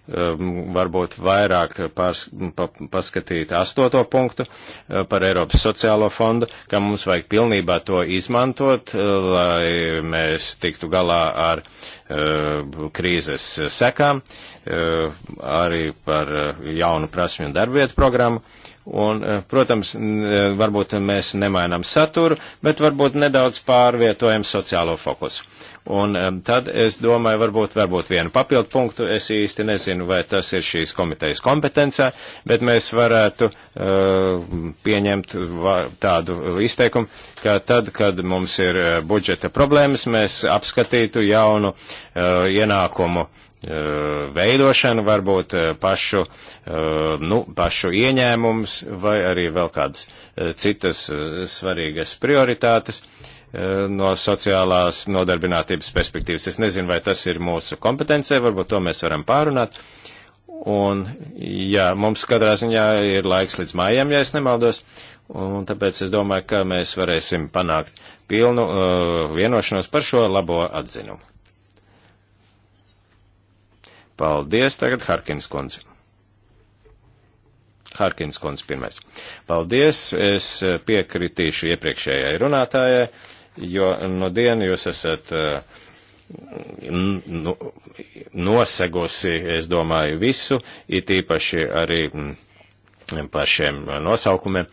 Um, varbūt vairāk pārs, pa, paskatīt astoto punktu uh, par Eiropas sociālo fondu, ka mums vajag pilnībā to izmantot, uh, lai mēs tiktu galā ar uh, krīzes sekām, uh, arī par uh, jaunu prasmju un darbvietu programmu Un, eh, protams, eh, varbūt mēs nemainām saturu, bet varbūt nedaudz pārvietojam sociālo fokusu. Un eh, tad es domāju, varbūt, varbūt vienu papildu punktu, es īsti nezinu, vai tas ir šīs komitejas kompetencē, bet mēs varētu uh, pieņemt tādu izteikumu, ka tad, kad mums ir budžeta problēmas, mēs apskatītu jaunu uh, ienākumu uh, Eh, veidošana, varbūt eh, pašu, eh, nu, pašu ieņēmums vai arī vēl kādas citas svarīgas prioritātes no sociālās nodarbinātības perspektīvas. Es nezinu, vai tas ir mūsu kompetencija, varbūt to mēs varam pārunāt. Un, jā, mums katrā ziņā ir laiks līdz mājām, ja es nemaldos, un tāpēc es domāju, ka mēs varēsim panākt pilnu uh, vienošanos par šo labo atzinumu. Paldies, tagad Harkins kundze. Harkins kundze pirmais. Paldies, es piekritīšu iepriekšējai runātājai, jo no dienu jūs esat uh, nu, nosegusi, es domāju, visu, it īpaši arī mm, par šiem nosaukumiem.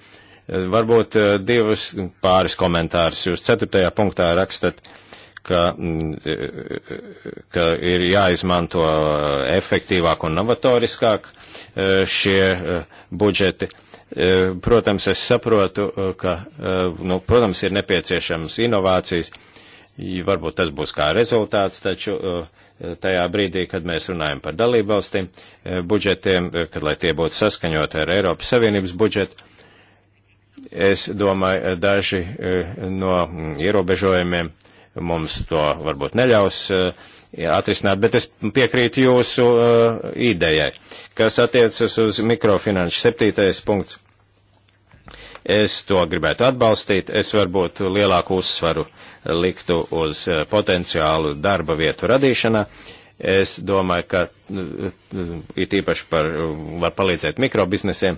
Eh, varbūt eh, divas pāris komentārus. Jūs ceturtajā punktā rakstat, uh, ka, mm, e, ka ir jāizmanto efektīvāk un novatoriskāk e, šie e, budžeti. Protams, es saprotu, ka, nu, protams, ir nepieciešams inovācijas, varbūt tas būs kā rezultāts, taču tajā brīdī, kad mēs runājam par dalībvalstīm budžetiem, kad lai tie būtu saskaņoti ar Eiropas Savienības budžetu, es domāju, daži no mm, ierobežojumiem mums to varbūt neļaus eh, atrisināt, bet es piekrītu jūsu eh, idejai, kas attiecas uz mikrofinanšu septītais punkts. Es to gribētu atbalstīt, es varbūt lielāku uzsvaru liktu uz eh, potenciālu darba vietu radīšanā. Es domāju, ka it īpaši par, var palīdzēt mikrobiznesiem.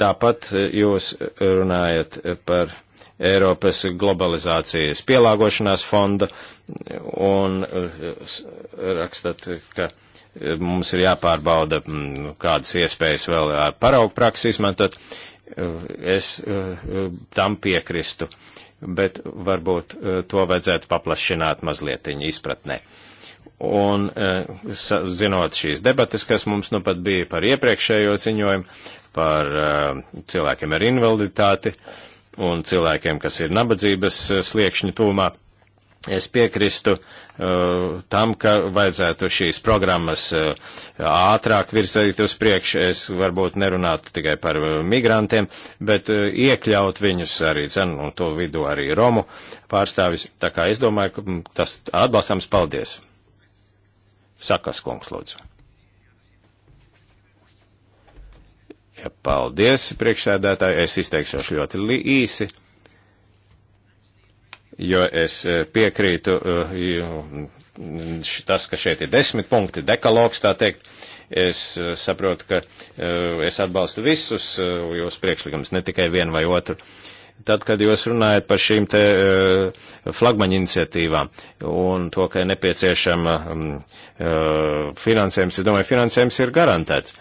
Tāpat jūs runājat par Eiropas globalizācijas pielāgošanās fonda un rakstat, ka mums ir jāpārbauda, kādas iespējas vēl paraugu praksi izmantot. Es e, e, tam piekristu, bet varbūt e, to vajadzētu paplašināt mazlietiņu izpratnē. Un zinot šīs debatas, kas mums nu pat bija par iepriekšējo ziņojumu, par cilvēkiem ar invaliditāti, uh, un cilvēkiem, kas ir nabadzības eh, sliekšņa tūmā. Es piekrīstu uh, eh, tam, ka vajadzētu šīs programmas uh, ātrāk virzīt uz priekšu. Es varbūt nerunātu tikai par uh, migrantiem, bet uh, iekļaut viņus arī, zinu, un to vidu arī Romu pārstāvis. Tā kā es domāju, ka mm, tas atbalstams paldies. Sakas kungs, lūdzu. Ja, paldies, priekšsēdētāji, es izteikšos ļoti īsi, jo es eh, piekrītu eh, tas, ka šeit ir desmit punkti, dekalogs tā teikt. Es eh, saprotu, ka es atbalstu visus jūsu priekšlikumus, ne tikai vienu vai otru. Tad, kad jūs runājat par šīm te flagmaņa iniciatīvām un to, ka ir nepieciešama mm, finansējums, es domāju, finansējums ir garantēts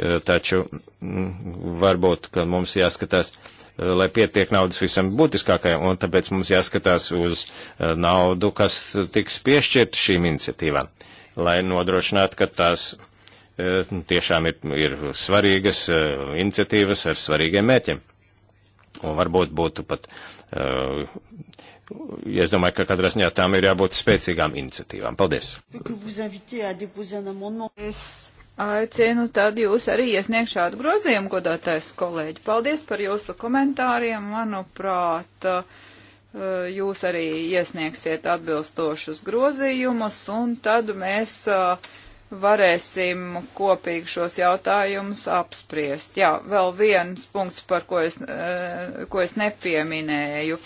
Eh, taču mm, varbūt, ka mums jāskatās, eh, lai pietiek naudas visam būtiskākajam, un tāpēc mums jāskatās uz eh, naudu, kas tiks piešķirta šīm iniciatīvām, lai nodrošinātu, ka tās tiešām ir, ir svarīgas iniciatīvas ar svarīgiem mērķiem. Un varbūt būtu pat, ja es domāju, ka katrā ziņā tām ir jābūt spēcīgām iniciatīvām. Paldies! Es aicinu tad jūs arī iesniegt šādu grozījumu, godātais kolēģi. Paldies par jūsu komentāriem. Manuprāt, uh, jūs arī iesniegsiet atbilstošus grozījumus, un tad mēs uh, varēsim kopīgi šos jautājumus apspriest. Jā, vēl viens punkts, par ko es, eh, ko es nepieminēju,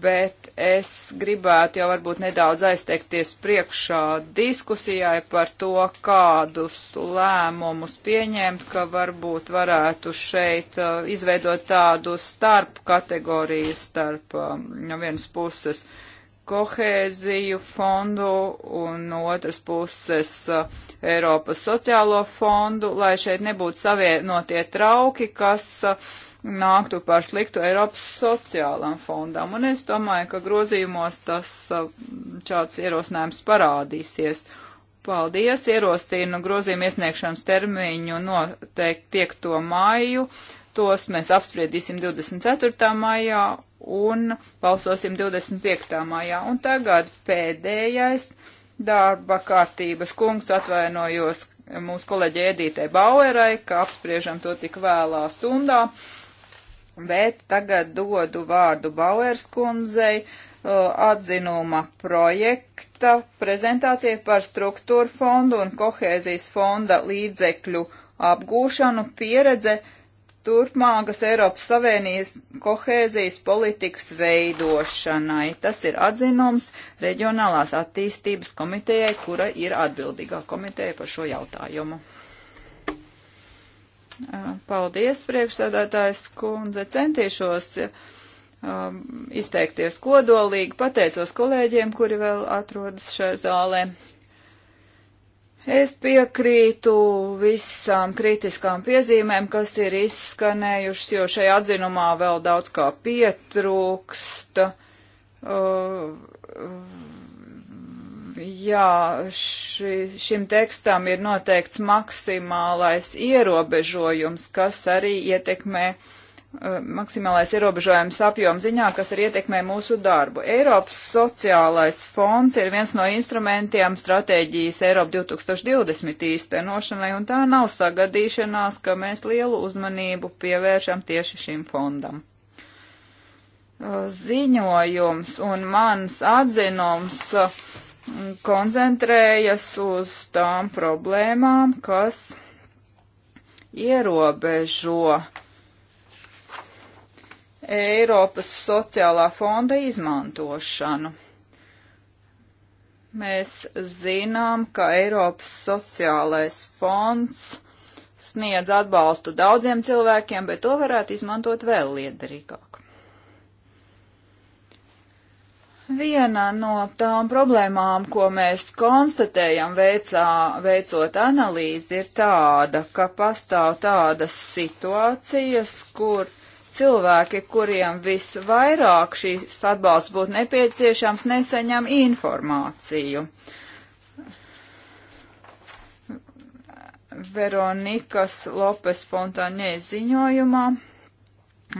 bet es gribētu jau varbūt nedaudz aizteikties priekšā diskusijai par to, kādus lēmumus pieņemt, ka varbūt varētu šeit eh, izveidot tādu starp kategoriju starp eh, no vienas puses kohēziju fondu un no otras puses eh, Eiropas sociālo fondu, lai šeit nebūtu savienotie trauki, kas eh, nāktu par sliktu Eiropas sociālam fondam. Un es domāju, ka grozījumos tas eh, šāds ierosinājums parādīsies. Paldies, ierosinu grozījumu iesniegšanas termiņu noteikti 5. māju, tos mēs apspriedīsim 24. maijā un balsosim 25. maijā. Un tagad pēdējais darba kārtības kungs atvainojos mūsu kolēģi Edītei Bauerai, ka apspriežam to tik vēlā stundā, bet tagad dodu vārdu Bauers kundzei uh, atzinuma projekta prezentācija par struktūra fondu un kohēzijas fonda līdzekļu apgūšanu pieredze uh, turpmākas Eiropas Savienības kohēzijas politikas veidošanai. Tas ir atzinums reģionālās attīstības komitejai, kura ir atbildīgā komiteja par šo jautājumu. Paldies, priekšsēdētājs kundze, centīšos um, izteikties kodolīgi, pateicos kolēģiem, kuri vēl atrodas šajā zālē. Es piekrītu visām kritiskām piezīmēm, kas ir izskanējušas, jo šajā atzinumā vēl daudz kā pietrūkst. Uh, jā, ši, šim tekstam ir noteikts maksimālais ierobežojums, kas arī ietekmē uh, Eh, maksimālais ierobežojums apjomu ziņā, kas arī ietekmē mūsu darbu. Eiropas sociālais fonds ir viens no instrumentiem stratēģijas Eiropa 2020 īstenošanai, un tā nav sagadīšanās, ka mēs lielu uzmanību pievēršam tieši šim fondam. Eh, ziņojums un mans atzinums eh, koncentrējas uz tām problēmām, kas ierobežo uh, Eiropas sociālā fonda izmantošanu. Mēs zinām, ka Eiropas sociālais fonds sniedz atbalstu daudziem cilvēkiem, bet to varētu izmantot vēl liederīgāk. Viena no tām problēmām, ko mēs konstatējam veicā, veicot analīzi, ir tāda, ka pastāv tādas situācijas, kur cilvēki, kuriem visvairāk šīs atbalsts būtu nepieciešams, nesaņem informāciju. Veronikas Lopes Fontaņē ziņojumā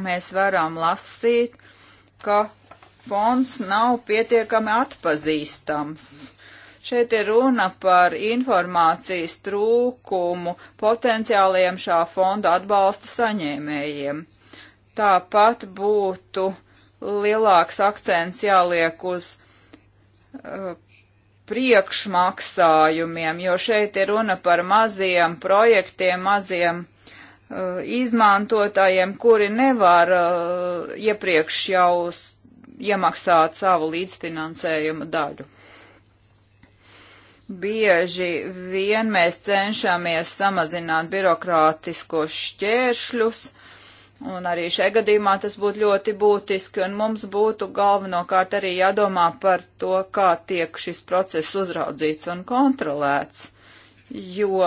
mēs varam lasīt, ka fonds nav pietiekami atpazīstams. Šeit ir runa par informācijas trūkumu potenciāliem šā fonda atbalsta saņēmējiem. Tāpat būtu lielāks akcents jāliek uz uh, priekšmaksājumiem, jo šeit ir runa par maziem projektiem, maziem uh, izmantotājiem, kuri nevar uh, iepriekš jau iemaksāt savu līdzfinansējumu daļu. Bieži vien mēs cenšamies samazināt birokrātiskos šķēršļus, uh, Un arī šajā gadījumā tas būtu ļoti būtiski, un mums būtu galvenokārt arī jādomā par to, kā tiek šis process uzraudzīts un kontrolēts, jo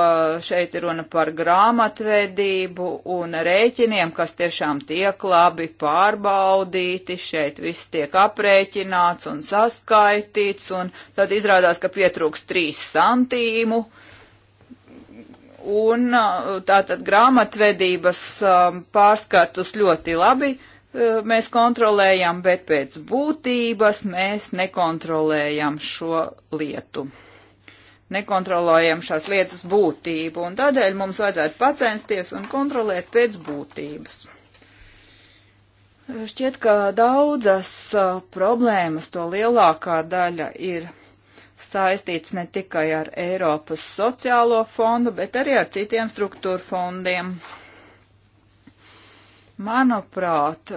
šeit ir runa par grāmatvedību un rēķiniem, kas tiešām tiek labi pārbaudīti, šeit viss tiek aprēķināts un saskaitīts, un tad izrādās, ka pietrūks trīs santīmu, uh, Un uh, tātad grāmatvedības um, pārskatus ļoti labi uh, mēs kontrolējam, bet pēc būtības mēs nekontrolējam šo lietu. Nekontrolējam šās lietas būtību, un tādēļ mums vajadzētu pacensties un kontrolēt pēc būtības. Šķiet, ka daudzas uh, problēmas to lielākā daļa ir saistīts ne tikai ar Eiropas sociālo fondu, bet arī ar citiem struktūra fondiem. Manuprāt,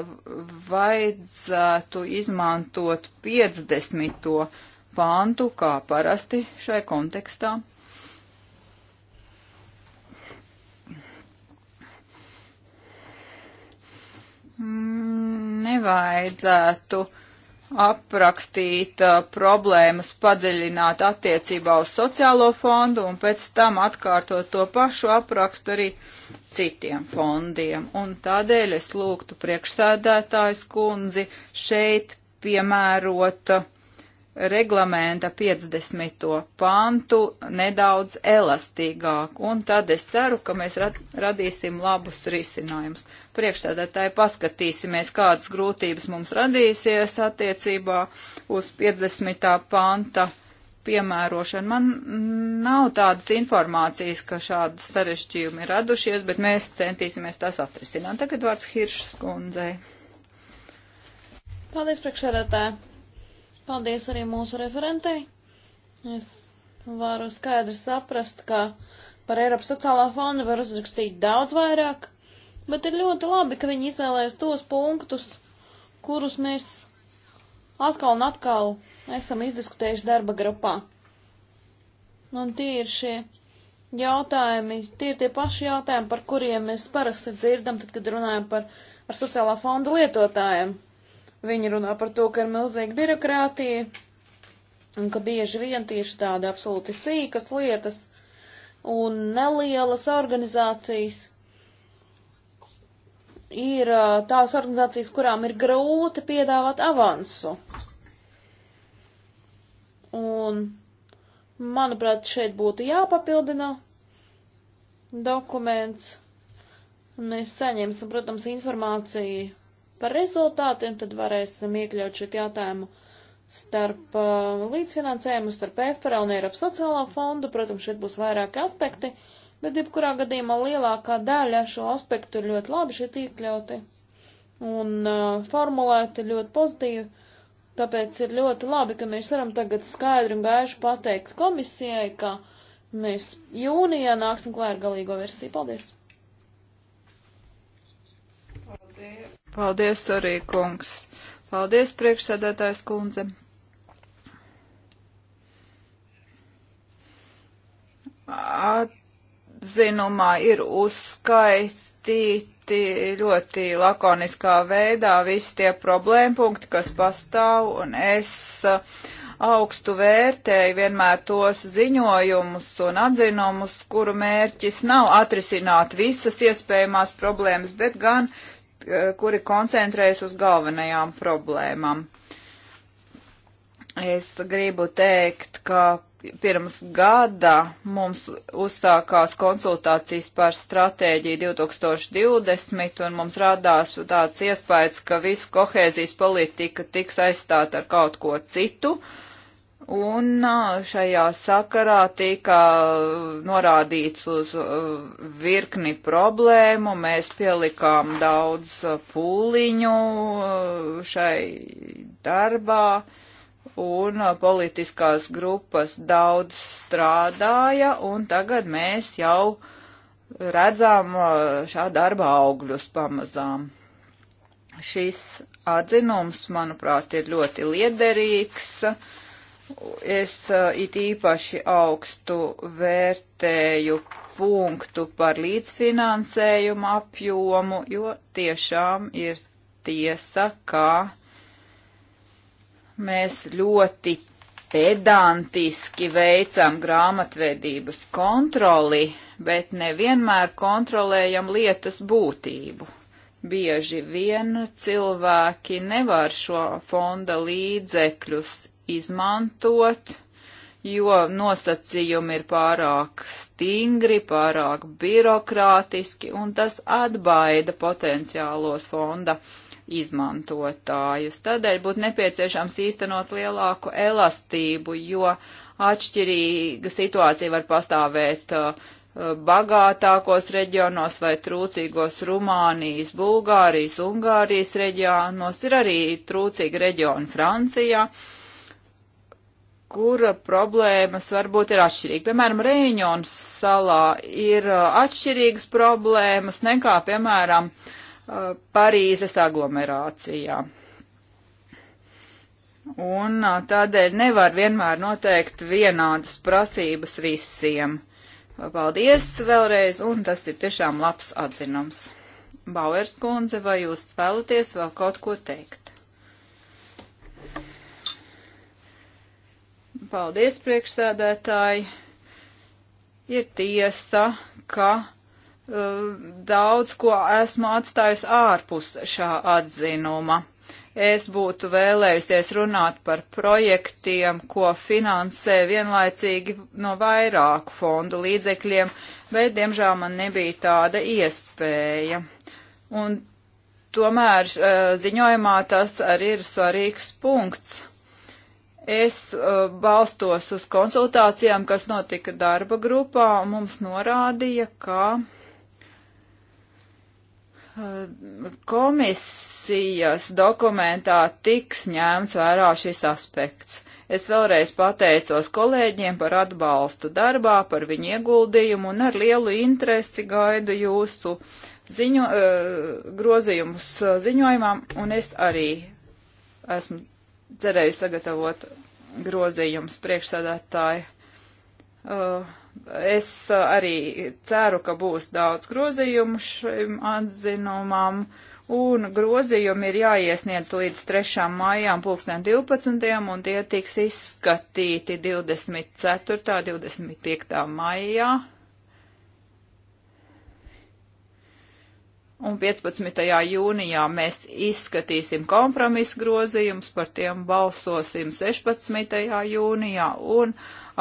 vajadzētu izmantot 50. pāntu, kā parasti šai kontekstā. Mm, nevajadzētu uh, aprakstīt uh, problēmas padziļināt attiecībā uz sociālo fondu un pēc tam atkārtot to pašu aprakstu arī citiem fondiem. Un tādēļ es lūgtu priekšsēdētājs kundzi šeit piemērot uh, reglamenta 50. pantu nedaudz elastīgāk, un tad es ceru, ka mēs rad radīsim labus risinājumus. Priekšsēdētāji paskatīsimies, kādas grūtības mums radīsies attiecībā uz 50. panta piemērošanu. Man nav tādas informācijas, ka šādi sarežģījumi ir radušies, bet mēs centīsimies tās atrisināt. Tagad vārds Hiršas kundzei. Paldies, priekšsēdētāji. Paldies arī mūsu referentei. Es varu skaidri saprast, ka par Eiropas sociālā fonda var uzrakstīt daudz vairāk, bet ir ļoti labi, ka viņi izvēlēs tos punktus, kurus mēs atkal un atkal esam izdiskutējuši darba grupā. Un tie ir šie jautājumi, tie ir tie paši jautājumi, par kuriem mēs parasti dzirdam, tad, kad runājam par, par sociālā fonda lietotājiem. Viņi runā par to, ka ir milzīga birokrātija un ka bieži vien tieši tāda absolūti sīkas lietas un nelielas organizācijas ir tās organizācijas, kurām ir grūti piedāvāt avansu. Un, manuprāt, šeit būtu jāpapildina dokuments. Mēs saņemsim, protams, informāciju par rezultātiem, tad varēsim iekļaut šo jautājumu starp uh, līdzfinansējumu, starp EFRA un Eiropas sociālā fondu. Protams, šeit būs vairāki aspekti, bet jebkurā gadījumā lielākā daļa šo aspektu ir ļoti labi šeit iekļauti un uh, formulēti ļoti pozitīvi. Tāpēc ir ļoti labi, ka mēs varam tagad skaidri un gaiši pateikt komisijai, ka mēs jūnijā nāksim klāt ar galīgo versiju. Paldies! Paldies! Paldies arī, kungs. Paldies, priekšsēdētājs kundze. Atzinumā ir uzskaitīti ļoti lakoniskā veidā visi tie problēma punkti, kas pastāv, un es uh, augstu vērtēju vienmēr tos ziņojumus un atzinumus, kuru mērķis nav atrisināt visas iespējamās problēmas, bet gan uh, Eh, kuri koncentrējas uz galvenajām problēmām. Es gribu teikt, ka pirms gada mums uzsākās konsultācijas par stratēģiju 2020, un mums radās tāds iespējas, ka visu kohēzijas politika tiks aizstāta ar kaut ko citu. Uh, Un šajā sakarā tika norādīts uz virkni problēmu, mēs pielikām daudz pūliņu šai darbā, un politiskās grupas daudz strādāja, un tagad mēs jau redzam šā darba augļus pamazām. Šis atzinums, manuprāt, ir ļoti liederīgs Es uh, it īpaši augstu vērtēju punktu par līdzfinansējumu apjomu, jo tiešām ir tiesa, ka mēs ļoti pedantiski veicam grāmatvedības kontroli, bet nevienmēr kontrolējam lietas būtību. Bieži vien cilvēki nevar šo fonda līdzekļus izmantot, jo nosacījumi ir pārāk stingri, pārāk birokrātiski, un tas atbaida potenciālos fonda izmantotājus. Tādēļ būtu nepieciešams īstenot lielāku elastību, jo atšķirīga situācija var pastāvēt uh, bagātākos reģionos vai trūcīgos Rumānijas, Bulgārijas, Ungārijas reģionos, ir arī trūcīgi reģioni Francijā, kura problēmas varbūt ir atšķirīga. Piemēram, Reņons salā ir uh, atšķirīgas problēmas nekā, piemēram, uh, Parīzes aglomerācijā. Un uh, tādēļ nevar vienmēr noteikt vienādas prasības visiem. Paldies vēlreiz, un tas ir tiešām labs atzinums. Bauers kundze, vai jūs vēlaties vēl kaut ko teikt? Paldies, priekšsēdētāji. Ir tiesa, ka uh, daudz ko esmu atstājusi ārpus šā atzinuma. Es būtu vēlējusies runāt par projektiem, ko finansē vienlaicīgi no vairāku fondu līdzekļiem, bet, diemžēl, man nebija tāda iespēja. Un tomēr uh, ziņojumā tas arī ir svarīgs punkts Es uh, balstos uz konsultācijām, kas notika darba grupā, un mums norādīja, ka uh, komisijas dokumentā tiks ņēmts vērā šis aspekts. Es vēlreiz pateicos kolēģiem par atbalstu darbā, par viņu ieguldījumu un ar lielu interesi gaidu jūsu ziņo, uh, grozījumus uh, ziņojumam, un es arī esmu cerēju sagatavot grozījums priekšsēdētāji. Uh, es uh, arī ceru, ka būs daudz grozījumu šim atzinumam, un grozījumi ir jāiesniedz līdz 3. maijām 2012. un tie tiks izskatīti 24. 25. maijā Un 15. jūnijā mēs izskatīsim kompromisu grozījumus, par tiem balsosim 16. jūnijā, un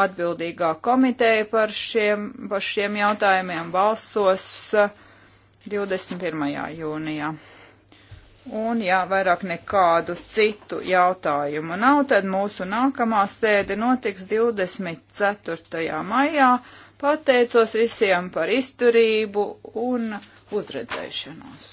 atbildīgā komiteja par šiem, par šiem jautājumiem balsos 21. Eh, jūnijā. Un, ja vairāk nekādu citu jautājumu nav, tad mūsu nākamā sēde notiks 24. maijā. Pateicos visiem par izturību un uzredzēšanos.